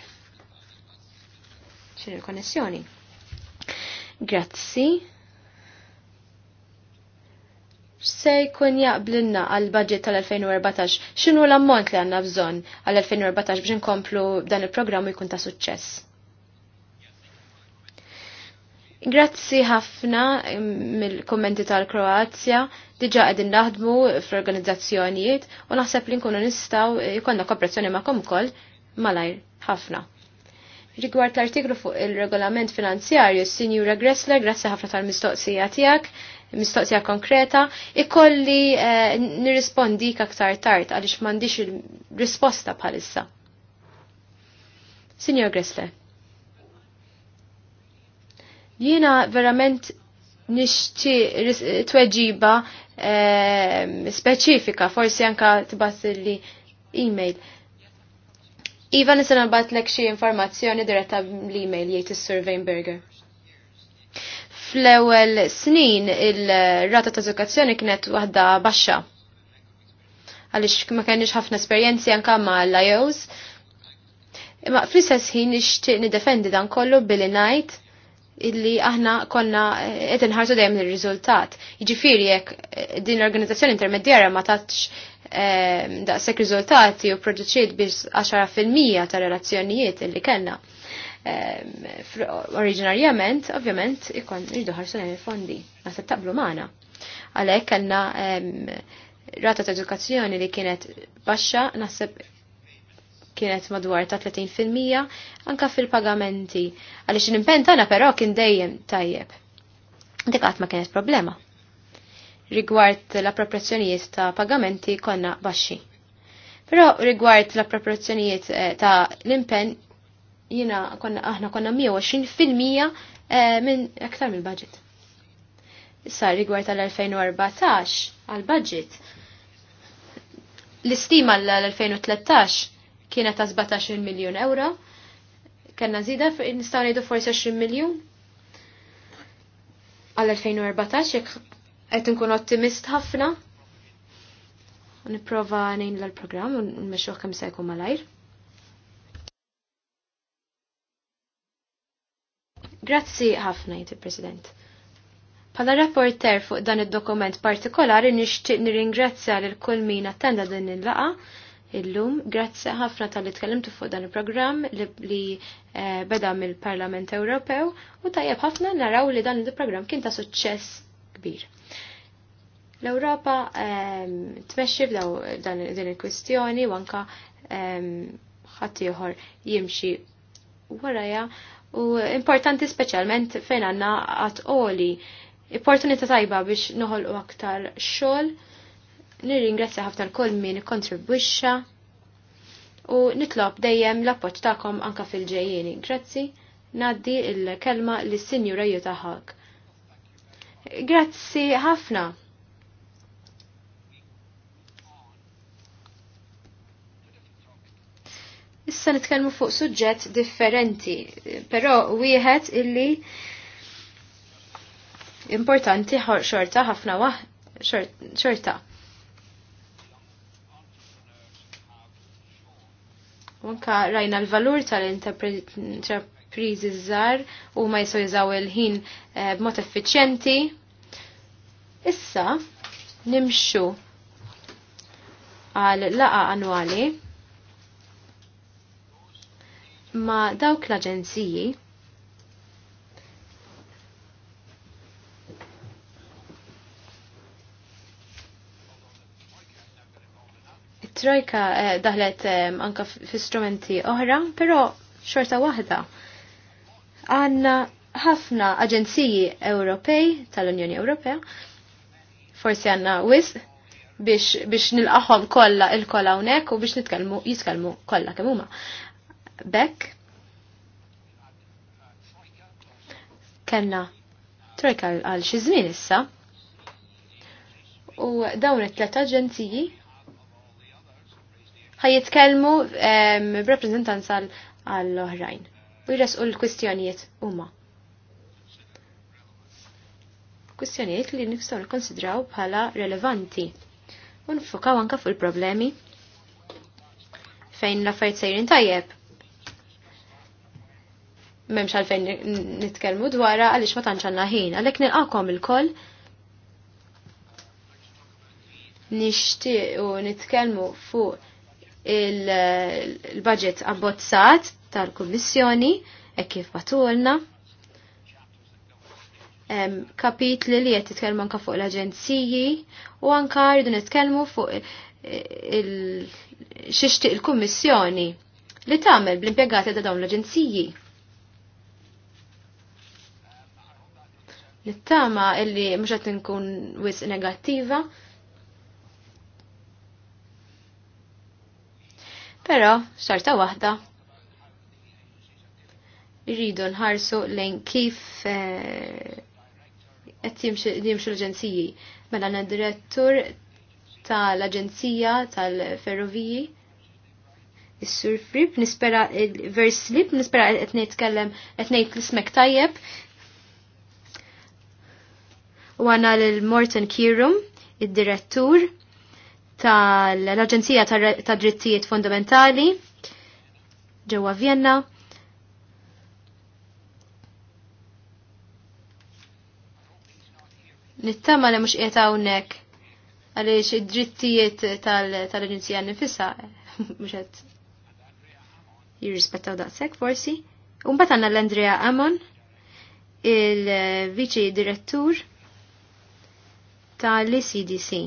ċini l-konnessjoni? Grazzi. Se jkun jaqblinna għal budget tal-2014, xinu l-ammont li għanna bżon għal-2014 biex nkomplu dan il-programm jkun ta' suċċess? Grazzi ħafna mm, mill-kommenti tal-Kroazja, diġa għedin naħdmu fl-organizzazzjonijiet u naħseb li nkunu nistaw eh, jkollna kooperazzjoni ma' komkol malajr ħafna. Rigward l-artiklu fuq il-regolament finanzjarju, Sinjura Gressler, grazzi ħafna tal-mistoqsija tijak, mistoqsija konkreta, ikolli eh, nirrispondi nirrispondik aktar tard għaliex m'għandix il-risposta bħalissa. Signor Gressler. Jiena verament nishti tweġiba specifika, ehm, speċifika, forsi anka tibat li e-mail. Iva nisan għabat l xie informazzjoni diretta l-email jgħid is-Sur Weinberger. Fl-ewwel snin il-rata ta' edukazzjoni kienet waħda baxxa. Għaliex ma kenniex ħafna esperjenzi anka ma' l-IOs. Imma fl-istess ħin nixtieq nidefendi dan kollu billi ngħid illi aħna konna eh, qed inħarsu dejjem ir-riżultat. Jiġifieri jekk eh, din l-organizzazzjoni intermedjarja ma tatx eh, daqshekk riżultati u produċiet biex 10% ta' relazzjonijiet illi kellna. Oriġinarjament, ovvjament, ikon irridu ħarsu lejn il-fondi. Naħseb taqblu magħna. Għalhekk kellna rata ta' edukazzjoni li kienet baxxa naħseb kienet madwar ta' 30% anka fil-pagamenti. Għaliex l-impen tagħna però kien dejjem tajjeb. Dik qatt ma kienet problema. Rigward l-appropriazzjonijiet ta' pagamenti konna baxxi. Però rigward l-appropriazzjonijiet eh, ta' l-impen jina konna aħna konna 120% eh, minn aktar mill-budget. Issa rigward tal-2014 għal-budget l-istima l-2013 kienet ta' 17 miljon euro, kena zida nistaw nejdu forsi 20 miljon għal-2014 jek għet nkun ottimist ħafna. Niprofa nejn l-program u nmexxuh kemm se jkun malajr. Grazzi ħafna jt president Pala rapporter fuq dan id-dokument partikolari nixtieq nirringrazzja lil kull min attenda din il-laqa illum. Grazzi ħafna tal-li tkellimtu fuq dan il-programm li eh, beda mill-Parlament Ewropew u tajjeb ħafna naraw li dan il-programm kien ta' suċċess kbir. L-Ewropa ehm, tmexxi f'daw din il-kwistjoni u anka ehm, ħadd ieħor jimxi waraja u importanti speċjalment fejn għandna għat oli opportunità tajba biex noħolqu aktar xogħol Nirringrazzja ħafna l koll min kontribwixxa u nitlob dejjem l-appoġġ tagħkom anka fil-ġejjieni. Grazzi, naddi l kelma lis-Sinjura Jutta Hag. Grazzi ħafna. Issa nitkellmu fuq suġġett differenti, però wieħed illi importanti xorta ħafna waħ xorta. Unka rajna l-valur tal-intrapriżi żgħar u ma jisaw il-ħin eh, b'mod effiċjenti. Issa nimxu għal laqa annwali ma' dawk l-aġenziji trojka eh, daħlet eh, anka f-istrumenti oħra, pero xorta waħda. Għanna ħafna aġenziji Ewropej tal-Unjoni Ewropea, forsi għanna wis biex, biex nil-aħom kolla il-kolla unek u biex nitkalmu, jiskalmu kolla kemuma. Bekk, kellna trojka għal xi żmien issa. U dawn it-tlet aġenziji ħajitkellmu b'rappreżentanza għall-oħrajn u jresqu l-kwistjonijiet huma. Kwistjonijiet li nistgħu nikkonsidraw bħala relevanti u nfokaw anka fuq il-problemi fejn l-affarijiet sejrin tajjeb. Memx għalfejn nitkellmu dwarha għaliex ma tantx ħin, għalhekk nilqakom il-koll nixtieq u nitkellmu fuq il-budget abbozzat tal-Kummissjoni e kif batulna. Kapitli li qed titkellmu anka fuq l-aġenziji u anke rridu nitkellmu fuq xixtieq il-Kummissjoni li tagħmel bl-impjegati ta' dawn l-aġenziji. Nittama illi mhux qed nkun wisq negattiva, Però xarta waħda irridu nħarsu lejn kif eh, qed jimxu l-aġenziji. Mela n direttur tal-Aġenzija tal-Ferroviji is-Sur Frib, nispera vers Slip, nispera qed nitkellem qed ngħid l-ismek tajjeb. U għana l-Morton Kirum, id-direttur tal-Aġenzija ta' Drittijiet Fundamentali ġewwa Vienna. Nittama li mhux qiegħed hawnhekk għaliex id-drittijiet tal-Aġenzija nifisha mhux qed jirrispettaw daqshekk forsi. U mbagħad għandna l-Andrea Amon, il-Viċi Direttur tal-CDC.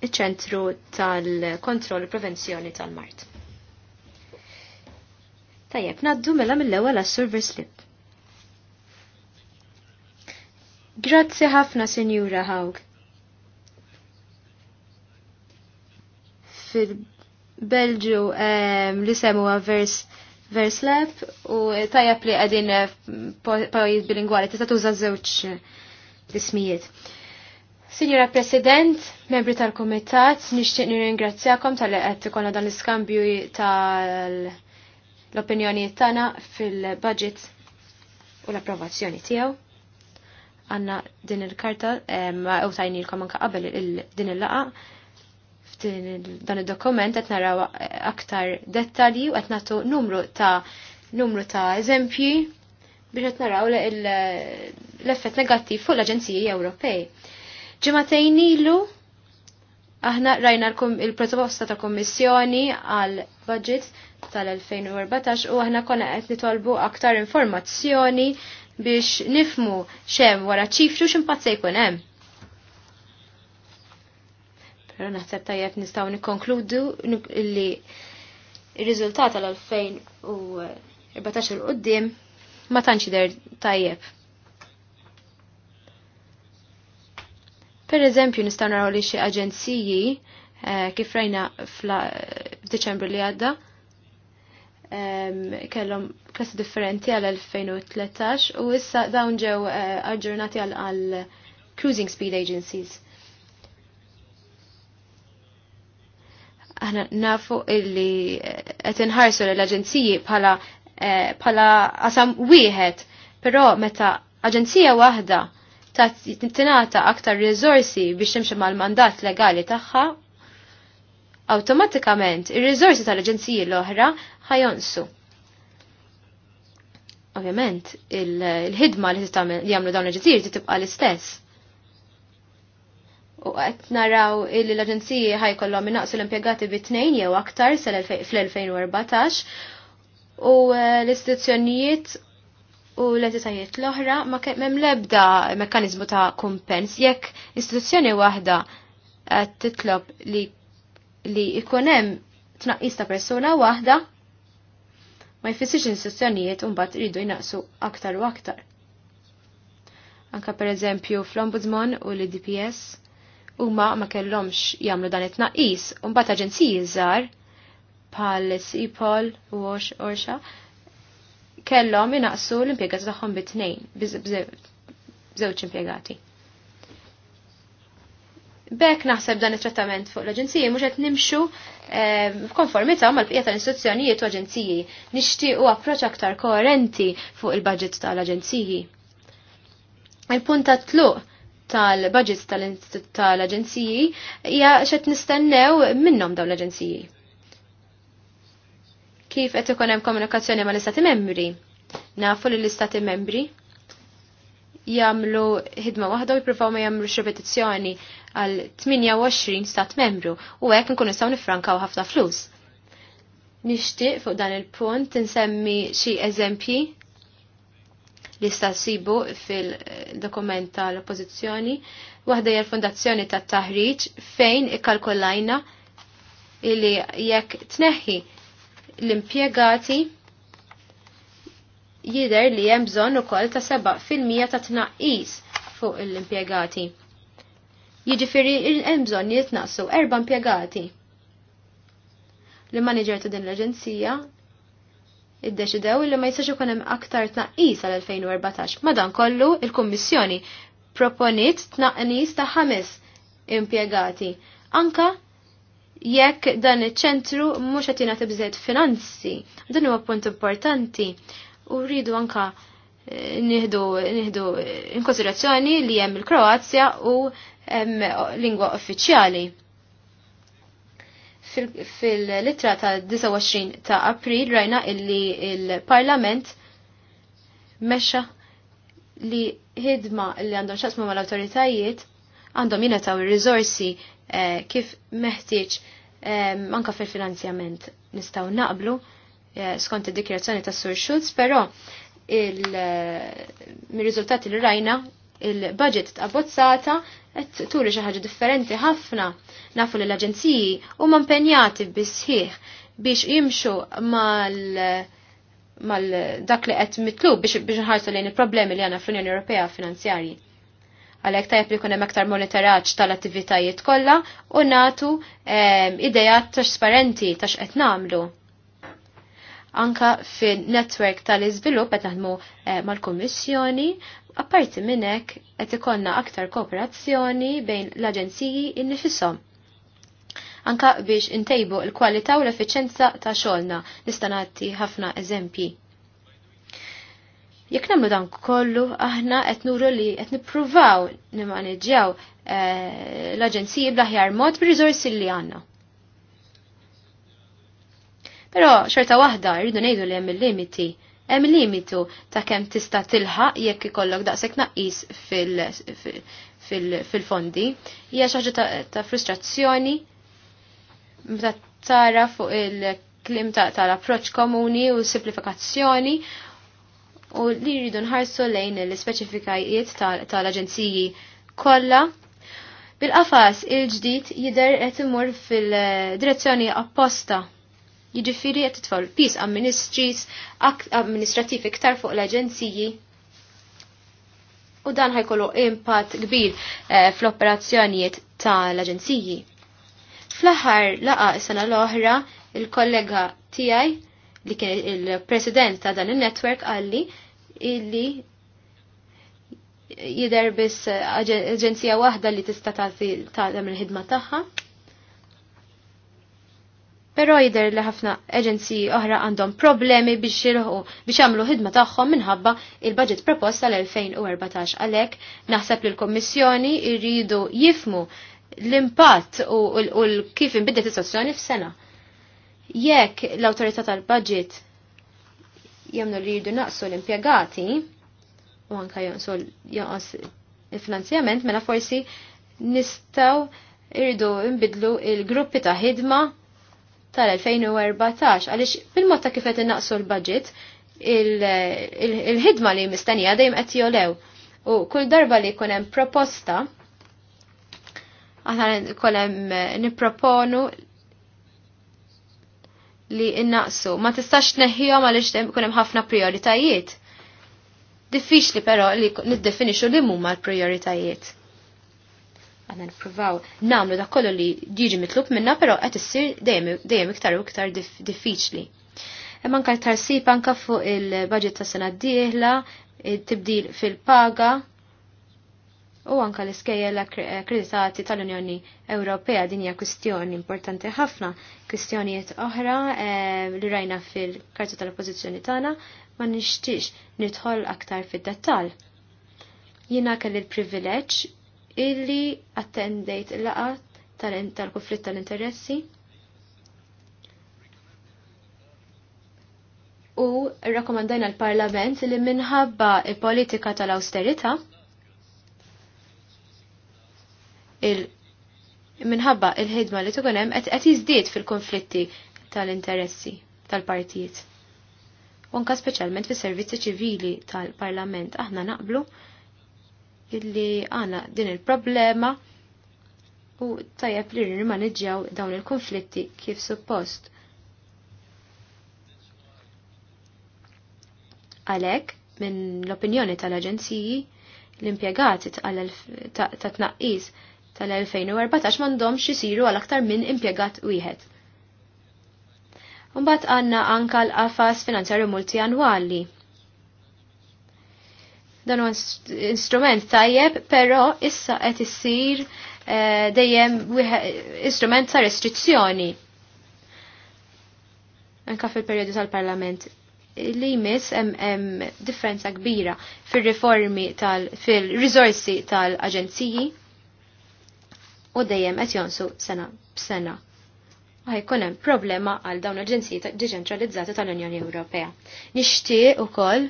iċ-ċentru tal-kontroll u prevenzjoni tal-mart. Tajjeb, naddu mela mill-ewwel għas-Silver Slip. Grazzi ħafna, Sinjura Hawg. Fil-Belġu ehm, li semu vers vers lab u tajjeb li qegħdin pajjiż bilingwali tista' tuża żewġ l-ismijiet. Signora President, membri tal-Komitat, nixtieq nirringrazzjakom tal qed ikonna dan l-iskambju tal-opinjonijiet tagħna fil-budget u l-approvazzjoni tiegħu. Għanna din il-karta u tajnilkom anke qabel din il-laqa dan id-dokument qed naraw aktar dettalji u qed nagħtu numru ta' numru ta' eżempji biex qed naraw l-effett negattiv fuq l-Aġenziji Ewropej Ġematejn ilu aħna rajna il-proposta ta' kommissjoni għal budget tal-2014 u aħna konna qed nitolbu aktar informazzjoni biex nifmu xem wara ċifru x'impatt se jkun hemm. Però naħseb tajjeb nistgħu nikkonkludu li ir-riżultat tal-2014 il qudiem ma tantx tajjeb. Per eżempju, nistaw naraw li xi aġenziji eh, kif rajna f'Diċembru li għadda kellhom klassi differenti għal 2013 u issa dawn ġew eh, aġġornati għal cruising speed agencies. Aħna nafu illi eh, qed inħarsu l-aġenziji bħala bħala qasam wieħed, però meta aġenzija waħda tinata aktar rizorsi biex timxi mal-mandat legali tagħha, awtomatikament ir-riżorsi tal-aġenziji l-oħra ħajonsu. Ovvjament, il-ħidma li jagħmlu dawn l-aġenziji tibqa l-istess. U qed naraw li l-aġenziji ħajkollhom inaqsu l-impjegati bi tnejn jew aktar fl-2014 u eh, l-istituzzjonijiet u l-entitajiet l-oħra ma kemm lebda mekanizmu ta' kumpens jekk istituzzjoni waħda titlob li li ikun hemm tnaqqis ta' persuna waħda ma jfissirx istituzzjonijiet u mbagħad iridu jnaqsu aktar u aktar. Anka pereżempju fl-Ombudsman u l-DPS huma ma kellhomx jagħmlu dan it-tnaqqis u mbagħad aġenziji żgħar bħal Sipol u Orxa kellhom inaqsu l-impjegati tagħhom bit-tnejn b'żewġ impjegati. Bek naħseb dan it-trattament fuq l-aġenziji mhux qed nimxu eh, f'konformità mal-bqija tal-istituzzjonijiet u aġenziji nixtiequ approċċ aktar koerenti fuq il-budget tal-aġenziji. Il-punt ta' tluq tal-budgets tal-aġenziji hija xed nistennew minnhom dawn l-aġenziji kif qed ikun hemm komunikazzjoni mal-Istati Membri. Nafu li l-Istati Membri jagħmlu ħidma waħda u jippruvaw ma jagħmlux repetizzjoni għal 28 stat membru u hekk nkunu nistgħu nifrankaw ħafna flus. Nixtieq fuq dan il-punt insemmi xi eżempji li sta sibu fil-dokument tal-oppożizzjoni. Waħda hija l-Fundazzjoni tat-Taħriġ fejn ikkalkolajna illi jekk tneħħi l-impjegati jider li hemm bżonn ukoll ta' 7% ta' tnaqqis fuq l-impjegati. Jiġifieri hemm bżonn jitnaqsu erba' impjegati. L-manager ta' din l-aġenzija iddeċidew li ma jistax ikun hemm aktar tnaqqis għal 2014. kollu il-Kummissjoni proponiet tnaqqis ta' ħames impjegati. Anka jekk dan iċ-ċentru mhux qed jingħati bżejt finanzi. Dan huwa punt importanti. U rridu anka eh, nieħdu nieħdu inkonsiderazzjoni li hemm il-Kroazja u hemm lingwa uffiċjali. Fil-litra ta' 29 ta' April rajna illi il-Parlament mexxa li ħidma li għandhom xaqsmu mal-awtoritajiet għandhom jinetaw ir-riżorsi Eh, kif meħtieġ eh, manka fil-finanzjament nistgħu naqblu eh, skont id-dikjerazzjoni tas Sur Schultz, però il-riżultati li rajna il-budget abbozzata qed turi xi ħaġa differenti ħafna. Nafu li l-aġenziji huma impenjati bisħieħ biex jimxu mal mal dak li qed mitlub biex biex nħarsu lejn il-problemi li għandna fl-Unjoni Ewropea finanzjarji. Għalhekk tajjeb li jkun hemm aktar monitoraġġ tal-attivitajiet kollha u nagħtu ehm, ideja trasparenti ta' x'qed nagħmlu. Anka fin-netwerk tal-iżvilupp qed naħdmu eh, mal-Kummissjoni, apparti minn hekk qed ikollna aktar kooperazzjoni bejn l-aġenziji innifisom anka biex intejbu l-kwalità u l efficienza ta' xogħolna. Nista' nagħti ħafna eżempji. Jekk nagħmlu dan kollu, aħna qed nuru li qed nippruvaw nimmaneġġjaw eh, l-aġenziji bl-aħjar mod bir li għandna. Però xorta waħda rridu ngħidu li hemm il-limiti hemm limitu ta' kemm tista' tilħaq jekk ikollok daqshekk naqis fil-fondi. Hija xi ħaġa ta' frustrazzjoni meta tara fuq il-klim tal-approċċ komuni u simplifikazzjoni u li jridu nħarsu lejn l-speċifikajiet tal-aġenziji kollha. Bil-qafas il-ġdid jidher qed imur fil-direzzjoni apposta. Jiġifieri qed peace pis amministrattiv iktar fuq l-aġenziji u dan ħajkollu impatt kbir eh, fl-operazzjonijiet tal-aġenziji. Fl-aħħar laqa s-sena l-oħra il-kollega tiegħi li kien il-president ta' dan il-network għalli illi jider biss aġenzija waħda li tista' tagħmel il-ħidma tagħha. Però jider li ħafna aġenziji oħra għandhom problemi biex jilħu biex jagħmlu ħidma tagħhom minħabba il-budget proposta l-2014 għalhekk naħseb li l-Kommissjoni jridu jifmu l-impatt u kif inbidet is-sozzjoni f'sena. Jekk l-autorità tal-budget jemnu li jridu naqsu l-impjegati u anka jonqsu jonqos il-finanzjament, mela forsi nistaw irridu imbidlu il-gruppi ta' ħidma tal-2014 għaliex bil-mod ta' kif qed l-budget il-ħidma li mistennija dejjem qed jolew. U kull darba li kunem proposta, aħna kolem niproponu li innaqsu. Ma tistax tneħħihom għaliex kun hemm ħafna prioritajiet. Diffiċli però li niddefinixu li mumma l-prioritajiet. Għanna nipruvaw namlu dak kollu li jiġi mitlub minna, però qed issir dejjem iktar u iktar diffiċli. Hemm anke tarsib anke fuq il-budget ta' sena d-dieħla, tibdil fil-paga, u anka l l akkreditati tal-Unjoni Ewropea din hija kwistjoni importanti ħafna, kwistjonijiet oħra eh, li rajna fil-karta tal-oppożizzjoni tagħna ma nixtiex nidħol aktar fid-dettall. Jiena kelli l-privileġġ illi attendejt il-laqa tal-konflitt tal-interessi u rrakkomandajna l-Parlament li minħabba il-politika tal-austerita il minħabba il-ħidma li tkun hemm qed jiżdied fil-konflitti tal-interessi tal-partijiet. Unka speċjalment fis-servizzi ċivili tal-Parlament aħna naqblu illi għana din il-problema u tajjeb li rimaneġġjaw dawn il-konflitti kif suppost. Għalek, minn l-opinjoni tal-aġenziji, l-impiegati ta' tnaqqis ta tal-2014 m'għandhomx isiru għal aktar minn impjegat wieħed. Mbagħad għandna anka l-qafas finanzjarju multianwali. Dan huwa instrument tajjeb, però issa qed issir eh, dejjem instrument ta' restrizzjoni. Anka fil-perjodu tal-Parlament li jmiss hemm differenza kbira fir-riformi tal fil-riżorsi tal-aġenziji u dejjem qed jonsu sena b'sena. Ma jkun hemm problema għal dawn l-Aġenziji Diċentralizzati tal-Unjoni Ewropea. Nixtieq ukoll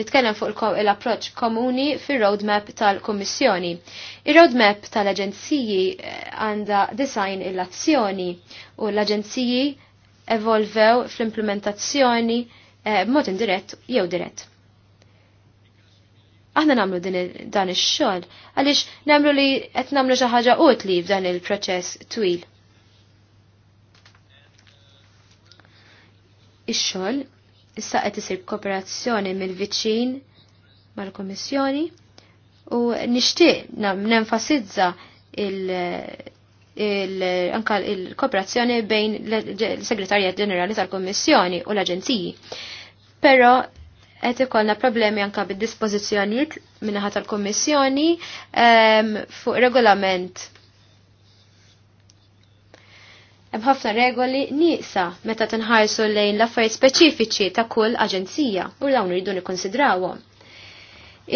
nitkellem fuq l-approċ komuni fir-roadmap tal-Kummissjoni. Ir-roadmap tal-Aġenziji eh, għandha design il-azzjoni u l-Aġenziji evolvew fl-implementazzjoni eh, b'mod indirett jew dirett aħna namlu dan ix-xogħol għaliex namlu li qed namlu xi ħaġa utli f'dan il-proċess twil. Ix-xogħol issa qed isir kooperazzjoni mill-viċin mal-Kummissjoni u nixtieq nenfasizza il- anka il-kooperazzjoni bejn l-Segretarjat Ġenerali tal-Kommissjoni u l-Aġenziji. Però qed ikollna problemi anka bid-dispożizzjonijiet minnaħa tal-Kummissjoni ehm, fuq regolament. Hemm ħafna regoli nieqsa meta tinħarsu lejn l-affarijiet speċifiċi ta' kull aġenzija u dawn iridu nikkonsidrawhom.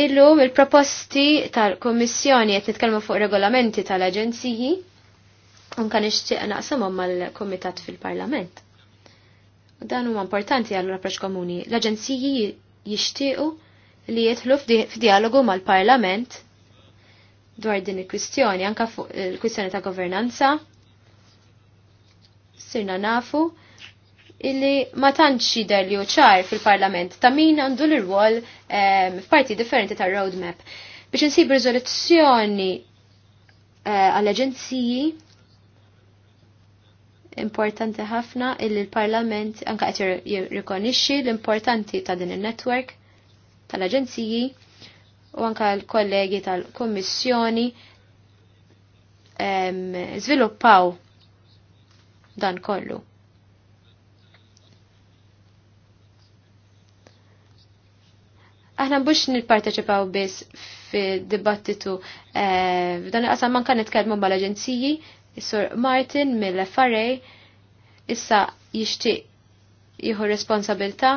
Illum il-proposti tal-Kummissjoni qed nitkellmu fuq regolamenti tal-aġenziji unka nixtieq naqsamhom mal-Kumitat fil-Parlament. Dan huma importanti għall approċċ komuni. L-aġenziji jixtiequ li jidħlu f'dialogu mal-Parlament dwar din il-kwistjoni, anka fuq il-kwistjoni ta' governanza. Sirna nafu illi ma tantx jidher li ċar fil-Parlament ta' min għandu l-rwol ehm, f'parti differenti ta' roadmap biex nsib riżoluzzjoni eh, għall-aġenziji importanti ħafna illi l-Parlament anka qed jirrikonixxi l-importanti ta' din in-netwerk tal-aġenziji u anka l-kollegi tal kummissjoni żviluppaw dan kollu. Aħna mhux nipparteċipaw biss fid-dibattitu eh, f'dan il-qasam man nitkellmu mal-aġenziji Is-Sur Martin mill-FRA issa jixtieq jieħu responsabilità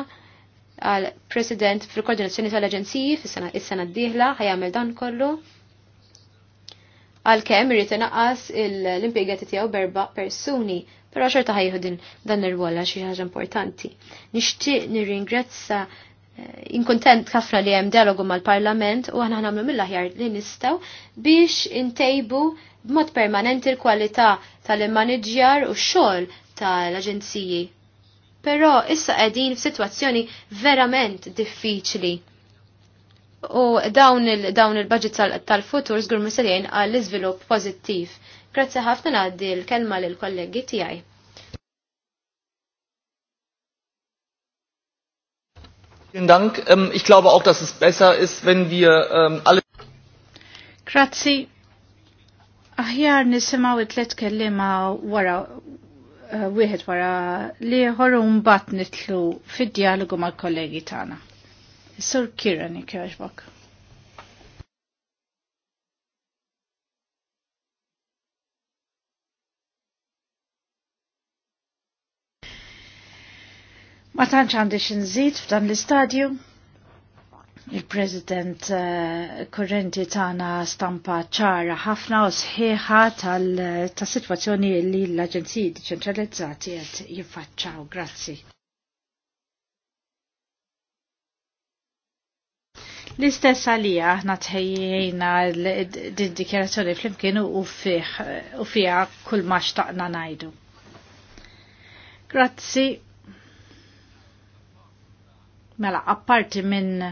għal President fil-Koordinazzjoni tal-Aġenziji fis-sena is-sena d-dieħla ħajamel dan kollu. Għalkemm irid inaqqas l-impjegati tiegħu berba persuni, però xorta ħajħu dan ir wolla xi ħaġa importanti. Nixtieq nirringrazza eh, inkontent ħafna li hemm dialogu mal-Parlament u aħna nagħmlu mill-aħjar li nistgħu biex intejbu b'mod permanenti l-kwalità tal-immaniġjar u x-xogħol tal-aġenziji. Però issa qegħdin f'sitwazzjoni verament diffiċli. U dawn il-budget tal-futur żgur misaljen għall iżvilupp pożittiv. Grazzi ħafna ngħaddi l-kelma lill kollegi tiegħi. Vielen Dank. Ähm, ich glaube auch, dass es besser ist, wenn wir ähm, alle. Grazie. Aħjar nisimaw it-tlet kellima wara eh, wieħed wara liħor ħorru mbagħad nitlu fid-dialogu mal-kollegi tagħna. Sur Kirani kjoġbok. Ma tantx għandi xi nżid f'dan l-istadju, il-President eh, korrenti tana stampa ċara ħafna u sħiħa tal situazzjoni li l-Aġenziji deċentralizzati qed jiffaċċaw. Grazzi. L-istess għalija aħna tħejjina d-dikjerazzjoni fl-imkien u fiha kull ma xtaqna ngħidu. Grazzi. Mela, apparti minn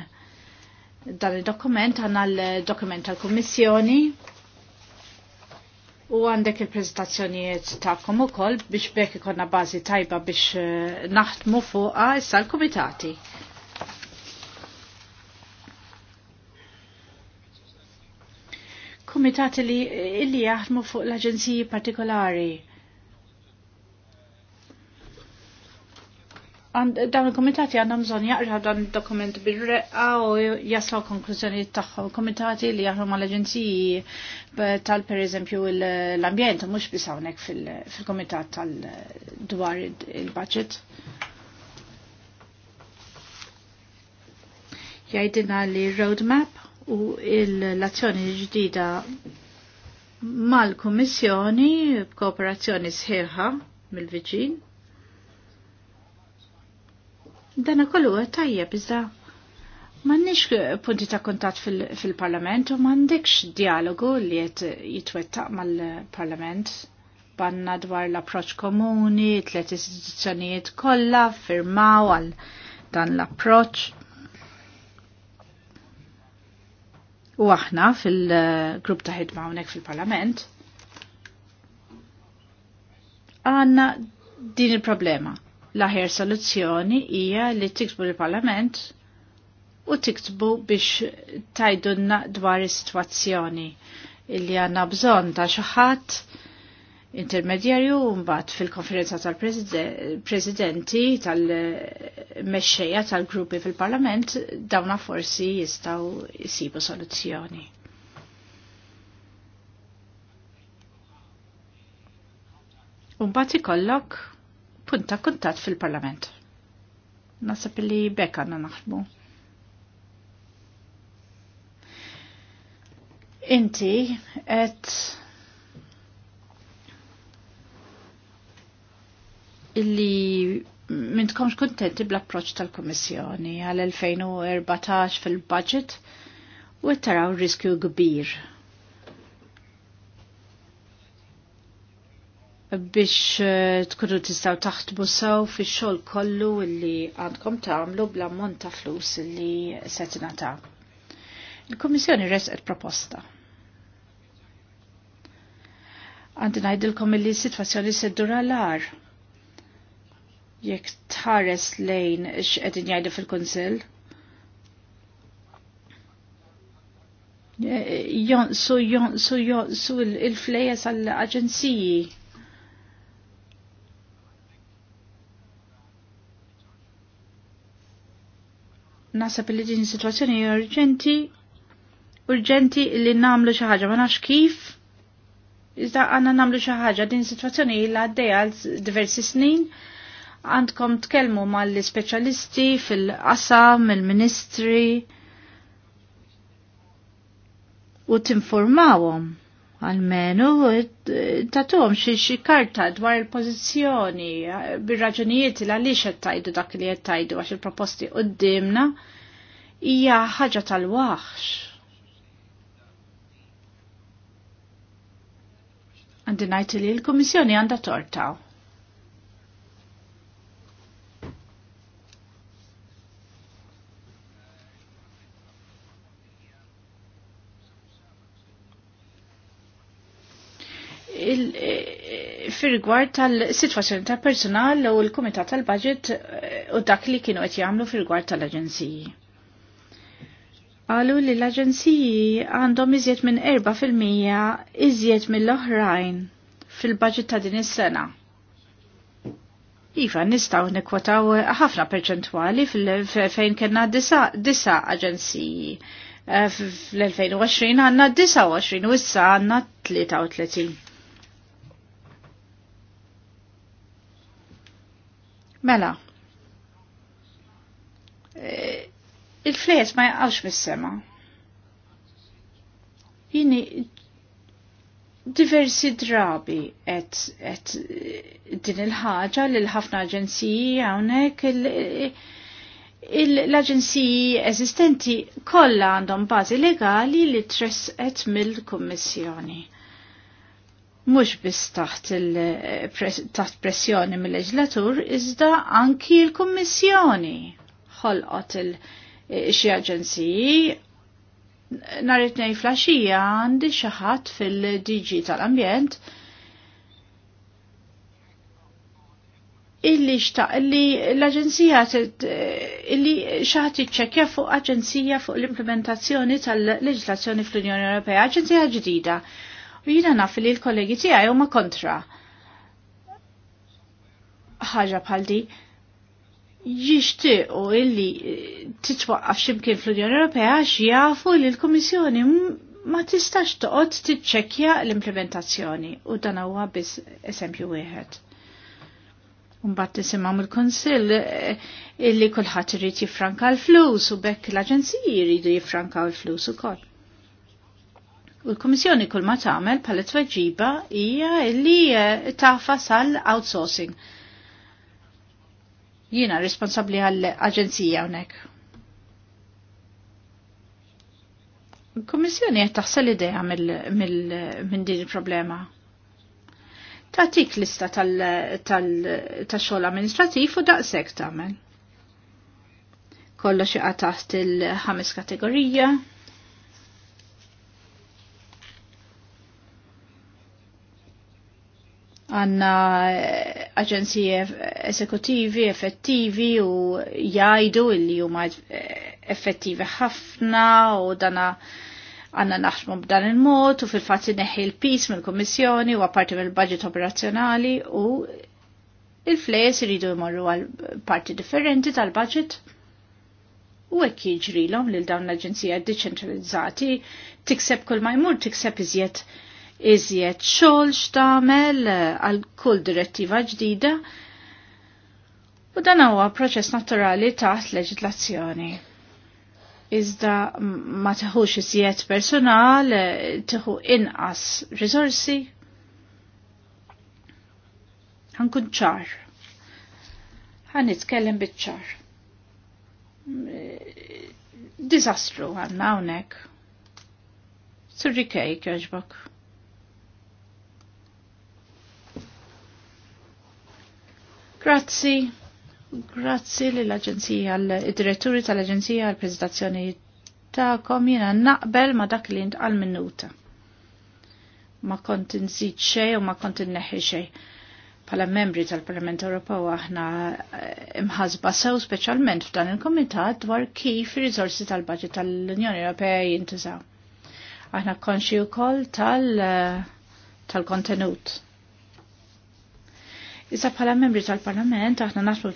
dan il-dokument għanna l-dokument tal-Kommissjoni u għandek il prezentazzjoni ta'kom u koll biex bekk ikonna bazi tajba biex eh, naħdmu fuqa issa l-komitati. Komitati li illi jaħdmu fuq l-aġenziji partikolari dawn il-komitati għandhom bżonn jaqra dan il-dokument bil-reqqa u jaslaw konklużjoni tagħhom. Komitati li jaħdmu mal-aġenziji tal pereżempju l-ambjent mhux biss hawnhekk fil-komitat tal dwar il-budget. Jgħidilna li roadmap u l-azzjoni ġdida mal-Kummissjoni b'kooperazzjoni sħiħa mill viġin Dana kollu tajjeb iżda m'għandniex punti ta' kuntatt fil-Parlament u m'għandekx dialogu li qed jitwettaq mal-Parlament banna dwar l-approċ komuni, tliet istituzzjonijiet kollha firmaw għal dan l-approċ. U aħna fil-grupp ta' ħidma hawnhekk fil-Parlament għandna din il-problema L-aħjar soluzzjoni hija li tiktbu l-Parlament u tiktbu biex tajdunna dwar is-sitwazzjoni illi għanna bżon ta' xaħat intermedjarju mbagħad fil-konferenza tal-presidenti tal-mexxejja tal-gruppi fil-Parlament dawna forsi jistgħu jsibu soluzzjoni. Mbagħad ikollok punta kuntat fil-Parlament. Nasab li bekk għanna naħdmu. Inti et illi minn tkomx kontenti bl-approċ tal-Komissjoni għal-2014 fil-budget u taraw riskju kbir biex eh, tkunu tistaw taħtbu sew fi xol kollu illi għandkom tagħmlu bl-ammont ta' flus illi se tingħata. Il-Kummissjoni resqet proposta. Għandi ngħidilkom illi s-sitwazzjoni se ddura l-ar. Jekk tħares lejn x'qegħdin jgħidu fil-Kunsill. Eh, eh, jonsu jonsu jonsu il-flejes għall-aġenziji Nasab li din situazzjoni urġenti, urġenti li namlu xi ħaġa ma nafx kif. Iżda għanna namlu xi ħaġa din situazzjoni li għaddeja għal diversi snin. Għandkom tkellmu mal-speċjalisti fil-qasam, il-ministri u tinformawhom Almenu, tatom xie karta dwar il-pozizjoni, bir-raġunijiet il-għalix jettajdu dak li jettajdu għax il-proposti d-dimna, hija ħaġa tal-waħx. Għandinajt li l-Komissjoni għanda tortaw fir-rigward tal situazzjoni tal-personal u l-Kumitat tal-Budget eh, u dak li kienu qed jagħmlu fir-rigward tal-Aġenziji. Qalu li l-Aġenziji għandhom iżjed minn 4% iżjed mill-oħrajn fil-budget ta' din is-sena. Iva, nistaw nikwotaw ħafna perċentwali fejn kena disa, disa aġenziji. Eh, Fl-2020 għanna 29 u issa għanna 33. Mela, e, il-flejes ma jaqgħux mis-sema. Jini diversi drabi et, et din il-ħaġa li l-ħafna aġenziji hawnhekk l-aġenziji eżistenti kollha għandhom bażi legali li et mill-Kummissjoni mux biss taħt, taħt pressjoni mill-leġlatur, iżda anki l-Kommissjoni ħolqot xi aġenziji. it nej flaxija għandi xaħat fil-DG tal-ambjent illi xtaq illi l-aġenzija illi xaħat iċċekja fuq aġenzija fuq l-implementazzjoni tal-leġlazzjoni fl-Unjoni Ewropea, aġenzija ġdida. U jina naf li l-kollegi tiegħi ma' kontra. Ħaġa bħaldi. di jixtiequ illi eh, titwaqqaf x'imkien fl-Unjoni Ewropea għax jafu li l-Kummissjoni ma tistax toqgħod tiċċekkja l-implementazzjoni u dan huwa biss eżempju wieħed. Mbagħad nisimam mill-Kunsill eh, illi kulħadd irid jiffranka l-flus u bekk l-aġenziji jridu jiffrankaw l-flus ukoll. U l-Komissjoni kull ma tagħmel bħala tweġiba hija li eh, tafa sal-outsourcing. Jiena responsabbli għall-aġenzija hawnhekk. Il-Komissjoni qed taħsel idea minn din il-problema. Tatik lista tal-xogħol amministrativ u daqshekk tagħmel. Kollox jaqa' taħt il-ħames kategorija, għanna eh, aġenziji esekutivi, effettivi u jajdu illi huma eh, effettivi ħafna u dana għanna naħdmu b'dan il-mod u fil-fatt neħi l-pis mill-Kommissjoni u għaparti mill-budget operazzjonali u il-flejes iridu jmorru għal parti differenti tal-budget u hekk jiġrilhom lil dawn l-aġenzija deċentralizzati tikseb kol ma jmur tikseb iżjed iżjed xogħol x'tagħmel eh, għal kull direttiva ġdida u dan huwa proċess naturali taħt leġislazzjoni. Iżda ma teħux iżjed personal, eh, teħu inqas risorsi. Ħankun ċar. Għan nitkellem biċ-ċar. Disastru għanna hawnhekk. Surrikej kjoġbok. Grazzi. Grazzi l-Aġenzija, l-Diretturi tal-Aġenzija għal-Prezentazzjoni ta' komina naqbel ma dak li għal minuta. Ma kont nżid xej u ma kont neħi xej. Pala membri tal-Parlament Ewropew aħna eh, imħazba sew speċjalment f'dan il-Komitat dwar kif ir-riżorsi tal-Baġit tal-Unjoni Ewropea jintużaw. Aħna konxi wkoll tal- eh, tal-kontenut Issa bħala membri tal-Parlament aħna naslu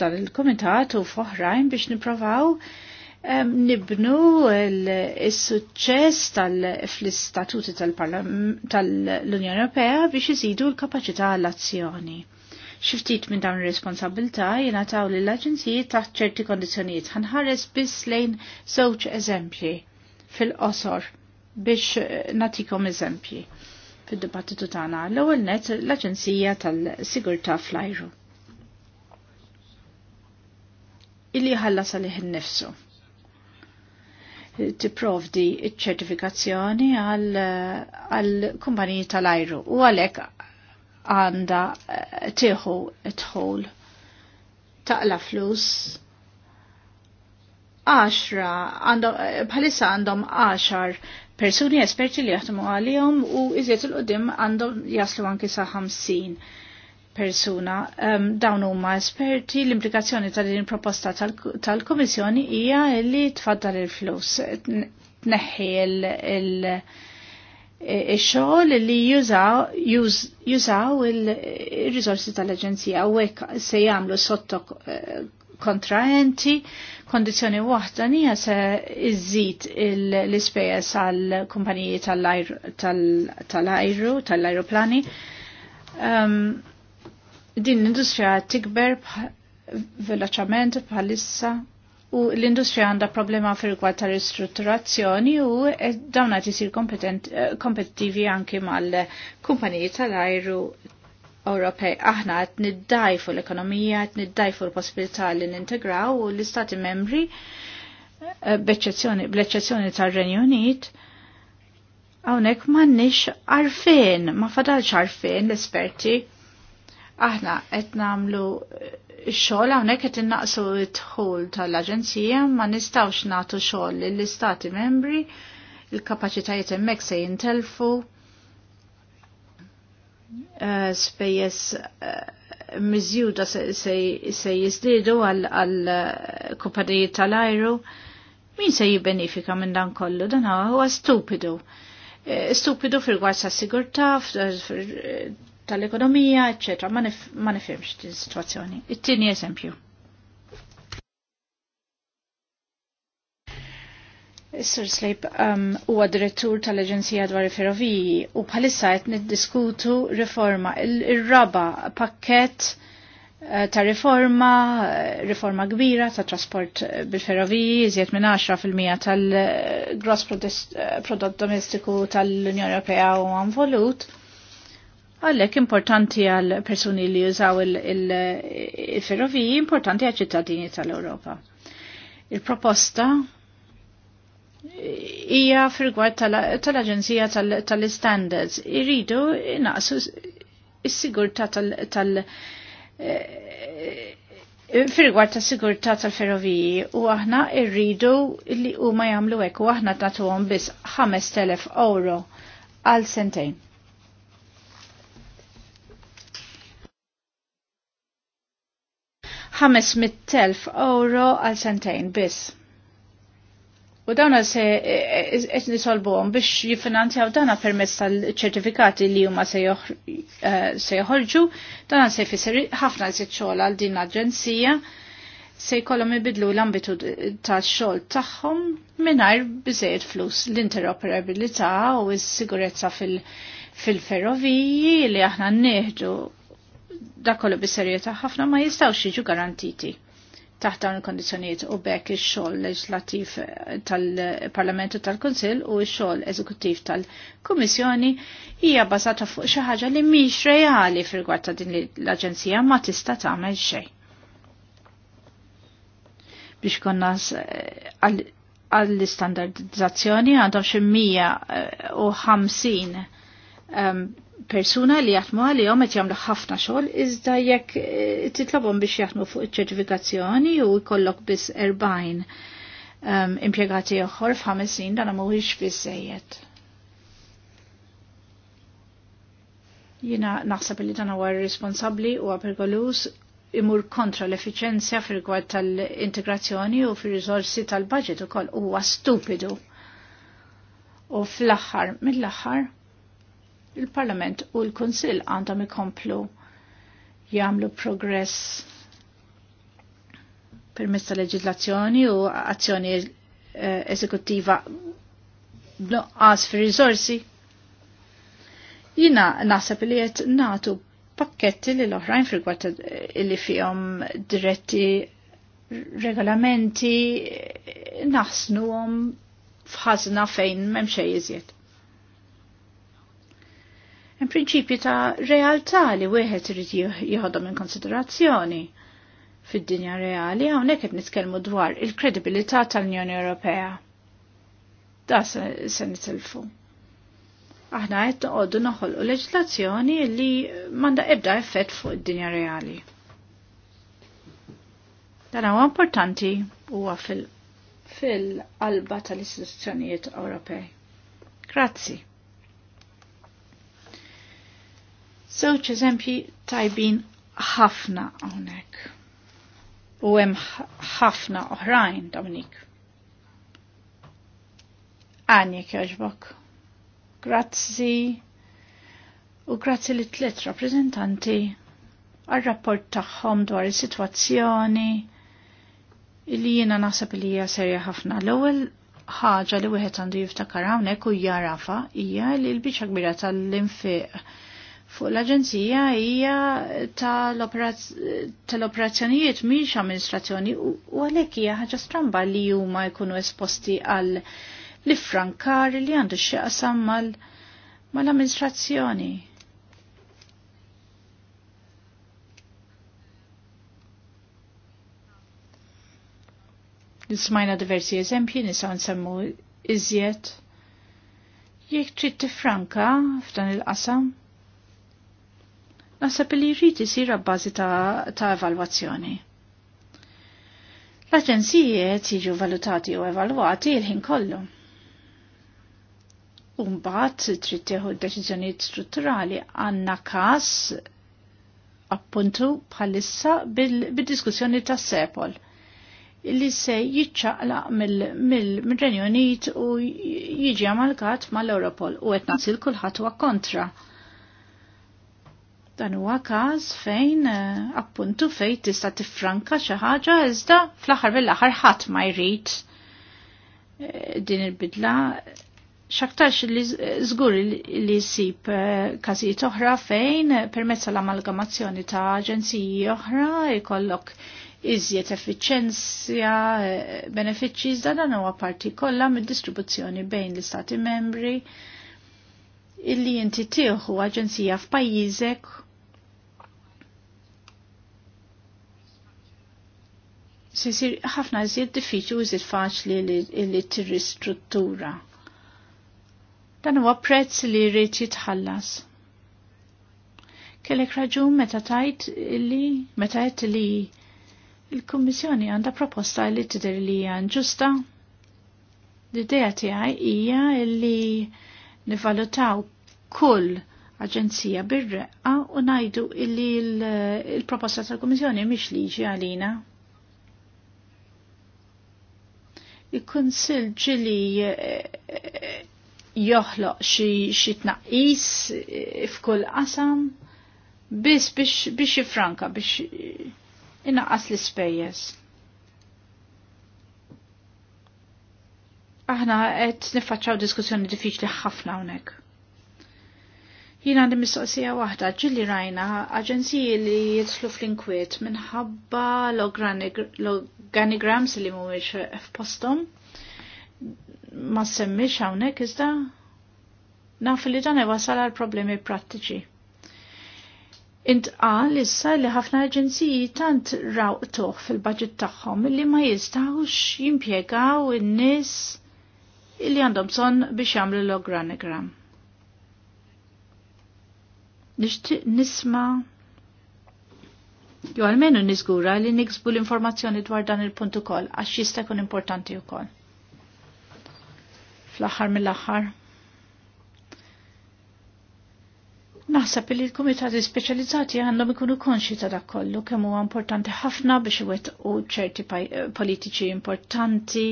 tal-Komitat u foħrajn biex nipprovaw nibnu il-suċċess tal-istatuti tal-Unjoni Ewropea biex jizidu l-kapacità għall-azzjoni. Xiftit minn dawn ir taw li lill-aġenziji taħt ċerti kondizzjonijiet ħanħares biss lejn żewġ eżempji fil-qosor biex natikom eżempji fid-dibattitu tagħna. L-ewwel net l-Aġenzija tal-Sigurtà fl-Ajru. Illi ħallas għalih innifsu. Tipprovdi ċ-ċertifikazzjoni għall-kumpaniji tal-ajru u għalhekk għanda eh, tieħu tħol taqla flus għaxra eh, bħalissa għandhom għaxar persuni esperti li jaħdmu għalihom u iżjed il-qudiem għandhom jaslu anki sa' 50 persuna. Um, dawn huma esperti l-implikazzjoni ta' din proposta tal-Komissjoni tal hija li tfaddal il-flus, tneħħi il- il-xogħol li jużaw il-riżorsi tal-Aġenzija u hekk se jagħmlu s-sottok. Eh, kontraenti, kondizjoni waħda nija se iżid l-ispejjeż għal kumpaniji tal-ajru, tal-ajruplani. Um, din l-industrija tikber veloċament bħalissa u l-industrija għandha problema fil rigward ta' ristrutturazzjoni u e, dawn qed isir kompetittivi anke mal-kumpaniji tal-ajru Ewropej. Aħna qed niddajfu l-ekonomija, qed niddajfu l-possibilità li nintegraw u l-Istati membri eh, bl-eċċezzjoni tar-Renju Unit hawnhekk m'għandniex għarfien, ma fadalx għarfien l-esperti. Aħna qed nagħmlu x-xogħol eh, hawnhekk qed innaqsu t-dħul tal-aġenzija ma nistgħux nagħtu xogħol lill-Istati membri il-kapaċitajiet hemmhekk se jintelfu Eh, spejjes eh, mizjuda se jizdidu għal eh, kupadijiet tal-ajru, min se jibbenifika minn dan kollu, dan huwa stupidu. Stupidu fil gwarz ta' sigurta, tal-ekonomija, eccetera, ma nifimx din situazzjoni. It-tini eżempju. Sir Sleip um, huwa um, direttur tal-Aġenzija dwar il-Ferroviji u bħalissa qed niddiskutu riforma il-raba pakket eh, ta' riforma, eh, riforma kbira ta' trasport eh, bil-ferroviji, iżjed minn 10% tal-gross prodott domestiku tal-Unjoni Ewropea u għanvolut. Għallek importanti għal persuni li jużaw il-ferroviji, importanti għal ċittadini tal-Europa. Il-proposta hija fil-gwad tal-Aġenzija tal-Standards. irridu naqsu s-sigurta tal- eh, Fil-gwar ta' sigurtà tal-ferroviji u aħna rridu li huma jagħmlu hekk u aħna għom biss 5000 euro għal sentejn. ħames mit-telf euro għal sentejn biss. U dawna se e, e, e, qed nisolbuhom biex jiffinanzjaw dana permezz tal-ċertifikati li huma se joħorġu, dana se jfisser ħafna se xogħol għal din l-aġenzija se jkollhom ibidlu l-ambitu tax-xogħol tagħhom mingħajr biżejjed flus l-interoperabilità u s-sigurezza fil-ferroviji li aħna nieħdu dak kollu bis-serjetà ħafna ma jistgħux jiġu garantiti taħt dawn il-kondizjonijiet u bekk ix-xogħol leġislattiv tal-Parlamentu tal-Kunsill u ix xogħol eżekuttiv tal-Kummissjoni hija bbażata fuq xi ħaġa li mhix reali fil-rigward ta' din l-Aġenzija ma tista' tagħmel xejn. Biex konna għall-istandardizzazzjoni għandhom xi 150 persuna li jaħdmu għalihom qed jagħmlu ħafna xogħol iżda jekk eh, titlobom biex jaħdmu fuq iċ-ċertifikazzjoni u jkollok biss 40 um, ehm, impjegati oħor f'ħames snin dan mhuwiex biżejjed. Jiena naħseb li dan huwa responsabbli u pergolus imur kontra l-efficienzja fir rigward tal-integrazzjoni u fir-risorsi tal-budget ukoll huwa stupidu. U fl-aħħar, mill-aħħar, il-Parlament u l-Konsil għandhom ikomplu jagħmlu progress permezz ta' leġislazzjoni u azzjoni eh, eżekuttiva b'nuqqas fi risorsi. Jina naħseb li qed nagħtu pakketti li l-oħrajn frigwat li fihom diretti regolamenti naħsnuhom f'ħażna fejn m'hemm xejn iżjed hemm prinċipji ta' realtà li wieħed irid jieħodhom in konsiderazzjoni fid-dinja reali hawnhekk qed nitkellmu dwar il-kredibilità tal-Unjoni Ewropea. Da se nitilfu. Aħna qed noqogħdu noħolqu leġislazzjoni li m'għandha ebda effett fuq id-dinja reali. Dan huwa importanti huwa fil-qalba fil qalba tal istituzzjonijiet Ewropej. Grazzi. Żewġ eżempji tajbin ħafna hawnhekk. U hemm ħafna oħrajn, Dominik. Għani kjoġbok. Grazzi. U grazzi li tliet rappreżentanti għal-rapport tagħhom dwar is-sitwazzjoni li jiena naħseb li hija serja ħafna. L-ewwel ħaġa li wieħed għandu jiftakar hawnhekk u jarafa hija li l-biċċa kbira tal-infiq fuq l-Aġenzija hija tal-operazzjonijiet miex amministrazzjoni u għalhekk hija ħaġa stramba li huma jkunu esposti għal l frankar li għandu x-xieqasam mal-amministrazzjoni. Nismajna diversi eżempji nisaw nsemmu iżjed. Jekk trid tifranka f'dan il-qasam, Naħseb li jrid isir bbażi ta', ta evalwazzjoni. L-aġenzijiet jiġu valutati u evalwati il-ħin kollu. Umbat trid tieħu deċiżjonijiet strutturali għandna każ appuntu bħalissa bil-diskussjoni bil tas sepol li se jitċaqlaq mill-Renju Unit u jiġi amalgat mal-Europol u qed nasil kulħadd huwa kontra. Dan huwa każ fejn eh, appuntu fejn tista' tiffranka xi ħaġa iżda fl-aħħar mill-aħħar ħadd ma jrid eh, din il-bidla xaktarx li eh, żgur li jsib każijiet oħra fejn permezz l-amalgamazzjoni ta' aġenziji oħra jkollok iżjed effiċenzja, benefiċċji iżda dan huwa parti kollha mid-distribuzzjoni bejn l-istati membri illi inti tieħu aġenzija f'pajjiżek sisir ħafna iżjed diffiċli u faċli li tirristruttura. Dan huwa prezz li jrid jitħallas. Kellek raġun meta tajt li meta qed li il-Kummissjoni għandha proposta li tidher li hija ġusta. L-idea tiegħi hija li nivalutaw kull aġenzija bir u ngħidu li l-proposta tal-Kummissjoni mhix liġi għalina il-Kunsil ġili eh, joħloq xi tnaqqis eh, f'kull qasam biss biex jifranka biex inaqqas l-ispejjeż. Aħna qed niffaċċaw diskussjoni diffiċli ħafna hawnhekk. Jien għandi mistoqsija waħda ġilli rajna aġenziji li jitlu fl-inkwiet minħabba l-organigrams li mhumiex postom ma semmix hawnhekk iżda naf li dan wasal għal problemi prattiċi. Intqal issa li ħafna aġenziji tant rawqtuh fil-budget tagħhom li ma jistgħux jimpjegaw in-nies li għandhom bżonn biex jagħmlu l-organigram Nixtieq nisma' Jo għalmenu nizgura li niksbu l-informazzjoni dwar dan il-punt ukoll għax jista' jkun importanti ukoll. Fl-aħħar mill-aħħar. Naħseb li l-kumitati speċjalizzati għandhom ikunu konxi ta' dak kollu kemm huwa importanti ħafna biex iwettqu ċerti politiċi importanti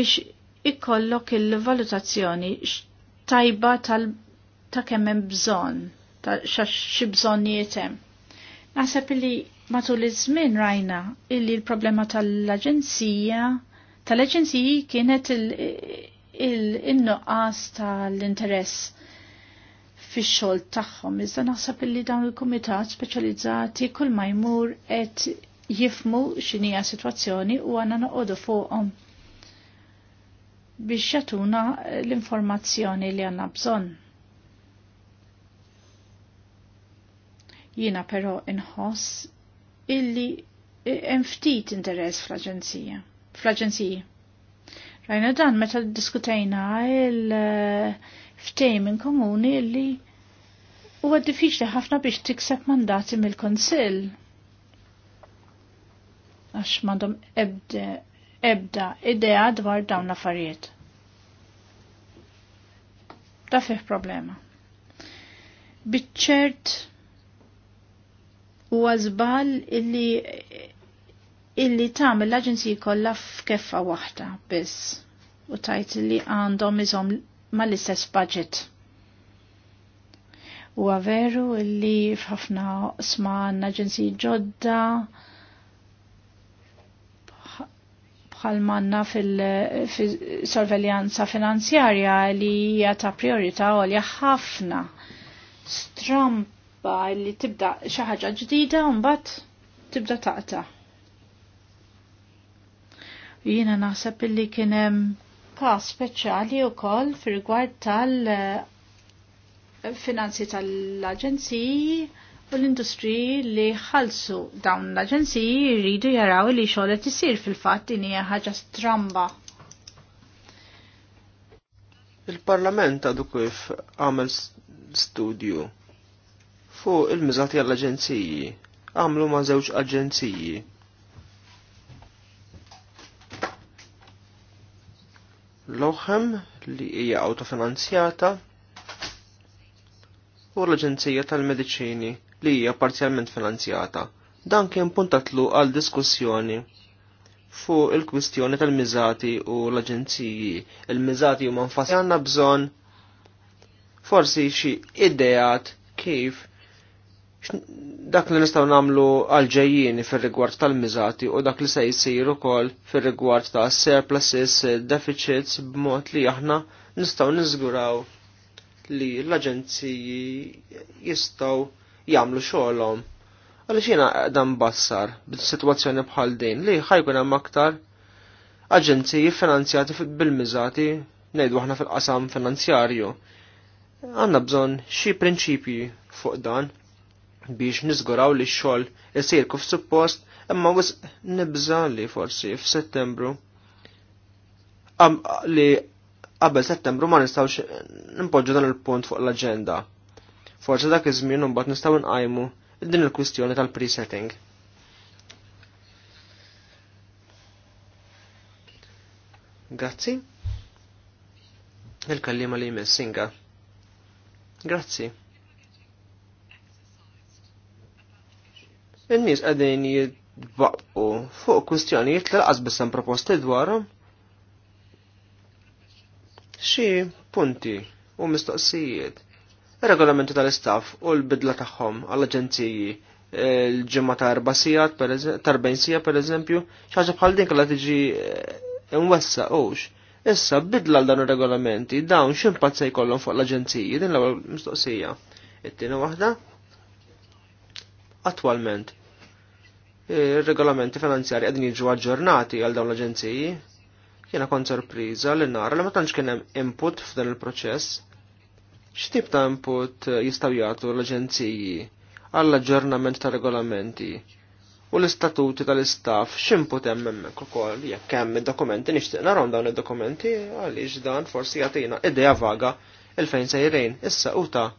biex ikollok il-valutazzjoni tajba tal ta' kemm hemm bżonn, ta' xi bżonnijiet hemm. Naħseb li matul iż-żmien rajna illi l-problema tal-aġenzija tal-aġenziji kienet il-nuqqas tal-interess fix-xogħol tagħhom. Iżda naħseb illi dawn il-kumitat speċjalizzati kull ma jmur qed jifmu x'inhija sitwazzjoni u għandna noqogħdu fuqhom biex jatuna l-informazzjoni li għanna bżonn. Jiena però inħoss illi hemm ftit interess fl-aġenzija. fl aġenzija Rajna dan meta diskutejna il eh, in komuni illi huwa diffiċli ħafna biex tikseb mandati mill konsil Għax m'għandhom ebda, ebda idea dwar dawn l-affarijiet. Da fih problema. Bitċert u għazbal illi illi tam l-Aġenziji kollha f'keffa waħda biss u tajt li għandhom iżom mal-istess budget. U għaveru illi f'ħafna sma għanna aġenziji ġodda bħal manna fil-sorveljanza fil finanzjarja li hija ta' priorità għolja ħafna. Stramp talba li tibda xi ħaġa ġdida u mbagħad tibda taqta. Jiena naħseb illi kien hemm każ speċjali wkoll fir tal finanzi tal-aġenziji u l-industriji li ħalsu dawn l-aġenziji jridu jaraw li xogħlet isir fil-fatt din hija ħaġa stramba. Il-Parlament għadu kif għamel studju fuq il-miżati għall-aġenziji. Għamlu ma' żewġ aġenziji. L-oħem li hija autofinanzjata u l-Aġenzija tal-Mediċini li hija parzjalment finanzjata. Dan kien puntatlu għal diskussjoni fuq il-kwistjoni tal-miżati u l-aġenziji. Il-miżati huma nfassi għandna bżonn forsi xi ideat kif dak li nistaw namlu għalġejjini fil-rigward tal-mizati u dak li se jisiru ukoll fil-rigward ta' surpluses, deficits b'mod li aħna nistaw niżguraw li l-aġenziji jistaw jagħmlu xogħolhom. Għaliex jiena dan mbassar b'sitwazzjoni bħal din li ħajkun hemm aktar aġenziji finanzjati bil-miżati nejdu aħna fil-qasam finanzjarju. Għandna bżonn xi prinċipji fuq dan biex nizguraw li xol jisirku f suppost, imma wis nibza li forsi f'Settembru li qabel Settembru ma nistgħux nimpoġġu dan il-punt fuq l-aġenda. Forsi dak iż-żmien imbagħad nistgħu nqajmu din il-kwistjoni tal-presetting. Grazzi. Il-kallima li jmessinga. Grazzi. il-nies qegħdin jitbaqqu. fuq kwistjonijiet li laqas biss hemm proposti dwarhom. Xi punti u mistoqsijiet. Ir-regolamenti tal-istaff u l-bidla tagħhom għall-aġenziji l ġimgħa ta' erba' sigħat ta' sija pereżempju, xaġa bħal din kellha tiġi eh, imwessa hux. Issa bidla l-dan ir-regolamenti dawn x'impatt se jkollhom fuq l-aġenziji din l-ewwel mistoqsija. It-tieni waħda attualment ir-regolamenti e, finanzjari qegħdin jiġu aġġornati għal dawn l-aġenziji. Jiena kont sorpriża li nara li ma tantx kien hemm input f'dan il-proċess. X'tip ta' input e, jistgħu jagħtu l-aġenziji għall aġġornament ta' regolamenti u l-istatuti tal istaf x'input hemm hemmhekk ukoll jekk hemm id-dokumenti nixtieq narhom dawn id-dokumenti għaliex dan forsi jagħtina idea vaga il fejn sejrejn issa u ta'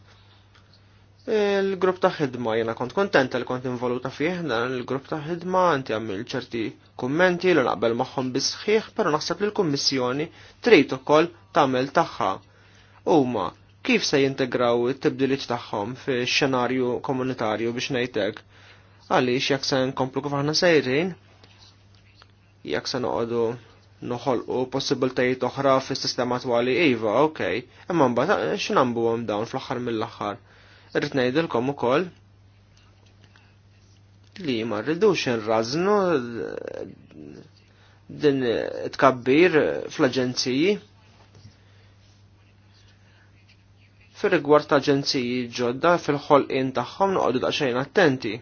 il-grupp ta' ħidma jena kont kontent li kont involuta fih dan il-grupp ta' ħidma inti għamil ċerti kummenti li naqbel magħhom bisħiħ, però naħseb li l-Kummissjoni trid ukoll tagħmel tagħha. Huma kif se jintegraw it-tibdiliet tagħhom fix-xenarju komunitarju biex ngħidlek għaliex jekk se nkomplu kif aħna sejrin, jekk se noqogħdu noħolqu possibiltajiet oħra fis-sistema twali iva, okej, imma mbagħad x'nambuhom dawn fl-aħħar mill-aħħar Rrit ngħidilkom ukoll li ma rridux nrażnu din tkabbir fl-aġenziji. Fir rigward ta' aġenziji ġodda fil-ħolqien tagħhom noqogħdu daqsxejn attenti.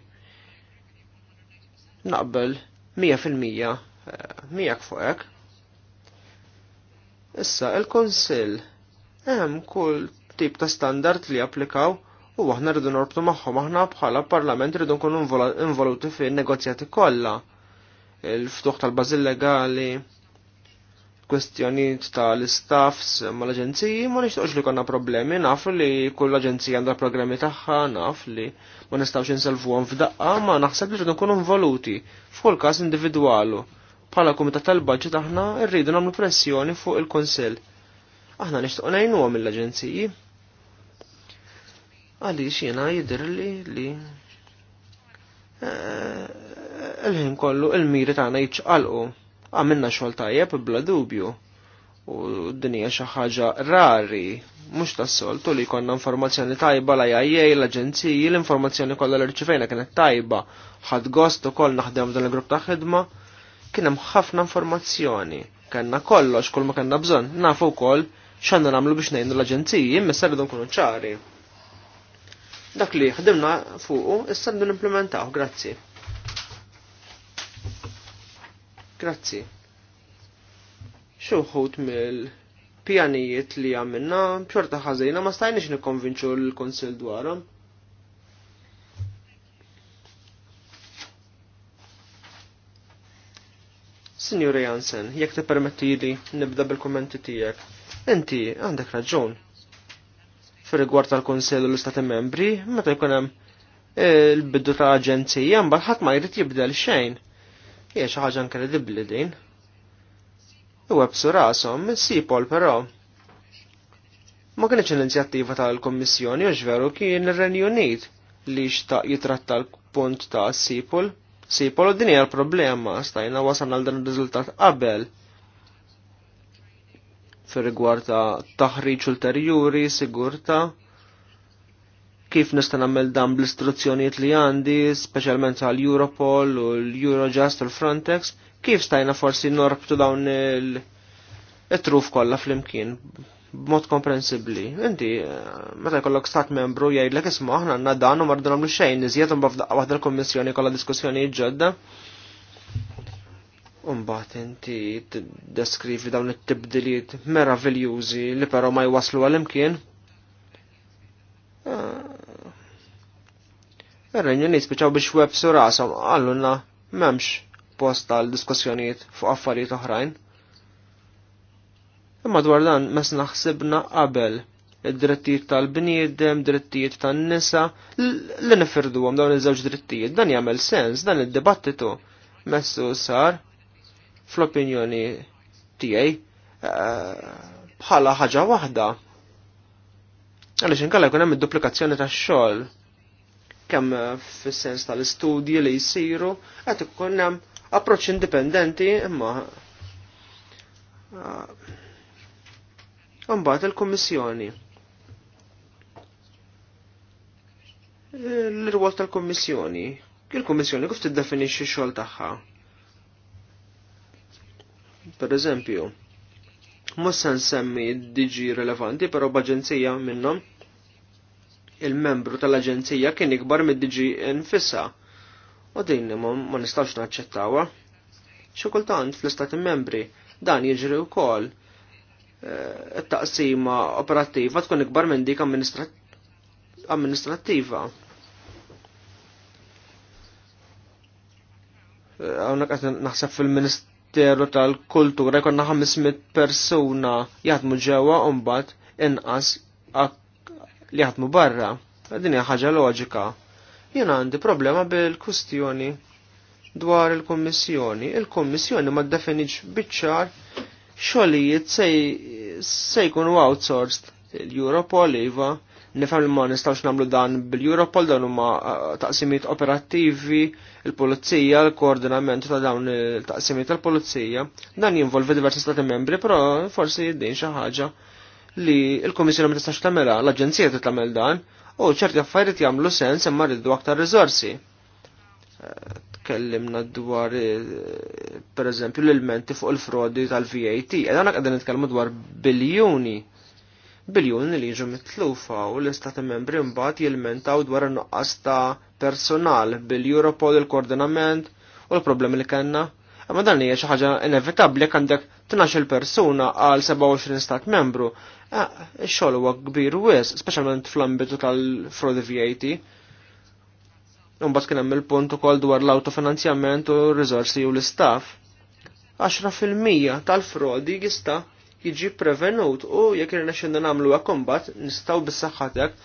Naqbel 100% eh, miegħek fuq hekk. Issa il kunsill hemm kull tip ta' standard li applikaw u aħna rridu norbtu magħhom aħna bħala parlament rridu nkunu involuti fin negozjati kollha. Il-ftuħ tal-bażil legali, kwestjonijiet tal-istaffs mal aġenziji ma nixtieqx li konna problemi, naf li kull aġenzija għandha programmi tagħha, naf li ma nistgħux inselvuhom f'daqqa, ma naħseb li rridu nkunu involuti f'kull każ individwalu. Bħala kumitat tal-budget aħna rridu nagħmlu pressjoni fuq il-Kunsill. Aħna nixtiequ ngħinuhom mill-aġenziji. Għaliex jiena jidhirli li il-ħin eh, kollu il-miri tagħna jiċċaqalqu. Għamilna xogħol tajjeb bla dubju. U d-dinja xi ħaġa rari, mhux tas-soltu li konna informazzjoni tajba la jajjej l-aġenziji, l-informazzjoni kollha li rċifejna kienet tajba. Ħadd gost ukoll naħdem dan il-grupp ta' ħidma, kien hemm ħafna informazzjoni. kellna kollox kull ma kellna bżonn, nafu wkoll x'għandna nagħmlu biex ngħinu l-aġenziji, imma ser kunu ċari dak li ħdimna fuqu issa ndu implementaw grazzi. Grazzi. Xuħut mill pjanijiet li għamilna, xorta ħazina, ma stajniex nikkonvinċu l-Konsil dwarhom. Signore Jansen, jekk permetti li nibda bil-kommenti tiegħek, inti għandek raġun fir rigward tal-Kunsell u l-Istati Membri meta jkun hemm il-bidu eh, ta' aġenzija mbagħad ħadd ma jrid jibdel xejn. Hija xi ħaġa inkredibbli din. Iwebsu su rashom sipol però. Ma kienx l-inizjattiva tal-Kommissjoni għax veru kien ir-Renju Unit li xtaq jitratta l-punt ta' sipol. Sipol u din hija l-problema stajna wasalna għal dan ir-riżultat qabel fir rigward ta' taħriġ ulterjuri, sigurta, kif nista' nagħmel dan bl-istruzzjonijiet li għandi, speċjalment għal Europol u l-Eurojust u l-Frontex, kif stajna forsi norbtu dawn il-truf kollha flimkien b'mod komprensibbli. Inti, meta jkollok stat membru jgħidlek isma' aħna għandna dan u mardu nagħmlu xejn, iżjed imbagħad f'daqqa waħda l-Kummissjoni kollha diskussjoni ġodda Umbat inti deskrivi dawn it-tibdiliet meraviljużi li però ma jwaslu għal-imkien. Ah. Ir-Renju Unit biex web su rasom għallunna memx post għal diskussjonijiet fuq affarijiet oħrajn. Imma dwar dan mes naħsibna qabel id-drittijiet tal-bniedem, drittijiet tan-nisa, li nifirdu dawn iż-żewġ drittijiet, dan jagħmel sens, dan id-dibattitu messu sar fl-opinjoni tiegħi eh, bħala ħaġa waħda. Għaliex inkalla jkun hemm id-duplikazzjoni tax-xogħol kemm eh, fis-sens tal-istudji li jsiru qed ikun hemm approċċ indipendenti imma eh, Mbagħad il-Kummissjoni. L-irwol tal-Kummissjoni. Il-Kummissjoni kif tiddefinixxi x-xogħol tagħha? per eżempju. se nsemmi diġi relevanti, pero b'aġenzija minnom il-membru tal-aġenzija kien ikbar mid-diġi nfissa. U din ma nistax naċċettawa. Xi kultant fl-istati membri dan jiġri wkoll it-taqsima eh, operattiva tkun ikbar minn dik amministrattiva. Għonek eh, naħseb fil-ministru Ministeru tal-Kultura jkollna 500 persuna jaħdmu ġewwa u mbagħad inqas li jaħdmu barra. Din hija ħaġa loġika. Jien għandi problema bil-kwistjoni dwar il-Kommissjoni. Il-Kommissjoni ma ddefiniġ biċċar xogħlijiet se jkunu outsourced il-Europol iva Nifhem li ma nistgħux nagħmlu dan bil-Europol dan huma eh, taqsimiet operattivi il-pulizija, l-koordinament ta' dawn il-taqsimiet tal-pulizija. Dan jinvolvi diversi stati membri, però forsi din xi ħaġa li l-Kummissjoni ma tistax tagħmilha, l-Aġenzija tagħmel dan, u ċerti affarijiet jagħmlu sens imma rridu aktar riżorsi eh, tkellimna dwar eh, pereżempju l-elementi fuq il-frodi tal-VAT, edha għana nitkellmu dwar biljuni biljuni li jiġu mitlufa u l-istati membri mbagħad jilmentaw dwar in-nuqqas ta' personal bil-Europol il-koordinament u l-problemi li kellna. Imma dan hija xi ħaġa inevitabbli għandek tnaxil persuna għal 27 stat membru. Eh, ix-xogħol huwa kbir wis, speċjalment fl-ambitu tal-frodi VAT. Imbagħad kien hemm il-punt ukoll dwar l-autofinanzjament u r-riżorsi u l-istaff. 10% tal-frodi jista' jiġi prevenut u jekk irna xinna namlu għakombat nistaw bis-saxħatek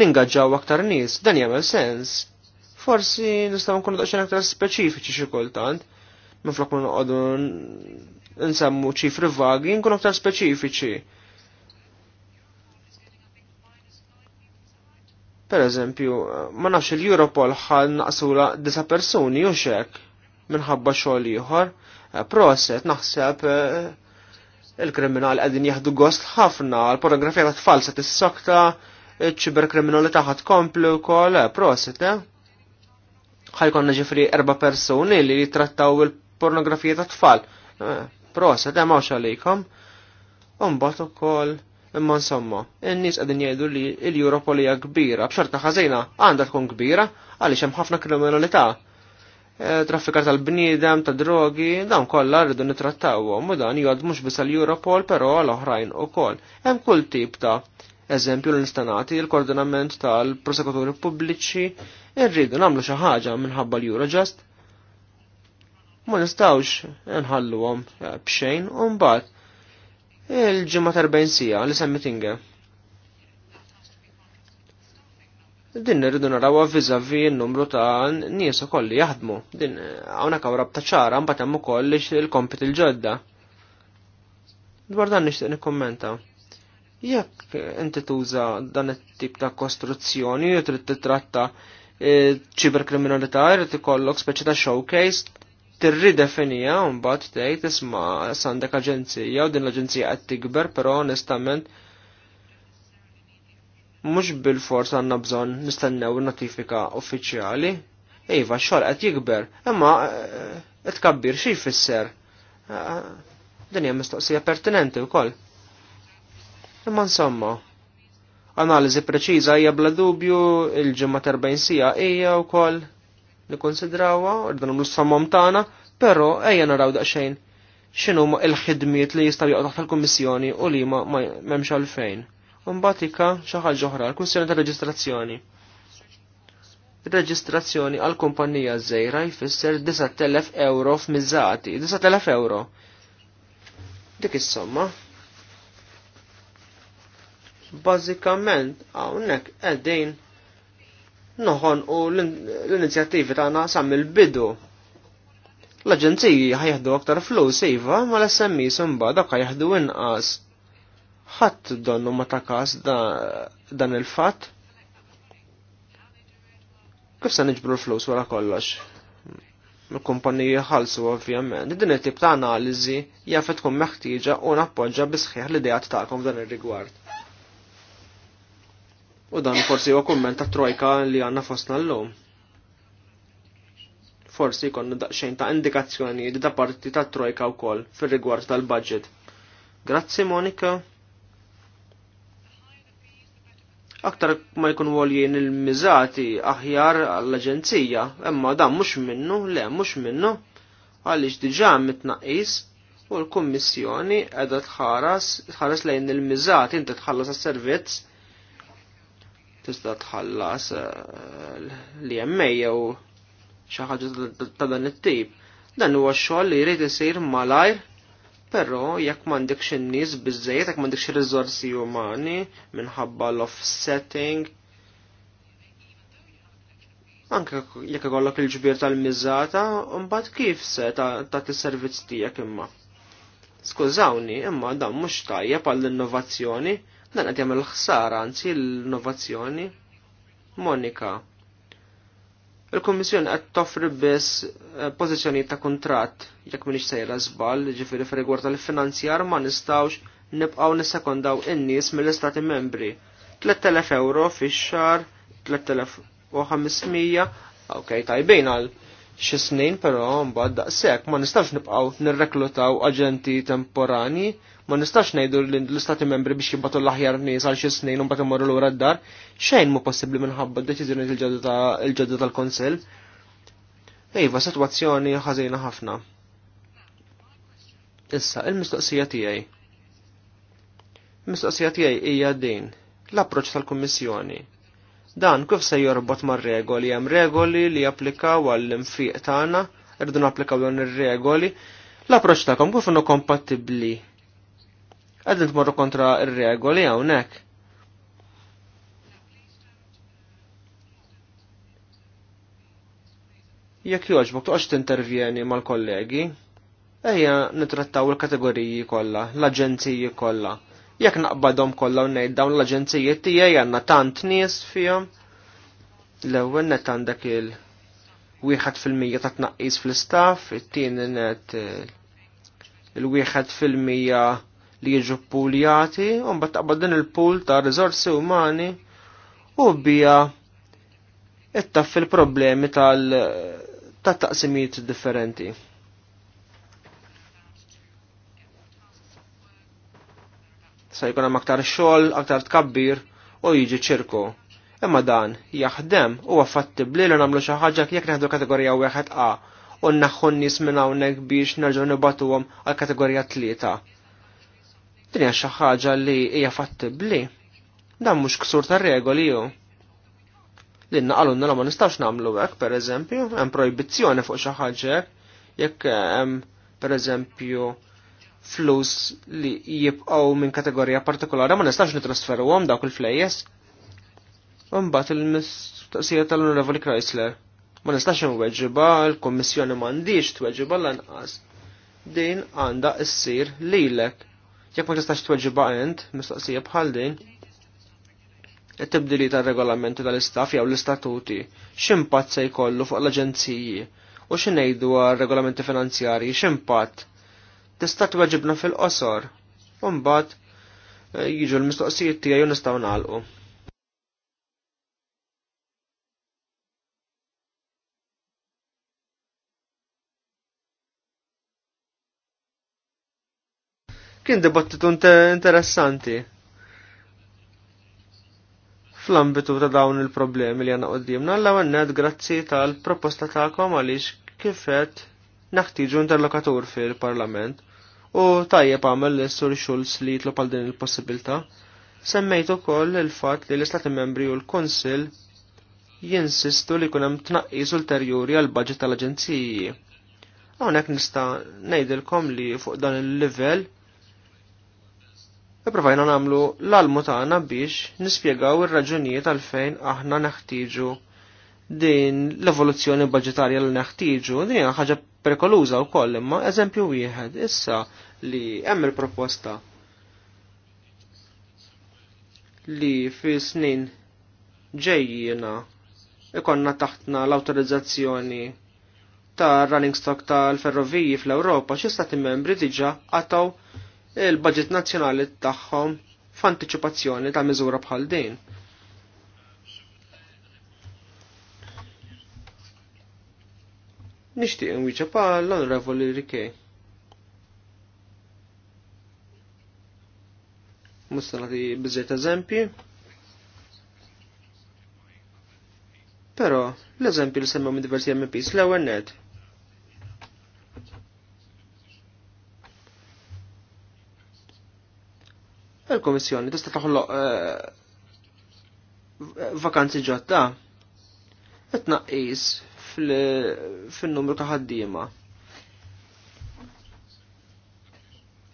ningaġġaw aktar nies, dan jagħmel sens. Forsi nistgħu nkunu daqsxejn aktar speċifiċi xi kultant, minflok ma noqogħdu nsemmu ċifri vagi, nkunu aktar speċifiċi. Per eżempju, ma nafx il-Europol ħal naqsula disa persuni u xek minħabba xogħol ieħor, eh, proset naħseb uh, il-kriminal qegħdin jaħdu gost ħafna, l-pornografija ta' tfal se tissokta, ċiber ċiberkriminalità ħad komplu wkoll, eh, prosit, eh? ħajkonna ġifri erba' persuni li jittrattaw il-pornografija ta' tfal. Eh, prosit, eh, mawx għalikom. Umbat ukoll imma insomma, in-nies qegħdin jgħidu li l europoli hija kbira, b'xorta ħażina għandha tkun kbira għaliex hemm ħafna kriminalità Eh, traffikar tal-bniedem, ta' drogi, dan kollha rridu nitrattawhom u dan jgħod mhux biss għal Europol però l oħrajn ukoll. Hemm kull tip ta' eżempju l-instanati, il-koordinament tal-prosekuturi pubbliċi, irridu nagħmlu xi ħaġa minħabba l-Eurojust. Ma nistgħux nħalluhom eh, b'xejn u mbagħad il-ġimgħa 40 sija li semmi tinge. din naraw narawha fi n-numru ta' nies ukoll li jaħdmu. Din hawnhekk hawn rabta ċara mbagħad hemm ukoll il-kompiti l-ġodda. Dwar dan nixtieq nikkummenta. Jekk inti tuża dan it-tip ta' kostruzzjoni u trid titratta e, ċiberkriminalità jrid ikollok speċi ta' showcase tirridefinija u mbagħad tgħid isma' s'għandek aġenzija u din l-aġenzija qed tikber, però onestament mux bil-fors għanna bżon nistennew notifika uffiċjali. Iva, xor, qed jikber, imma eh, qed kabbir xi jfisser. Eh, din hija mistoqsija pertinenti wkoll. Imma insomma, analiżi preċiża hija bla dubju il-ġimgħa 40 sija hija wkoll nikkonsidrawha irdu nagħmlu l sammom tagħna, però ejja naraw daqsxejn x'inhuma l-ħidmiet li jistgħu jaqgħu taħt il-Kummissjoni u li ma m'hemmx għalfejn. Mbatika xaħal ġohra, l-kwistjoni ta' reġistrazzjoni. Reġistrazzjoni għal kumpanija żejra jfisser 10.000 euro f-mizzati. 10.000 euro. Dik is-somma. Bażikament hawnhekk qegħdin noħon u l-inizjattivi tagħna sam il-bidu. L-aġenziji ħajħdu aktar flus iva, ma l-SMI sumba dak ħajħdu inqas ħadd donnu ma ta' każ dan il-fatt. Kif se niġbru l-flus wara kollox? Il-kumpaniji ħalsu ovvjament. Din it-tip ta' analiżi jaf tkun meħtieġa u nappoġġa bisħieħ l-idejat tagħkom dan ir-rigward. U dan forsi huwa kumment ta' trojka li għandna fostna llum. Forsi jkollna daqsxejn ta' indikazzjoni da parti ta' trojka wkoll fir-rigward tal-budget. Grazzi Monika aktar ma jkun għoljien il-mizati aħjar għall-Aġenzija, emma dan mhux minnu, le mhux minnu, għaliex diġà mitnaqis u l-Kummissjoni qiegħda tħaras, tħares lejn il-miżati inti tħallas għas-servizz tista' tħallas eh, li hemm jew xi ħaġa ta' dan it-tip. Dan huwa x-xogħol li jrid isir malajr Però jekk m'għandekx in-nies biżejjed, jekk m'għandekx riżorsi umani minħabba l-offsetting, anke jekk ikollok il-ġbir tal-miżata, mbagħad kif se ta' tis servizz tiegħek imma. Skużawni, imma dan mhux tajjeb għall-innovazzjoni, dan qed jagħmel ħsara anzi l-innovazzjoni. Monika, Il-Kommissjoni qed toffri biss eh, pożizzjoni ta' kuntratt jekk m'iniex sejra żball, ġifieri f'rigward tal-finanzjar ma nistgħux nibqgħu nissekondaw in-nies mill-Istati Membri. 3000 euro fix-xar, 3500, okej tajbejnal. għal xi snin però mbagħad daqshekk ma nistax nibqgħu nirreklutaw aġenti temporani, ma nistax ngħidu l-istati membri biex jibbatu l-aħjar nies għal xi snin u mbagħad imorru lura d-dar, xejn mhu possibbli minħabba d-deċiżjoni il ġadda tal-Kunsill. Iva, sitwazzjoni ħażina ħafna. Issa, il-mistoqsija tiegħi. Il-mistoqsija tiegħi hija din l-approċċ tal-Kummissjoni Dan kif se jorbot mar regoli, hemm regoli li japplikaw għall-infiq tagħna, irridu napplikaw dan ir-regoli. L-approċċ tagħkom kif inhu kompatibbli. Qegħdin tmorru kontra ir-regoli hawnhekk. Jekk jogħġbok toqgħodx tintervjeni mal-kollegi, ejja nitrattaw il-kategoriji kollha, l-aġenziji kollha Jekk naqbadhom kollha u ngħid dawn l-aġenzijiet tiegħi għandna tant nies fihom. L-ewwel net għandek il wieħed fil-mija ta' tnaqqis fl-istaff, it-tieni net eh, il-wieħed fil-mija li jiġu puljati, u mbagħad taqbad din il-pool ta' riżorsi umani u bija taf il-problemi tal-taqsimijiet differenti. Sa jkun hemm aktar xogħol, aktar tkabbir u jiġi ċirku. Imma dan jaħdem huwa fattibbli li nagħmlu xi ħaġa jekk neħdu kategorija wieħed A u naħħu n-nies minn hawnhekk biex nerġgħu nibatuhom għal kategorija tlieta. Din hija xi ħaġa li hija fattibbli. Dan mhux ksur tar-regoli jew li naqalunna la ma nistax namlu hekk pereżempju, hemm projbizzjoni fuq xi ħaġa jekk eh, hemm pereżempju flus li jibqaw minn kategorija partikolari ma nistax nitrasferu għom dawk il-flejjes. Mbagħad il-mistoqsija tal-Onorevoli Chrysler. Ma nistax nweġġiba l-Kommissjoni m'għandix tweġiba lanqas. Din għandha ssir lilek. Jekk ma tistax tweġiba int mistoqsija bħal din. It-tibdili ta' regolamenti tal-istaff jew l-istatuti x'impatt se jkollu fuq l-aġenziji u x'ngħidu għar regolamenti finanzjarji x'impatt tista' tweġibna fil-qosor. u mbagħad eh, jiġu l-mistoqsijiet tiegħi u nistgħu nagħlqu. Kien dibattitu interessanti fl-ambitu ta' dawn il-problemi li għanna għoddimna, l għannet grazzi tal-proposta ta' għalix kifet naħtiġu interlokatur fil-Parlament u tajjeb għamel l-Sur xulz li jitlu għal din il-possibilità. Semmejt ukoll il-fatt li l-Istati Membri u l-Konsil jinsistu li kunem tnaqqis ulterjuri għal budget tal-Aġenziji. Hawnhekk nista' ngħidilkom li fuq dan il-livell Iprovajna namlu l-almu tagħna biex nispjegaw ir-raġunijiet għalfejn aħna neħtiġu din l-evoluzzjoni budgetarja li neħtieġu, din ħaġa perikoluża wkoll imma eżempju wieħed issa li hemm il-proposta li fi snin ġejjina ikonna taħtna l-autorizzazzjoni ta' running stock tal-ferroviji fl-Ewropa xi stati membri diġà għataw il-budget nazzjonali tagħhom f'anticipazzjoni ta' miżura bħal din. nishtiq nwiċa pa l-Onorevoli Rikej. Mustanati bizzet eżempi. Pero, l eżempi li semmu minn diversi MPs l net. Il-Komissjoni tista' toħloq eh, vakanzi ġodda. Etnaqis fil-numru ta' ħaddiema.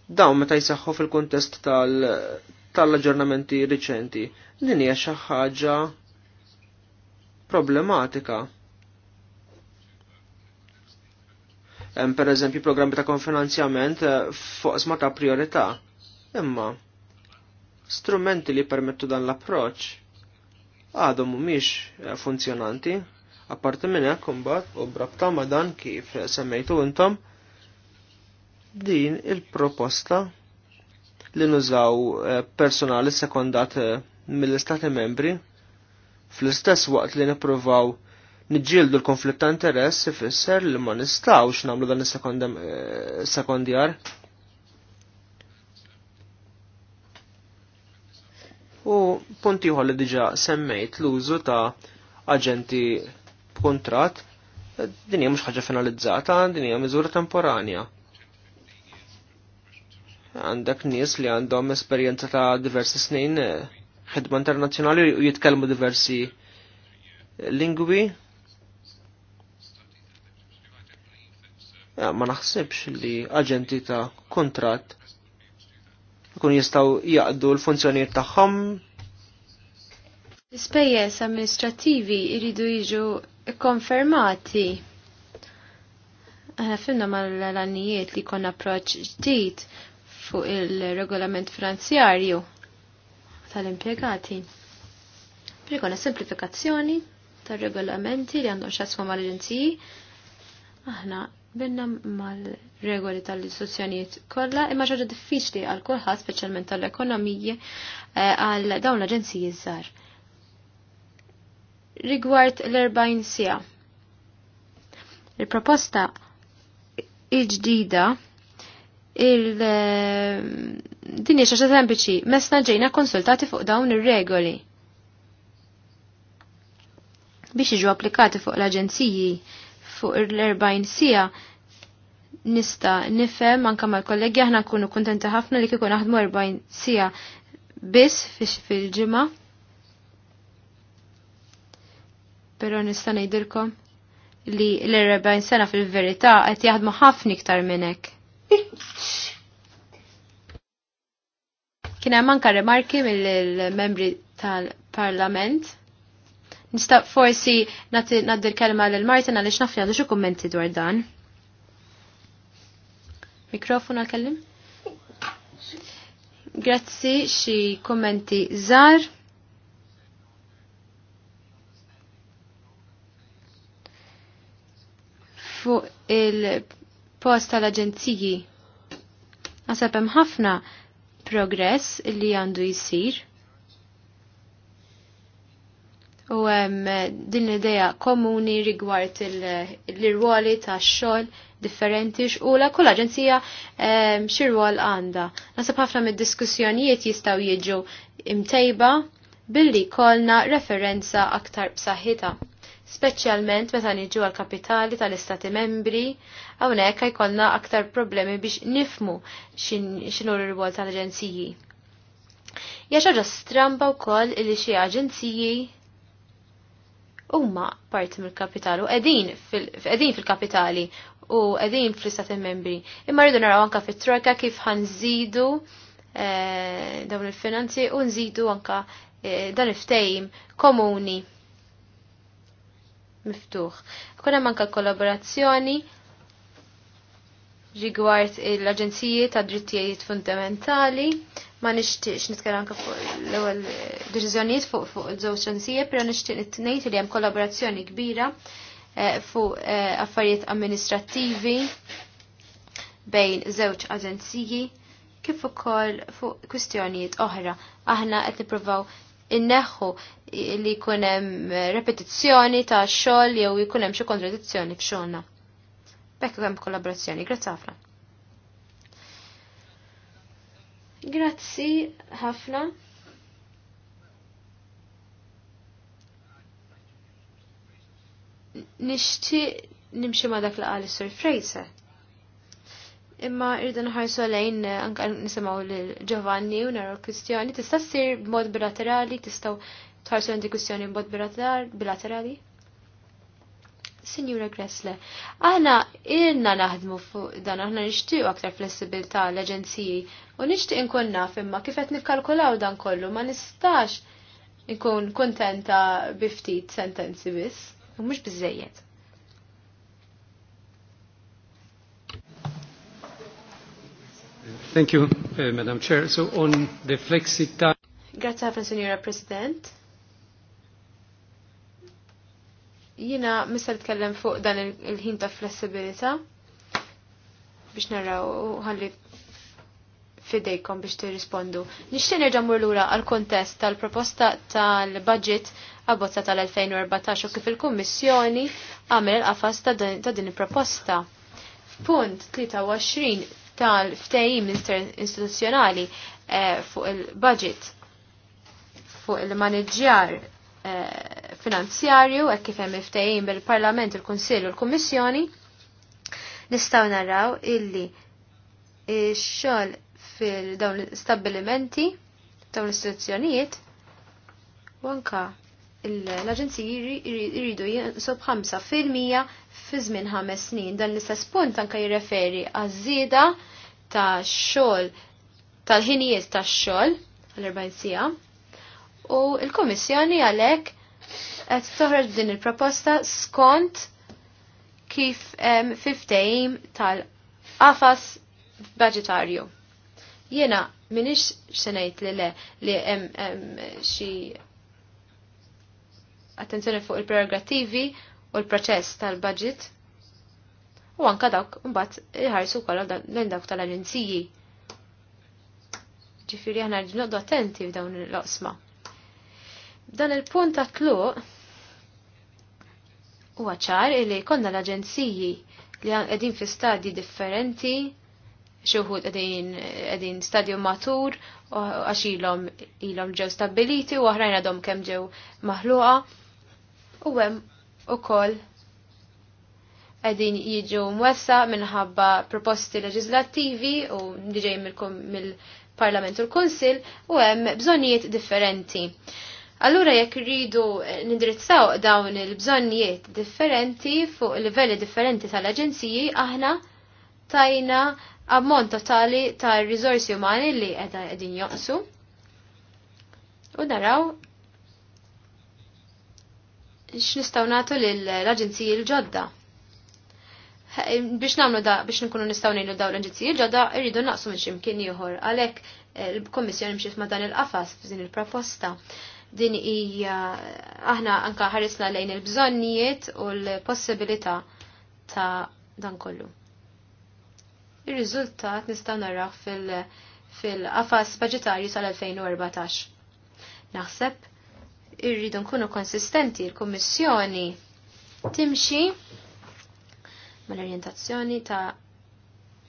Dawn meta jseħħu fil-kuntest tal-aġġornamenti riċenti, din hija xi ħaġa problematika. Hemm pereżempju programmi ta' konfinanzjament eh, fuq sma ta' priorità. Imma strumenti li permettu dan l-approċċ għadhom mhumiex eh, funzjonanti. Apparti minn hekk imbagħad u brabta ma' dan kif semmejtu intom din il-proposta li nużaw eh, personali sekondat eh, mill-Istati membri fl-istess waqt li nippruvaw niġġieldu l-konflitt ta' interess ifisser li ma nistgħux nagħmlu dan is-sekondjar. Eh, u punti ieħor li diġà semmejt l-użu ta' aġenti kontrat, din hija mhux ħaġa finalizzata, din hija miżura temporanja. Għandek nies li għandhom esperjenza ta' diversi snin ħidma internazzjonali u jitkellmu diversi lingwi. Ja, ma naħsibx li aġenti ta' kontrat ikun jistaw jaqdu l-funzjonijiet tagħhom. L-ispejjeż amministrattivi jridu jiġu konfermati. Aħna finna mal-lanijiet li kon approċ ġdid fuq il-regolament finanzjarju tal-impiegati. Prikona semplifikazzjoni tal-regolamenti li għandhom ma mal-ġenziji. Aħna binna mal-regoli tal-istituzzjonijiet kollha imma ġaġa diffiċli għal kulħadd speċjalment tal-ekonomiji eh, għal dawn l-aġenziji żgħar rigward l-40 sija. Il-proposta il-ġdida il eh, din hija sempliċi mesna ġejna konsultati fuq dawn ir-regoli biex iġu applikati fuq l-aġenziji fuq l-40 sija nista nifhem anke mal-kollegi aħna nkunu kuntenti ħafna li kieku naħdmu 40 sija biss fil-ġimgħa. Pero nista' ngħidilkom li l-40 sena fil-verità qed jaħdmu ħafna iktar minn hekk. Kien hemm anke remarki mill-membri tal-Parlament. Nista' forsi ngħaddi l-kelma lil Martin għaliex naf għandu xi kummenti dwar dan. Mikrofon għal-kellim? Grazzi xi kummenti żgħar fuq il-post tal-aġenziji. Nasab hemm ħafna progress li għandu jisir. U eh, din l-idea komuni rigward l-irwoli tax-xogħol differenti u la kull aġenzija eh, xi rwol għandha. Nasab ħafna mid-diskussjonijiet jistgħu jiġu imtejba billi kolna referenza aktar b'saħħita speċjalment meta niġu għal kapitali tal-istati membri, hawnhekk jkollna aktar problemi biex nifmu xinu r-rwol tal-aġenziji. Ja ħaġa stramba wkoll li xi aġenziji huma parti mill-kapitali u qegħdin fil-kapitali u qegħdin fl-istati membri. Imma rridu naraw anke fit-trojka kif ħanżidu eh, dawn il-finanzi u nżidu anka eh, dan il-ftejm komuni miftuħ. Kuna manka kollaborazzjoni rigward l-Aġenziji ta' Drittijiet Fundamentali, ma nixtieqx nitkellem anke fuq l-ewwel deċiżjonijiet fuq fuq żewġ aġenzija, però nixtieq ngħid li hemm kollaborazzjoni kbira eh, fuq eh, affarijiet amministrattivi bejn żewġ aġenziji kif ukoll fuq kwistjonijiet oħra. Aħna qed nippruvaw inneħħu li jkun hemm repetizzjoni ta' xogħol jew jkun hemm xi kontradizzjoni f'xogħolna. Bekk hemm kollaborazzjoni, grazzi ħafna. Grazzi ħafna. Nixtieq nimxi ma dak li qal is-Sur Fraser. Imma irden nħarsu lejn eh, anka nisimgħu lil Giovanni u naraw kwistjoni tista' ssir b'mod bilaterali, tistgħu tħarsu għandi kwistjoni b'mod bilaterali. Sinjura Gressle, aħna irna naħdmu fuq dan, aħna nixtiequ aktar flessibilità l-aġenziji u nixtieq inkun naf imma kif qed nikkalkulaw dan kollu ma nistax inkun kontenta bi ftit sentenzi biss, u mhux biżejjed. Thank you, uh, Madam Chair. So on the flexita: time... Grazie, Signora President. Jina misal tkellem fuq dan il-ħin ta' flessibilita biex naraw ħalli fidejkom biex tirrispondu. Nixtieq nerġa' mur lura għal kontest tal-proposta tal-budget abbozza tal-2014 u kif il-Kummissjoni għamel qafas ta' din il-proposta. Punt 23 tal-ftehim istituzzjonali eh, fuq il-budget fuq il manegġjar eh, finanzjarju, hekk kif hemm iftehim bil-Parlament, il-Kunsill u l-Kummissjoni, nistgħu naraw illi x-xogħol fil-dawn l-istabbilimenti, dawn l-istituzzjonijiet, u l-aġenziji jridu jinsob 5% fi żmien ħames snin. Dan l-istess punt anke jirreferi għaż-żieda ta' xogħol tal-ħinijiet tax-xogħol għal-40 sija. U l-Kummissjoni għalhekk qed toħroġ din il-proposta skont kif fiftejim tal-qafas budgetarju. Jena minix xenajt li le li hemm xi attenzjoni fuq il-prerogativi u l-proċess tal-budget u anka dawk mbagħad iħarsu wkoll lejn dawk tal-aġenziji. Ġifieri aħna rridu noqgħdu attenti f'dawn l-oqsma. Dan il-punt ta' tluq huwa ċar li konna l-aġenziji li qegħdin fi stadji differenti xi wħud qegħdin stadju matur għax ilhom ilhom ġew stabiliti, u aħrajn għadhom kemm ġew maħluqa u hemm ukoll qegħdin jiġu mwessa minħabba proposti leġislattivi u diġej mill-Parlament u l konsil u hemm bżonnijiet differenti. Allura jekk rridu nindirizzaw dawn il-bżonnijiet differenti fuq livelli differenti tal-aġenziji, aħna tajna ammont totali tar rizorsi umani li għedin joqsu. U naraw x'nistgħu nagħtu lill-aġenziji l-ġodda. Eh, biex nagħmlu da biex nkunu nistgħu ngħidu daw l-aġenziji l-ġodda irridu naqsu minn x'imkien ieħor għalhekk eh, il-Kommissjoni mxiet ma' dan il-qafas f'din il-proposta. Din hija aħna anka ħarisna lejn il-bżonnijiet u l-possibilità ta' dan kollu. Ir-riżultat nistgħu naraw fil- fil-qafas budgetarju tal-2014. Naħseb irridu nkunu konsistenti l-Kummissjoni timxi mal-orientazzjoni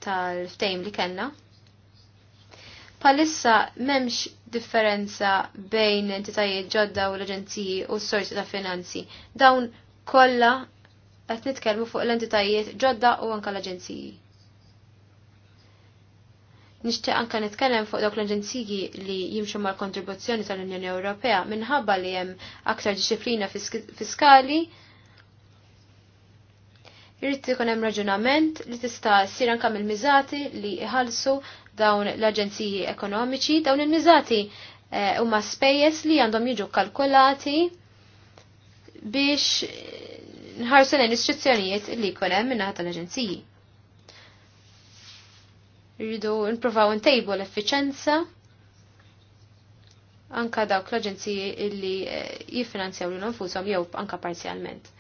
tal-ftejm li kellna. Palissa memx differenza bejn entitajiet ġodda u l-aġenziji u s-sorsi ta' finanzi. Dawn kollha qed nitkellmu fuq l-entitajiet ġodda u anke l-aġenziji. Nixtieq anke nitkellem fuq dawk l-aġenziji li jimxu mal-kontribuzzjoni tal-Unjoni Ewropea minħabba li hemm aktar disciplina fiskali. Irrid ikun hemm raġunament li tista' ssir anke mill-miżati li iħallsu dawn l-aġenziji ekonomiċi, dawn il-miżati eh, huma spejjeż li għandhom jiġu kalkulati biex nħarsu l-istruzzjonijiet li jkun hemm minn tal-aġenziji. Rridu nipprovaw ntejbu l-effiċenza anka dawk l-aġenziji illi eh, jiffinanzjaw l nfushom jew anka parzjalment.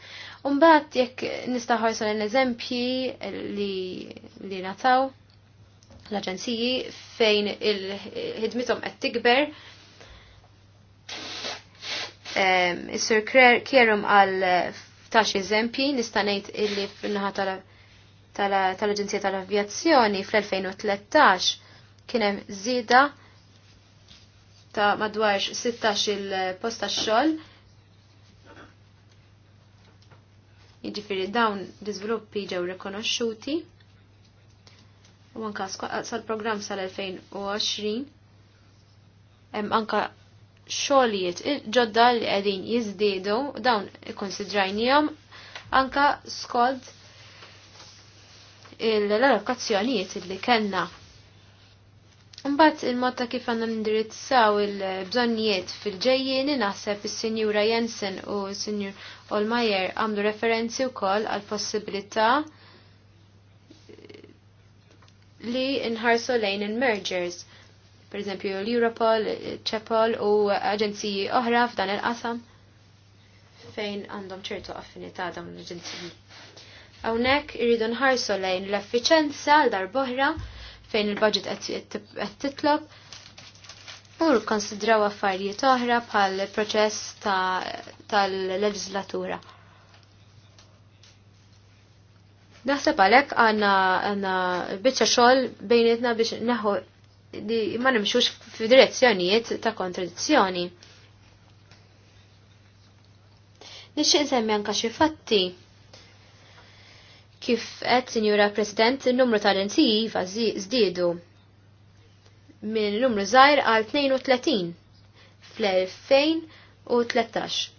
Umbat jekk nistaħar sal eżempji li, li nataw l-aġenziji fejn il-ħidmitom qed tikber Is-Sir eh, Kierum għal ftax eżempji nista' ngħid illi fin-naħa tal- tal-Aġenzija tal-Avjazzjoni fl-2013 kien hemm żieda ta' madwar 16 il-post xogħol Jiġifieri dawn l-iżviluppi ġew rikonoxxuti. U anka sal-programm sal-2020 hemm anka xogħlijiet ġodda li qegħdin jiżdiedu dawn ikkonsidrajnihom anka skont l-allokazzjonijiet li kellna. Mbagħad il-mod ta' kif għandna indirizzaw il-bżonnijiet fil-ġejjieni naħseb is-Sinjura Jensen u s-Sinjur Olmajer għamlu referenzi wkoll għal possibilità li nħarsu lejn il-mergers, per eżempju l-Europol, ċepol u aġenziji oħra f'dan il-qasam fejn għandhom ċertu affinità dawn l-aġenziji. Hawnhekk irridu nħarsu lejn l-effiċenza l darboħra fejn il-budget qed titlob u konsidraw affarijiet oħra bħal proċess tal-leġislatura. Naħseb għalek għanna għanna bieċa xol bejnietna biex neħu ma nimxux f'direzzjonijiet ta' kontradizzjoni. Nixtieq semmi anka xi fatti Kif għed, Sinjura President, il-numru tal-insiva e żdiedu minn numru zaħir għal 32 fl-2013.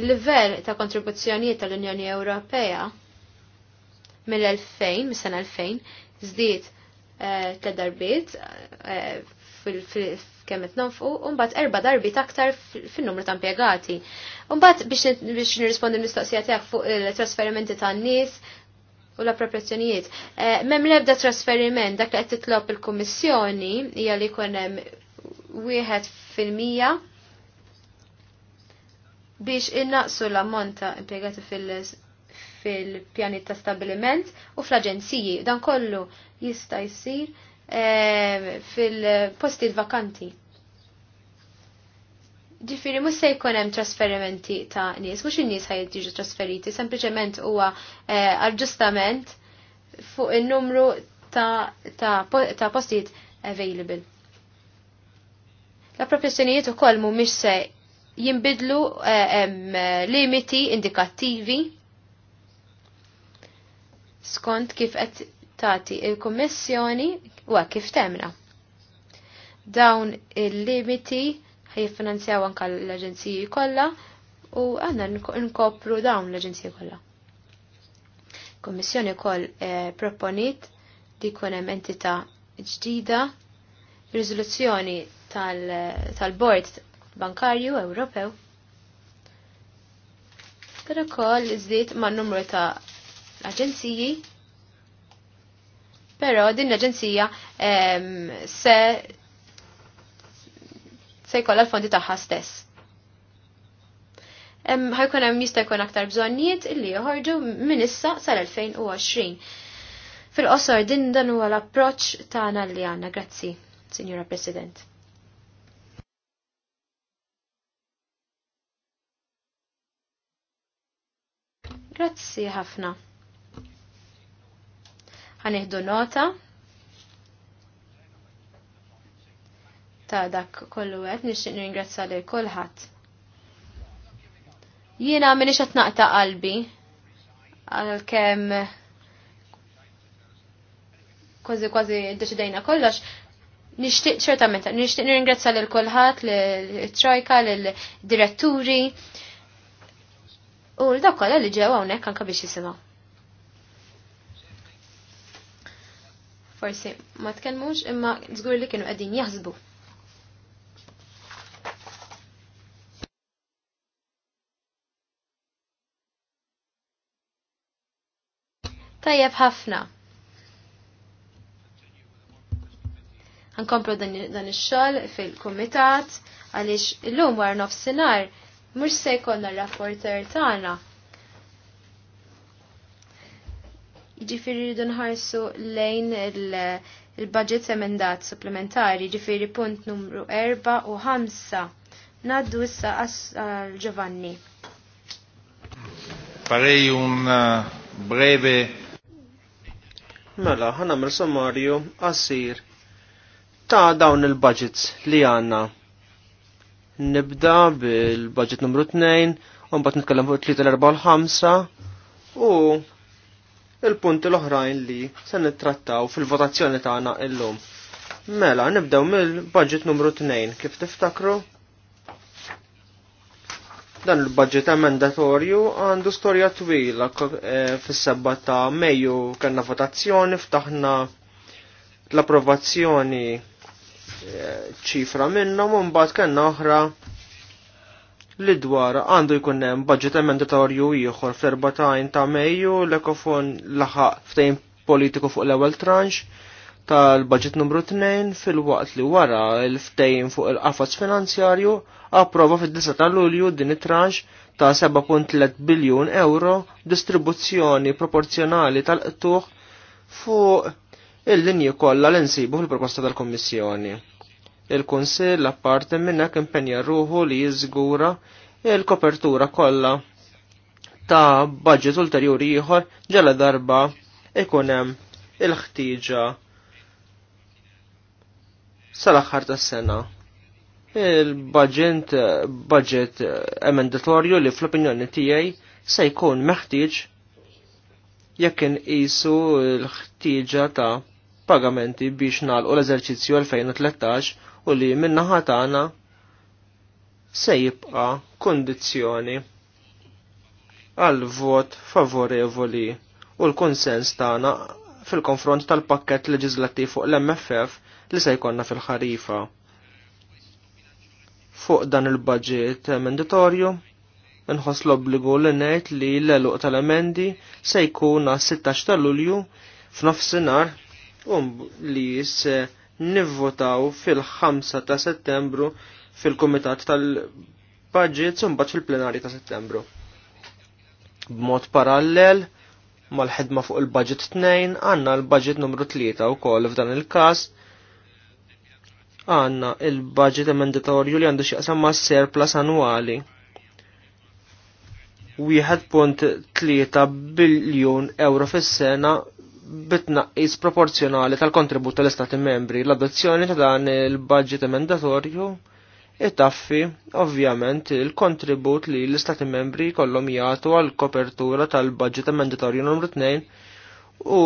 Il-livell ta' kontribuzzjonijiet tal-Unjoni Ewropea mill-2000, mis-sena 2000, żdied eh, ta' darbiet eh, fil-kemm qed un u mbagħad erba' darbit aktar fin-numru ta' impjegati. Umbat biex nirrispondi l-mistoqsija tiegħek fuq il-trasferimenti tan-nies u l-appropriazzjonijiet. Eh, Mem lebda trasferiment dak li qed titlob il-Kummissjoni hija li jkun hemm wieħed fil-mija biex innaqsu l-ammont ta' impjegati fil-pjani ta' stabiliment u fl-aġenziji. Dan kollu jista' jsir eh, fil-postijiet vakanti. Ġifiri, mux se jkun hemm trasferimenti ta' nies, mux in-nies ħajt jiġu trasferiti, sempliċement huwa eh, aġġustament fuq in-numru ta', ta, ta postijiet available. l professjonijiet ukoll mhumiex se jinbidlu eh, limiti indikattivi skont kif qed tagħti il-Kummissjoni u kif temna. Dawn il-limiti ħajfinanzjaw anka l-aġenziji kollha u għanna nkopru dawn l-aġenziji kollha. Kommissjoni koll eh, proponit di kunem entità ġdida rizoluzzjoni eh, tal-Bord Bankarju Ewropew. Per ukoll iżdiet ma' numru ta' aġenziji Pero din l-aġenzija ehm, se se jkollha l-fondi tagħha stess. Ħajkun hemm jista' jkun aktar bżonnijiet illi joħorġu minn issa sal-2020. Fil-qosor din dan huwa l-approċċ tagħna li għandna, grazzi, Sinjura President. Grazzi ħafna. Ħaneħdu nota ta' dak kollu għed, nixtieq ningrazza lil kulħadd. Jiena minix qed naqta' qalbi għalkemm kważi kważi deċidejna kollox, nixtieq ċertament, nixtieq nirringrazza lil kolħat lill-trojka, lill-diretturi. U l-dak kolla li ġew hawnhekk anke biex jisimgħu. Forsi ma tkellmux imma żgur li kienu qegħdin jaħsbu. Tajjeb ħafna. Għankomplu dan ix-xogħol fil-kumitat għaliex illum wara nofsinhar mhux se jkollna r-rapporter tagħna. Jiġifieri rridu nħarsu lejn il-budget emendat supplementari, jiġifieri punt numru 4 u 5. Naddu issa għal Giovanni. Farei un eh, breve Mela, ħana għamil sommarju qasir ta' dawn il-budgets li għanna. Nibda bil-budget numru 2, un bat nitkellem fuq 3 l-4 u il-punti l-oħrajn li se nittrattaw fil-votazzjoni tagħna illum. Mela, nibdew mill-budget numru 2, kif tiftakru? Dan il-budget emendatorju għandu storja twila eh, fis-sebba ta' Mejju kellna votazzjoni ftaħna l-approvazzjoni eh, ċifra minnhom u mbagħad kanna oħra li dwar għandu jkun hemm budget emendatorju ieħor fl-14 ta' Mejju l-ekofon laħaq ftejn politiku fuq l-ewwel tranġ tal-budget numru 2 fil-waqt li wara il-ftejn fuq il-qafas finanzjarju approva fid-9 ta' Lulju din it-tranx ta' 7.3 biljun euro distribuzzjoni proporzjonali tal-qtuħ fuq il-linji kollha l insibu fil-proposta tal-Kommissjoni. Il-Kunsill apparti minnek impenja ruħu li jiżgura il-kopertura kollha ta' budget ulterjuri ieħor ġala darba ikun hemm il-ħtieġa sal-aħħar tas-sena. Il-budget budget emendatorju li fl-opinjoni tiegħi se jkun meħtieġ jekk inqisu l-ħtieġa ta' pagamenti biex nagħlqu l-eżerċizzju 2013 u li min-naħa tagħna se jibqa' kondizzjoni għal vot favorevoli u l-konsens tagħna fil-konfront tal-pakket leġislattiv fuq l-MFF li se jkollna fil-ħarifa. Fuq dan il-budget emenditorju, nħoss l-obbligu li ngħid li l-eluq tal-emendi se jkun 16 ta' Lulju f'nofsinhar u li se nivvotaw fil-5 ta' Settembru fil-Kumitat tal-Budget mbagħad fil-Plenari ta' Settembru. B'mod parallel, mal-ħedma fuq il-budget 2 għanna l-budget numru 3 u koll f'dan il-kas għanna il-budget emendatorju li għandu xieqsam ma' surplus annuali. 1.3 biljun euro fis-sena bitnaqqis proporzjonali tal-kontribut tal-Istati membri. L-adozzjoni ta' dan il-budget emendatorju itaffi ovvjament il-kontribut li l-Istati membri kollom jagħtu għal kopertura tal-budget emendatorju numru 2 u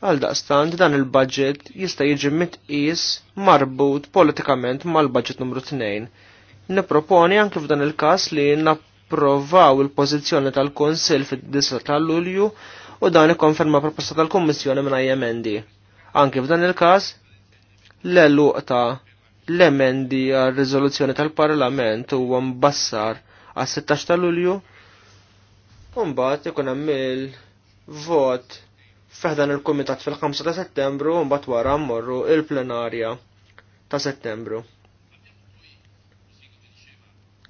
Għal daqstant dan il-budget jista' jiġi mitqis marbut politikament mal-budget numru 2. Niproponi anke f'dan il-każ li napprovaw il-pożizzjoni tal-Kunsill fid-9 ta' Lulju u dan ikkonferma proposta tal-Kummissjoni minn emendi. Anke f'dan il-każ l-eluq ta' l-emendi għal riżoluzzjoni tal-Parlament huwa mbassar għas 16 ta' Lulju u mbagħad ikun hemm il-vot Feħdan il-Kumitat fil-5 ta' Settembru mbagħad wara mmorru il-plenarja ta' Settembru.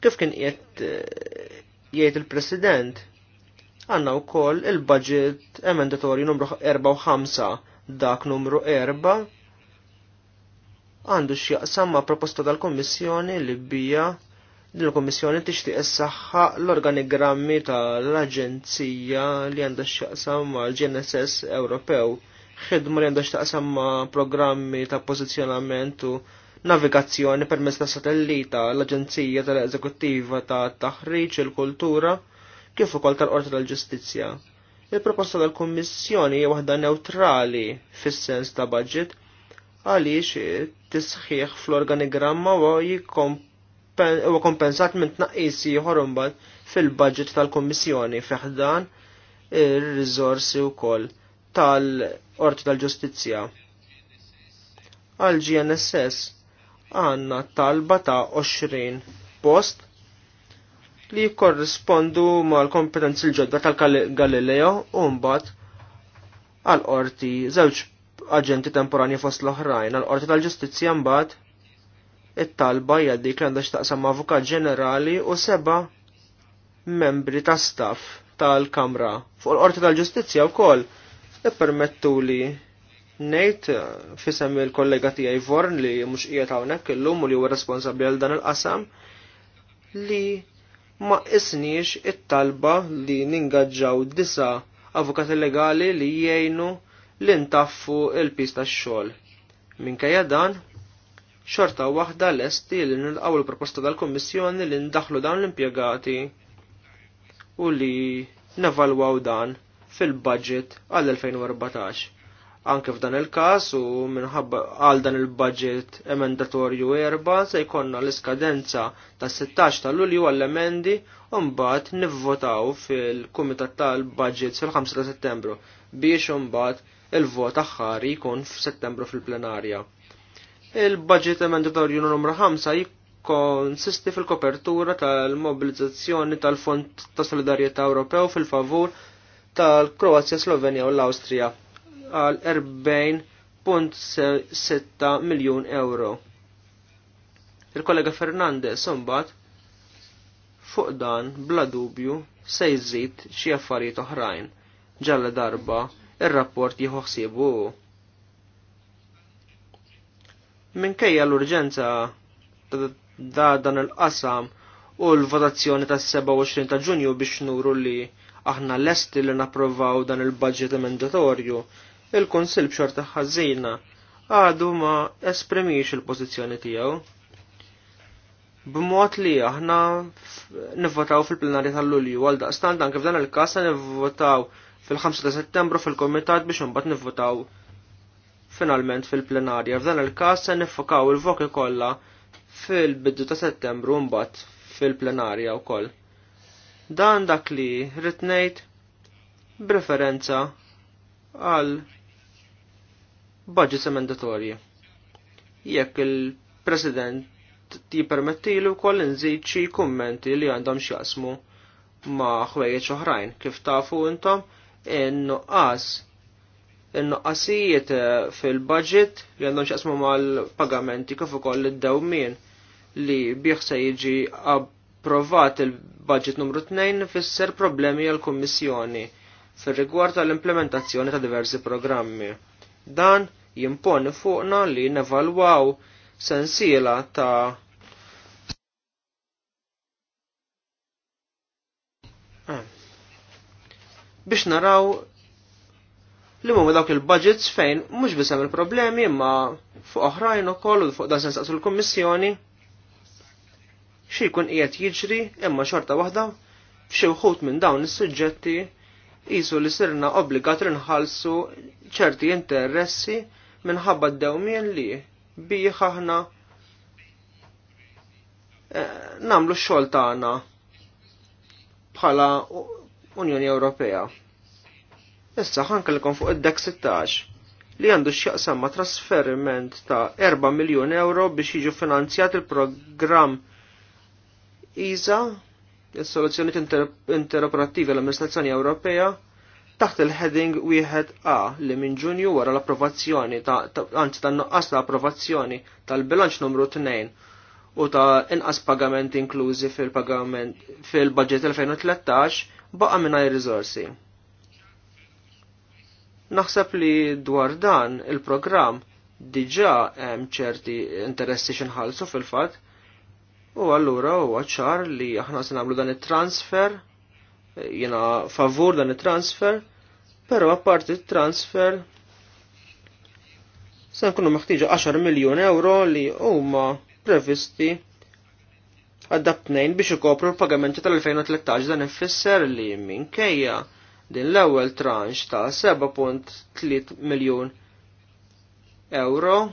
Kif kien qiegħed eh, jgħid il-President, għandna wkoll il-budget emendatorju numru 4 u 5 dak numru 4 għandu x'jaqsam ma' proposta tal-Kommissjoni li bija Din il komissjoni tixtieq issaħħa l-organigrammi tal-Aġenzija li għandha x'jaqsam mal-GNSS Ewropew, ħidma li għandha x'taqsam ma' programmi ta' pożizzjonament u navigazzjoni permezz ta' satellita, l-Aġenzija tal-Eżekuttiva ta' taħriġ il-Kultura kif ukoll tal-Qorti tal-Ġustizzja. Il-proposta tal-Kummissjoni hija waħda neutrali fis-sens ta' budget għaliex tisħiħ fl-organigramma u jikom huwa kompensat minn tnaqqis ieħor imbagħad fil-budget tal-Kummissjoni feħdan ir-riżorsi wkoll tal-Qorti tal-Ġustizzja. Għal GNSS għandna talba ta' 20 post li korrispondu mal-kompetenzi l-ġodda tal-Galileo u mbagħad għal-qorti żewġ aġenti temporani fost l-oħrajn għal-qorti tal-ġustizzja mbagħad It-talba hija dik li għandha x'taqsam avukat ġenerali u seba' membri ta' staff tal-Kamra fuq l-Qorti tal-Ġustizzja wkoll ippermettu li ngħid eh, fisem il-kollega tiegħi Vorn li mhux qiegħed hawnhekk illum u li huwa responsabbli għal dan il-qasam li ma isniex it-talba li ningaġġaw disa avukati legali li jgħinu l-intaffu il-pista x-xogħol. Minkejja dan, xorta waħda l est li nilqaw il-proposta tal-Kommissjoni li ndaħlu dawn l-impjegati u li nevalwaw dan fil-budget għal-2014. Anke f'dan il-kas u minħabba għal dan il-budget emendatorju erba se jkonna l-iskadenza ta' 16 ta' lulju għall-emendi u mbagħad nivvotaw fil-Kumitat tal-Budget fil-5 ta' Settembru biex mbagħad il-vot aħħari jkun f'Settembru fil-plenarja. Il-budget emendatorju numru 5 jikkonsisti fil-kopertura tal-mobilizzazzjoni tal-Fond ta' Solidarjetà Ewropew fil-favur tal-Kroazja, Slovenja u l-Awstrija għal 40.6 miljun euro. Il-kollega Fernandez sombat fuq dan bla dubju se jżid xi affarijiet oħrajn ġalla darba ir-rapport jieħu ħsiebu Minkejja l-urġenza da dan il-qasam u l-votazzjoni tas 27 ta' ġunju biex nuru li aħna lesti li napprovaw dan il-budget emendatorju, il-Konsil b'xorta ħażina għadu ma esprimix il-pożizzjoni tiegħu. B'mod li aħna nivvotaw fil-plenarja tal-Lulju għal daqstant anke f'dan il-każ nivvotaw fil-5 ta' Settembru fil-Komitat biex imbagħad nivvotaw finalment fil-plenarja. F'dan il-każ se niffokaw il-voki kollha fil biddu ta' settembru mbagħad fil-plenarja wkoll. Dan dak li rrid ngħid b'referenza għal budgets emendatorji. Jekk il-President jipermettilu wkoll inżid xi kummenti li għandhom x'jaqsmu ma' ħwejjeġ oħrajn kif tafu intom in-nuqqas il-noqqasijiet eh, fil-budget li għandhom xaqsmu mal-pagamenti kif ukoll id-dawmin li bih se jiġi approvat il-budget numru 2 fisser problemi għal kummissjoni fir rigward għall implementazzjoni ta' diversi programmi. Dan jimponi fuqna li nevalwaw sensiela ta' ah. biex naraw li mumma dawk il-budgets fejn mhux biss hemm il-problemi imma fuq oħrajn ukoll u fuq da sensaq nsaqsu l-Kummissjoni xi jkun qiegħed jiġri imma xorta waħda f'xi wħud minn dawn is-suġġetti jisu li sirna obbligat rinħalsu ċerti interessi minħabba d-dewmien li bih eh, namlu x-xogħol tagħna bħala Unjoni Ewropea. Issa ħankelkom fuq id-dek 16 li għandu x'jaqsamma ma' trasferiment ta' 4 miljun euro biex jiġu finanzjat il-programm ISA, il soluzzjoni interoperattivi l-Amministrazzjoni Ewropea, taħt il-heading wieħed a li minn ġunju wara l-approvazzjoni ta' anzi ta' nuqqas ta' approvazzjoni tal-bilanċ numru 2 u ta' inqas pagament inklużi fil-pagament fil-budget 2013 baqa' mingħajr riżorsi. Naħseb li dwar dan il-programm diġa hemm ċerti interessi xinħalsu fil-fatt u allura huwa ċar li aħna se nagħmlu dan it-transfer jiena favur dan it-transfer, però apparti it-transfer se nkunu meħtieġa 10 miljun euro li huma previsti għaddabtnejn biex ikopru l-pagamenti tal-2013 dan ifisser li minkejja din l-ewwel tranche ta' 7.3 miljun euro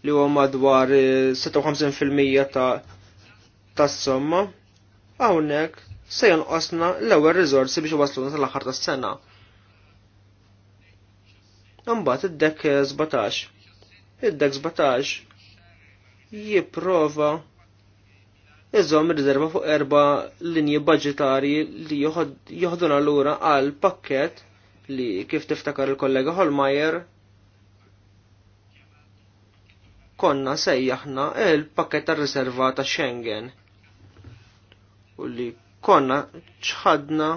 li huwa madwar 56% eh, ta' tas-somma. Hawnhekk se jonqosna l-ewwel riżorsi biex waslu tal-aħħar tas-sena. Imbagħad id-dek 17. Id-dek 17 jipprova iżom rizerva fuq erba linji budgetari li joħduna lura għal pakket li kif tiftakar il-kollega Holmeyer konna sejjaħna il-pakket tar rizerva ta' Schengen u li konna ċħadna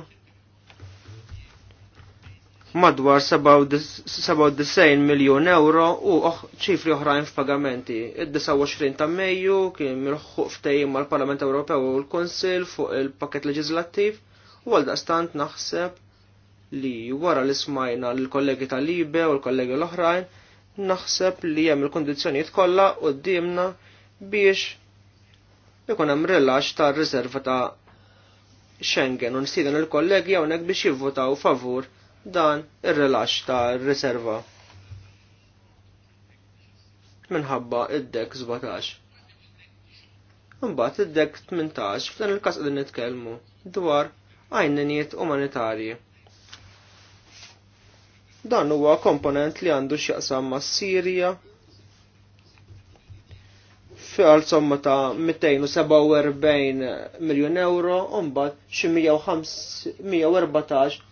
madwar 97 miljon euro u ċifri oħrajn f'pagamenti. Id-29 ta' Mejju kien mirħuq f'tejjim mal-Parlament Ewropew u l-Konsil fuq il-pakket leġislattiv u għaldaqstant naħseb li wara li smajna l-kollegi tal-Libe u l-kollegi l-oħrajn naħseb li hemm il-kondizzjonijiet kollha qudiemna biex ikun hemm rilax tar-riserva ta' Schengen u nsidan il-kollegi hawnhekk biex jivvotaw favur dan ir-relax ta' riserva minħabba id-dek 17. Imbagħad id-dek 18 f'dan il-każ qegħdin nitkellmu dwar għajninijiet umanitarji. Dan huwa komponent li għandu x'jaqsam mas-Sirja, Fiqal somma ta' 247 miljon euro unbat xi 114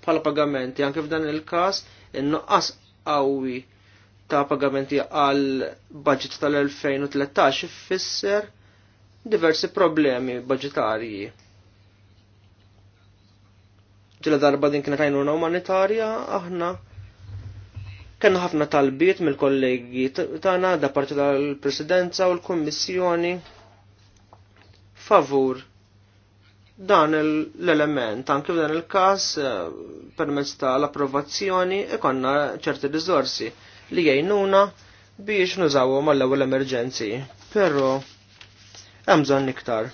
bħala pagamenti anke f'dan il-każ in-nuqqas qawwi ta' pagamenti għal budget tal-2013 ifisser diversi problemi budgetarji. Ġila darba din kienet għajnuna umanitarja aħna Kenna ħafna talbiet mill-kollegi tagħna da parti tal-Presidenza u l-Kummissjoni favur dan l-element, anke f'dan il-każ eh, permezz tal-approvazzjoni ikonna ċerti riżorsi li jgħinuna biex nużawhom mal ewwel emerġenzi. Però hemm bżonn iktar.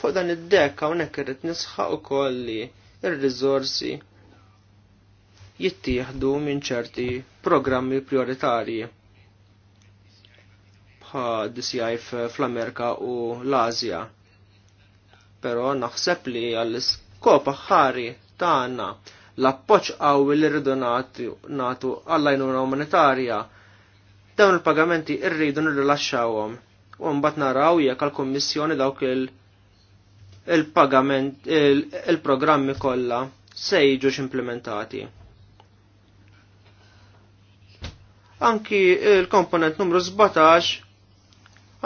Fuq dan id-dekk hawnhekk irid nisħaq ukoll li r-riżorsi jittieħdu minn ċerti programmi prioritarji bħal DCI fl-Amerika u l-Azja. Pero naħseb li għall-iskop ħari tagħna l-appoċ għaw li rridu natu għall-għajnuna umanitarja, dawn il-pagamenti irridu nirrilaxxawhom u mbagħad naraw jekk għall-Kummissjoni dawk il-pagament il-programmi kollha se jiġux implementati. Anki il-komponent numru 17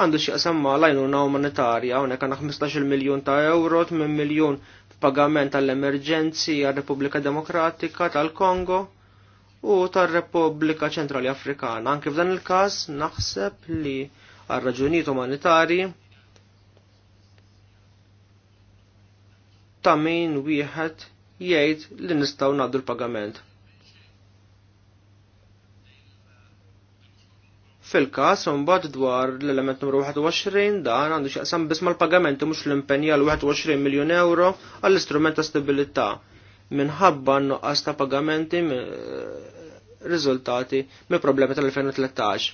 għandu xieqsam ma lajnuna umanitarja, unek għana 15 miljon ta' euro, 8 miljon pagament tal-emerġenzi għal Repubblika Demokratika tal-Kongo u tal-Repubblika Ċentrali Afrikana. Anki f'dan il-każ naħseb li għal raġunijiet umanitari ta' min wieħed jgħid li nistgħu nagħdu l-pagament. Fil-kas, bad dwar l-element numru 21 dan għandu xaqsam biss mal-pagamenti mhux l-impenja l 21 miljun euro għall-istrument ta' stabilità minħabba nuqqas ta' pagamenti eh, riżultati mill problemi tal-2013.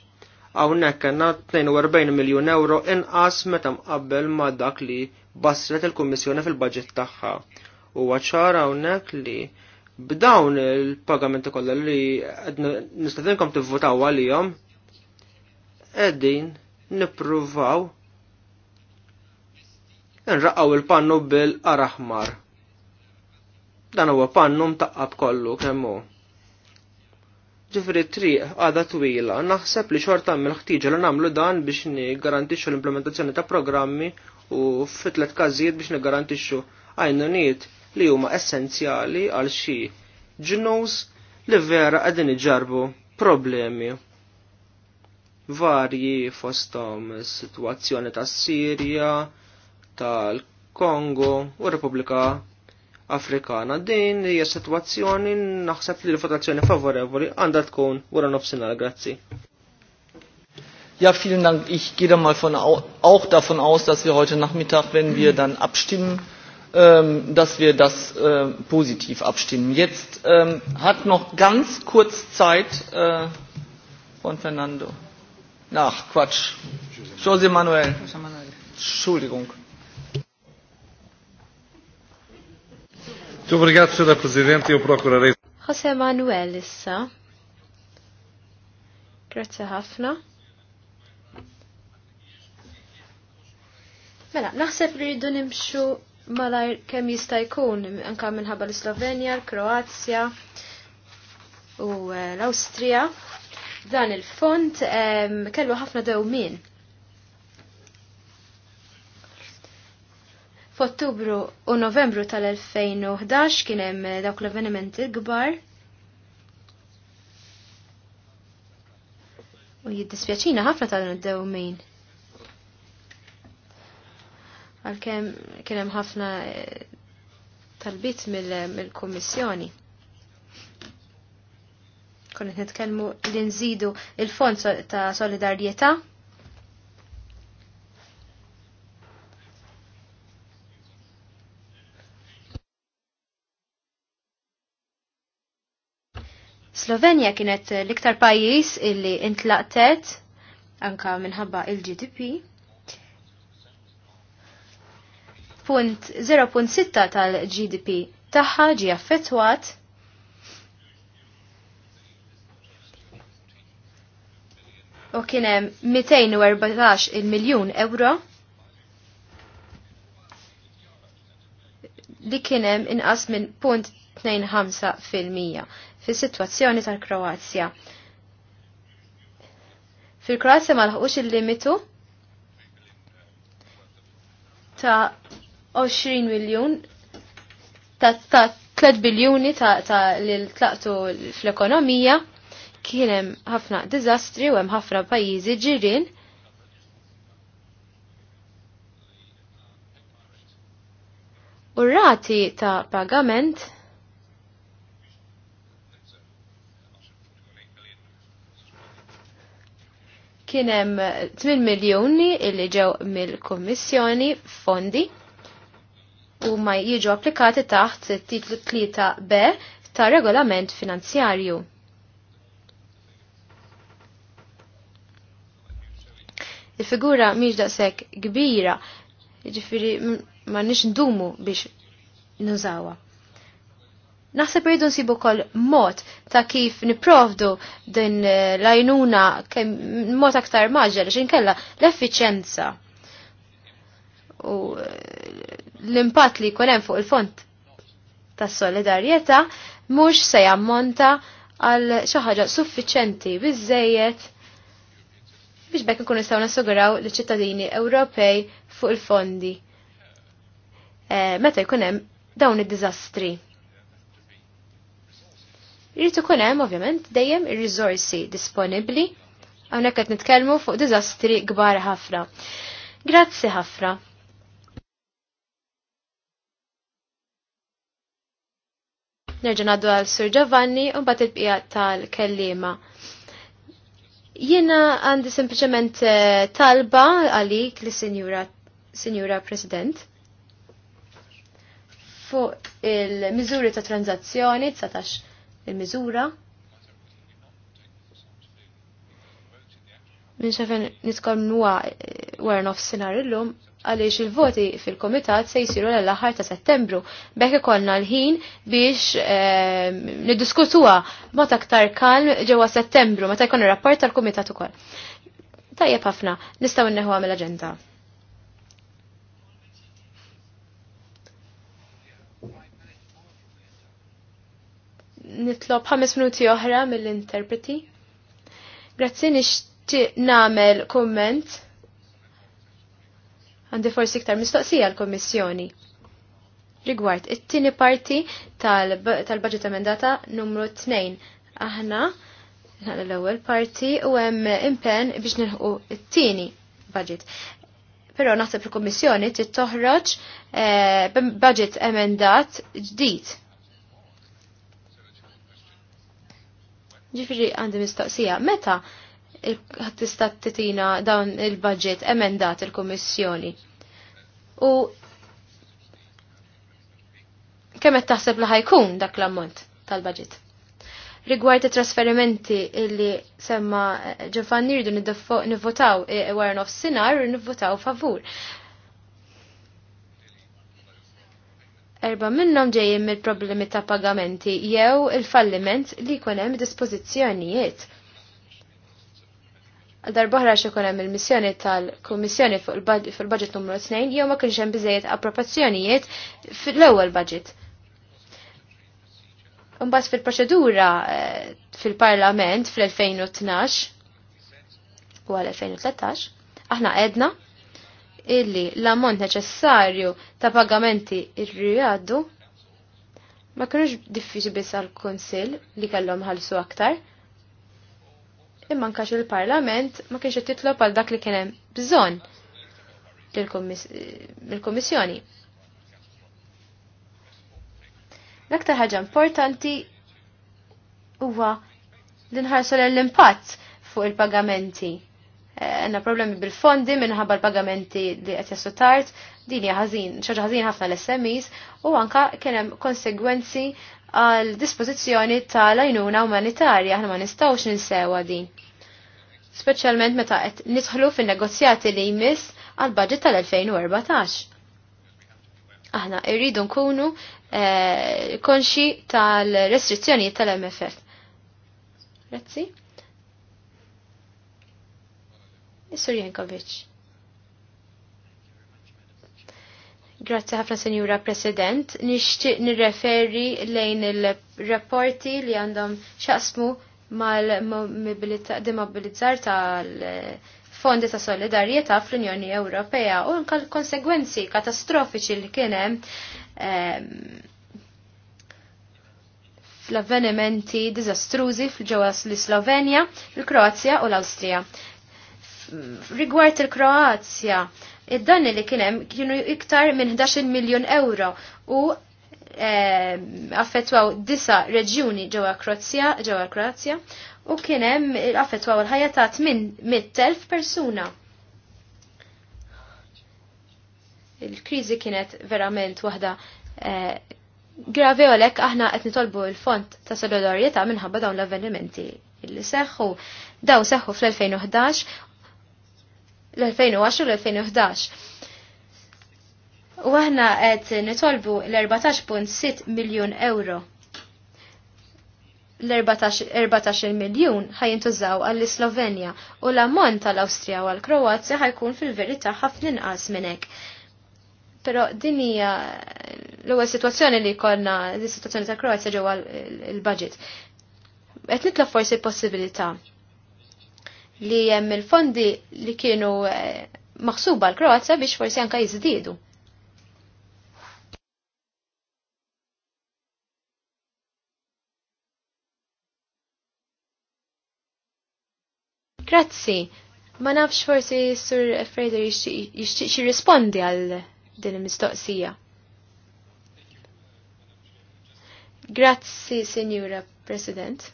Hawnhekk għanna 42 miljun euro inqas meta mqabbel ma' dak li bassret il-Kummissjoni fil-baġġett tagħha. Huwa ċara hawnhekk li b'dawn il-pagamenti kollha li qed nistatinkom votaw għalihom qegħdin nippruvaw nraqgħu il-pannu bil araħmar. Dan huwa pannu mtaqqab kollu kemm hu. Ġifri triq għada twila, naħseb li xorta mill ħtiġa li nagħmlu dan biex nigarantixxu l-implementazzjoni ta' programmi u fitlet każijiet biex nigarantixxu għajnuniet li huma essenzjali għal xi ġnus li vera qegħdin iġarbu problemi varji fostom situazzjoni ta' Sirja, tal-Kongo u Repubblika Afrikana. Din hija situazzjoni naħseb li l-votazzjoni favorevoli għandha tkun wara nofsinhar grazzi. Ja, vielen Dank. Ich gehe dann mal von, au, auch davon aus, dass wir heute Nachmittag, wenn wir mhm. dann abstimmen, ähm, dass wir das äh, positiv abstimmen. Jetzt ähm, hat noch ganz kurz Zeit äh, von Fernando. Ach, Quatsch. José Manuel. Entschuldigung. Tu obrigado, Sr. Presidente, eu procurarei. José Manuel issa. Grazie Hafna. Mela, naħseb li rridu nimxu malajr kemm jista' jkun anke minħabba l-Slovenja, l-Kroazja u eh, l-Awstrija. Dan il-font kellu ħafna dewmin. F'Ottubru u Novembru tal-2011 kien hemm eh, dawk l-avvenimenti kbar. U jiddispjaċina ħafna tal-dewmin eh, għal-kem kienem ħafna eh, talbit mill-kommissjoni. Mil konnet nitkellmu li nżidu il-fond ta' solidarjetà. Slovenja kienet l-iktar pajis illi intlaqtet anka minħabba il-GDP. Punt 0.6 tal-GDP taħħa ġi affettwat u kienem 214 il-miljon euro li kienem inqas minn punt 2.5 fil-mija fil-situazzjoni tal-Kroazja. Fil-Kroazja ma laħqux il-limitu ta' 20 miljon ta' 3 biljuni ta', ta li tlaqtu fl-ekonomija kien hemm ħafna diżastri u hemm ħafna pajjiżi ġirien U rati ta' pagament kien hemm 8 miljuni li ġew mill-Kummissjoni fondi u ma jiġu applikati taħt titlu 3B ta' regolament finanzjarju. il-figura miex daqsek kbira, ġifiri ma nix ndumu biex nużawa. Naħseb rridu nsibu kol mod ta' kif niprovdu din eh, lajnuna mod aktar maġġel, xin kella l-effiċenza u eh, l-impatt li jkun hemm fuq il-fond tas solidarjetà mhux se jammonta għal xi ħaġa suffiċenti biżejjed biex bekk nkun nistgħu nassuguraw li ċittadini Ewropej fuq il-fondi. Eh, meta jkun hemm dawn id-diżastri. Irrid ikun hemm ovvjament dejjem ir-riżorsi disponibbli hawnhekk qed nitkellmu fuq diżastri kbar ħafna. Grazzi ħafna. Nerġa' ngħaddu għal Sur Giovanni u mbagħad il-bqija tal-kellima. Jiena għandi sempliciment eh, talba għalik li Signora President fuq il-miżuri ta' tranzazzjoni, 19 il-miżura minn xafen eh, f-sinar l illum għaliex il-voti fil-komitat se jisiru l-aħħar ta' settembru. Bekk ikollna l-ħin biex eh, niddiskutuha mod aktar kalm ġewwa settembru meta jkun ir-rapport tal-kumitat ukoll. Tajjeb ħafna, nistgħu nneħu mill aġenda Nitlob ħames minuti oħra mill-interpreti. Grazzi nix nixtieq nagħmel kumment għandi forsi iktar mistoqsija l-Kommissjoni. Rigward it-tieni parti tal-budget emendata numru 2. Aħna l-ewwel parti u hemm impenn biex nilħu it-tieni budget. Però naħseb il-Kommissjoni trid toħroġ eh, budget emendat ġdid. Ġifieri għandi mistoqsija, meta tista' titina dawn il-budget emendat il-Kummissjoni. U kemm qed taħseb li ħajkun dak l-ammont tal-budget. Rigward it-trasferimenti illi semma Giovanni rridu nivvotaw e, e, wara nofsinhar u nivvotaw favur. Erba minnhom ġejjin mill-problemi ta' pagamenti jew il-falliment li jkun hemm dispożizzjonijiet darbaħra xe hemm il-missjoni tal-Kummissjoni fil-budget numru 2 jew ma kienx hemm biżejjed appropriazzjonijiet fl-ewwel budget. Imbagħad fil-proċedura eh, fil-Parlament fl-2012 u għal 2013 aħna għedna illi l-ammont neċessarju ta' pagamenti irrijaddu ma kienux diffiċi biss għal-Kunsill li kellhom ħalsu aktar imma nkax il-Parlament ma kienx qed titlob għal dak li kien hemm bżonn mill kummissjoni L-aktar ħaġa importanti huwa li nħarsu l-impatt fuq il-pagamenti. Eh, għanna problemi bil-fondi minħabba l-pagamenti li qed jassu tard, din hija ħażin, xaġa ħażin ħafna l-SMEs u anka kien hemm konsegwenzi għal dispożizzjoni tal-għajnuna umanitarja, ħna ma nistawx ninsewa din. Speċjalment meta qed nidħlu fin-negozjati li jmiss għal budget tal-2014. Aħna irridu nkunu eh, konxi tal-restrizzjonijiet tal-MFF. Grazzi. Is-Sur Jankovic. Grazzi ħafna Senjura President. Nixtieq nirreferi lejn il-rapporti li għandhom xaqsmu mal-demobilizzar tal-fondi ta' solidarieta fl-Unjoni Ewropea u l konsegwenzi katastrofiċi li kienem ehm, fl-avvenimenti dizastruzi fl-ġewa l-Slovenja, l-Kroazja u l-Austria. Rigward il-Kroazja, il kroazja id-danni li kienem kienu iktar minn 11 miljon euro u eh, affettwaw disa reġjuni ġewwa Krozja, ġewwa Kroazja u kienem affettwaw il-ħajja ta' 800,000 persuna. Il-kriżi kienet verament waħda eh, gravi għalek aħna qed nitolbu l-font ta' solidarjetà minħabba dawn l-avvenimenti il seħħu. Daw seħħu fl-2011 l-2010 u l-2011. U aħna qed nitolbu l-14.6 miljun euro. L-14 miljun ħajintużaw għall-Slovenja u l-ammont tal-Awstrija u għall-Kroazja ħajkun fil-verità ħafna inqas minn hekk. Però din hija l-ewwel sitwazzjoni li jkollna l-sitwazzjoni tal-Kroazja ġewwa l-budget. Qed nitla forsi possibilità li hemm il-fondi li kienu eh, maħsuba l-Kroazja biex forsi anka jizdidu. Grazzi, ma nafx forsi Sur Freder jixtieq xi rispondi għal din il-mistoqsija. Grazzi, Signora President.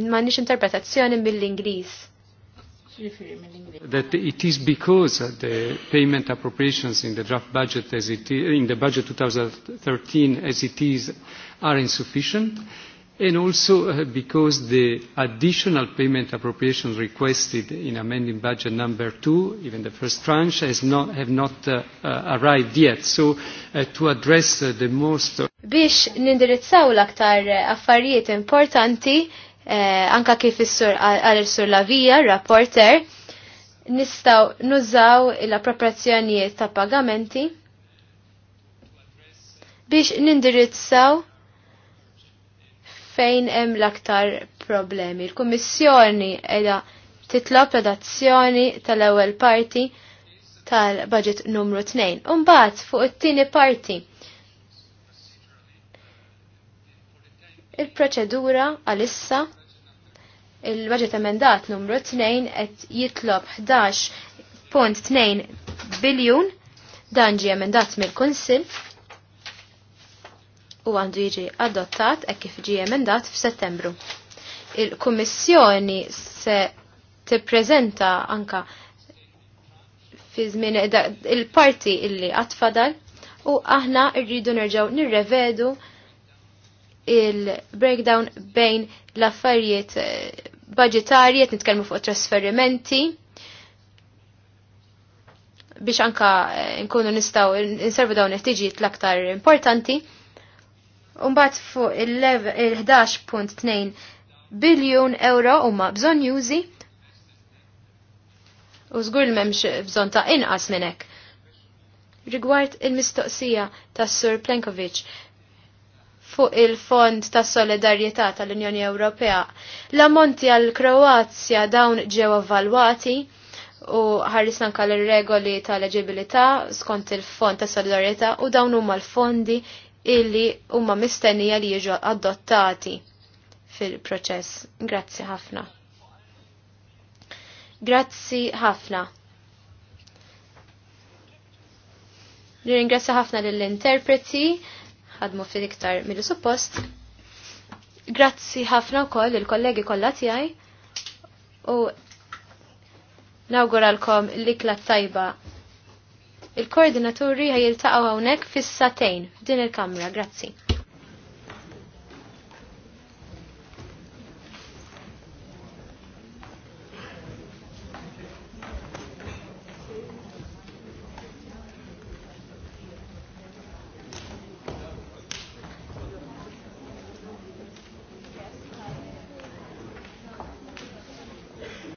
Imma nix interpretazzjoni mill-Ingliż. That it is because the payment appropriations in the draft budget as it is, in the budget 2013 as it is are insufficient and also uh, because the additional payment appropriation requested in amending budget number two, even the first tranche, has not, have not uh, uh, arrived yet. So uh, to address uh, the most... Biex nindirizzaw l-aktar affarijiet importanti, eh, anka kif għal-sur via, rapporter, nistaw nużaw l appropriazzjoni ta' pagamenti biex nindirizzaw fejn hemm l-aktar problemi. Il-Kummissjoni qiegħda titlob redazzjoni tal-ewwel parti tal-budget numru 2. Umbagħad fuq it-tieni parti il-proċedura għalissa il-budget emendat numru 2 qed jitlob 11.2 biljun dan ġie emendat mill-Kunsill u għandu jiġi adottat e kif ġi emendat f'Settembru. Il-Kummissjoni se tippreżenta anka fi żmien il-parti illi għatfadal u aħna rridu nerġgħu nirrevedu il-breakdown bejn l-affarijiet eh, budgetarijiet nitkellmu fuq trasferimenti biex anka eh, nkunu nistaw nservu dawn it-tiġijiet l-aktar importanti Umbat fuq il-11.2 biljun euro huma bżonn jużi u żgur m'hemmx bżonn ta' inqas minn hekk. Rigward il-mistoqsija tas Sur Plenkovic fuq il-Fond tas Solidarjetà tal-Unjoni Ewropea, l-ammonti għal Kroazja dawn ġew avvalwati u ħarrisna anka l-regoli tal-eġibilità skont il-Fond tas Solidarjetà u dawn huma l-fondi illi huma mistennija li jiġu adottati fil-proċess. Grazzi ħafna. Grazzi ħafna. Nirringrazzja ħafna lill-interpreti ħadmu fil-iktar mill-suppost. Grazzi ħafna wkoll il-kollegi kollha tiegħi u nawguralkom l-ikla tajba Il-koordinaturi ħajiltaqgħu hawnhekk fis-satejn f'din il-kamra. Grazzi.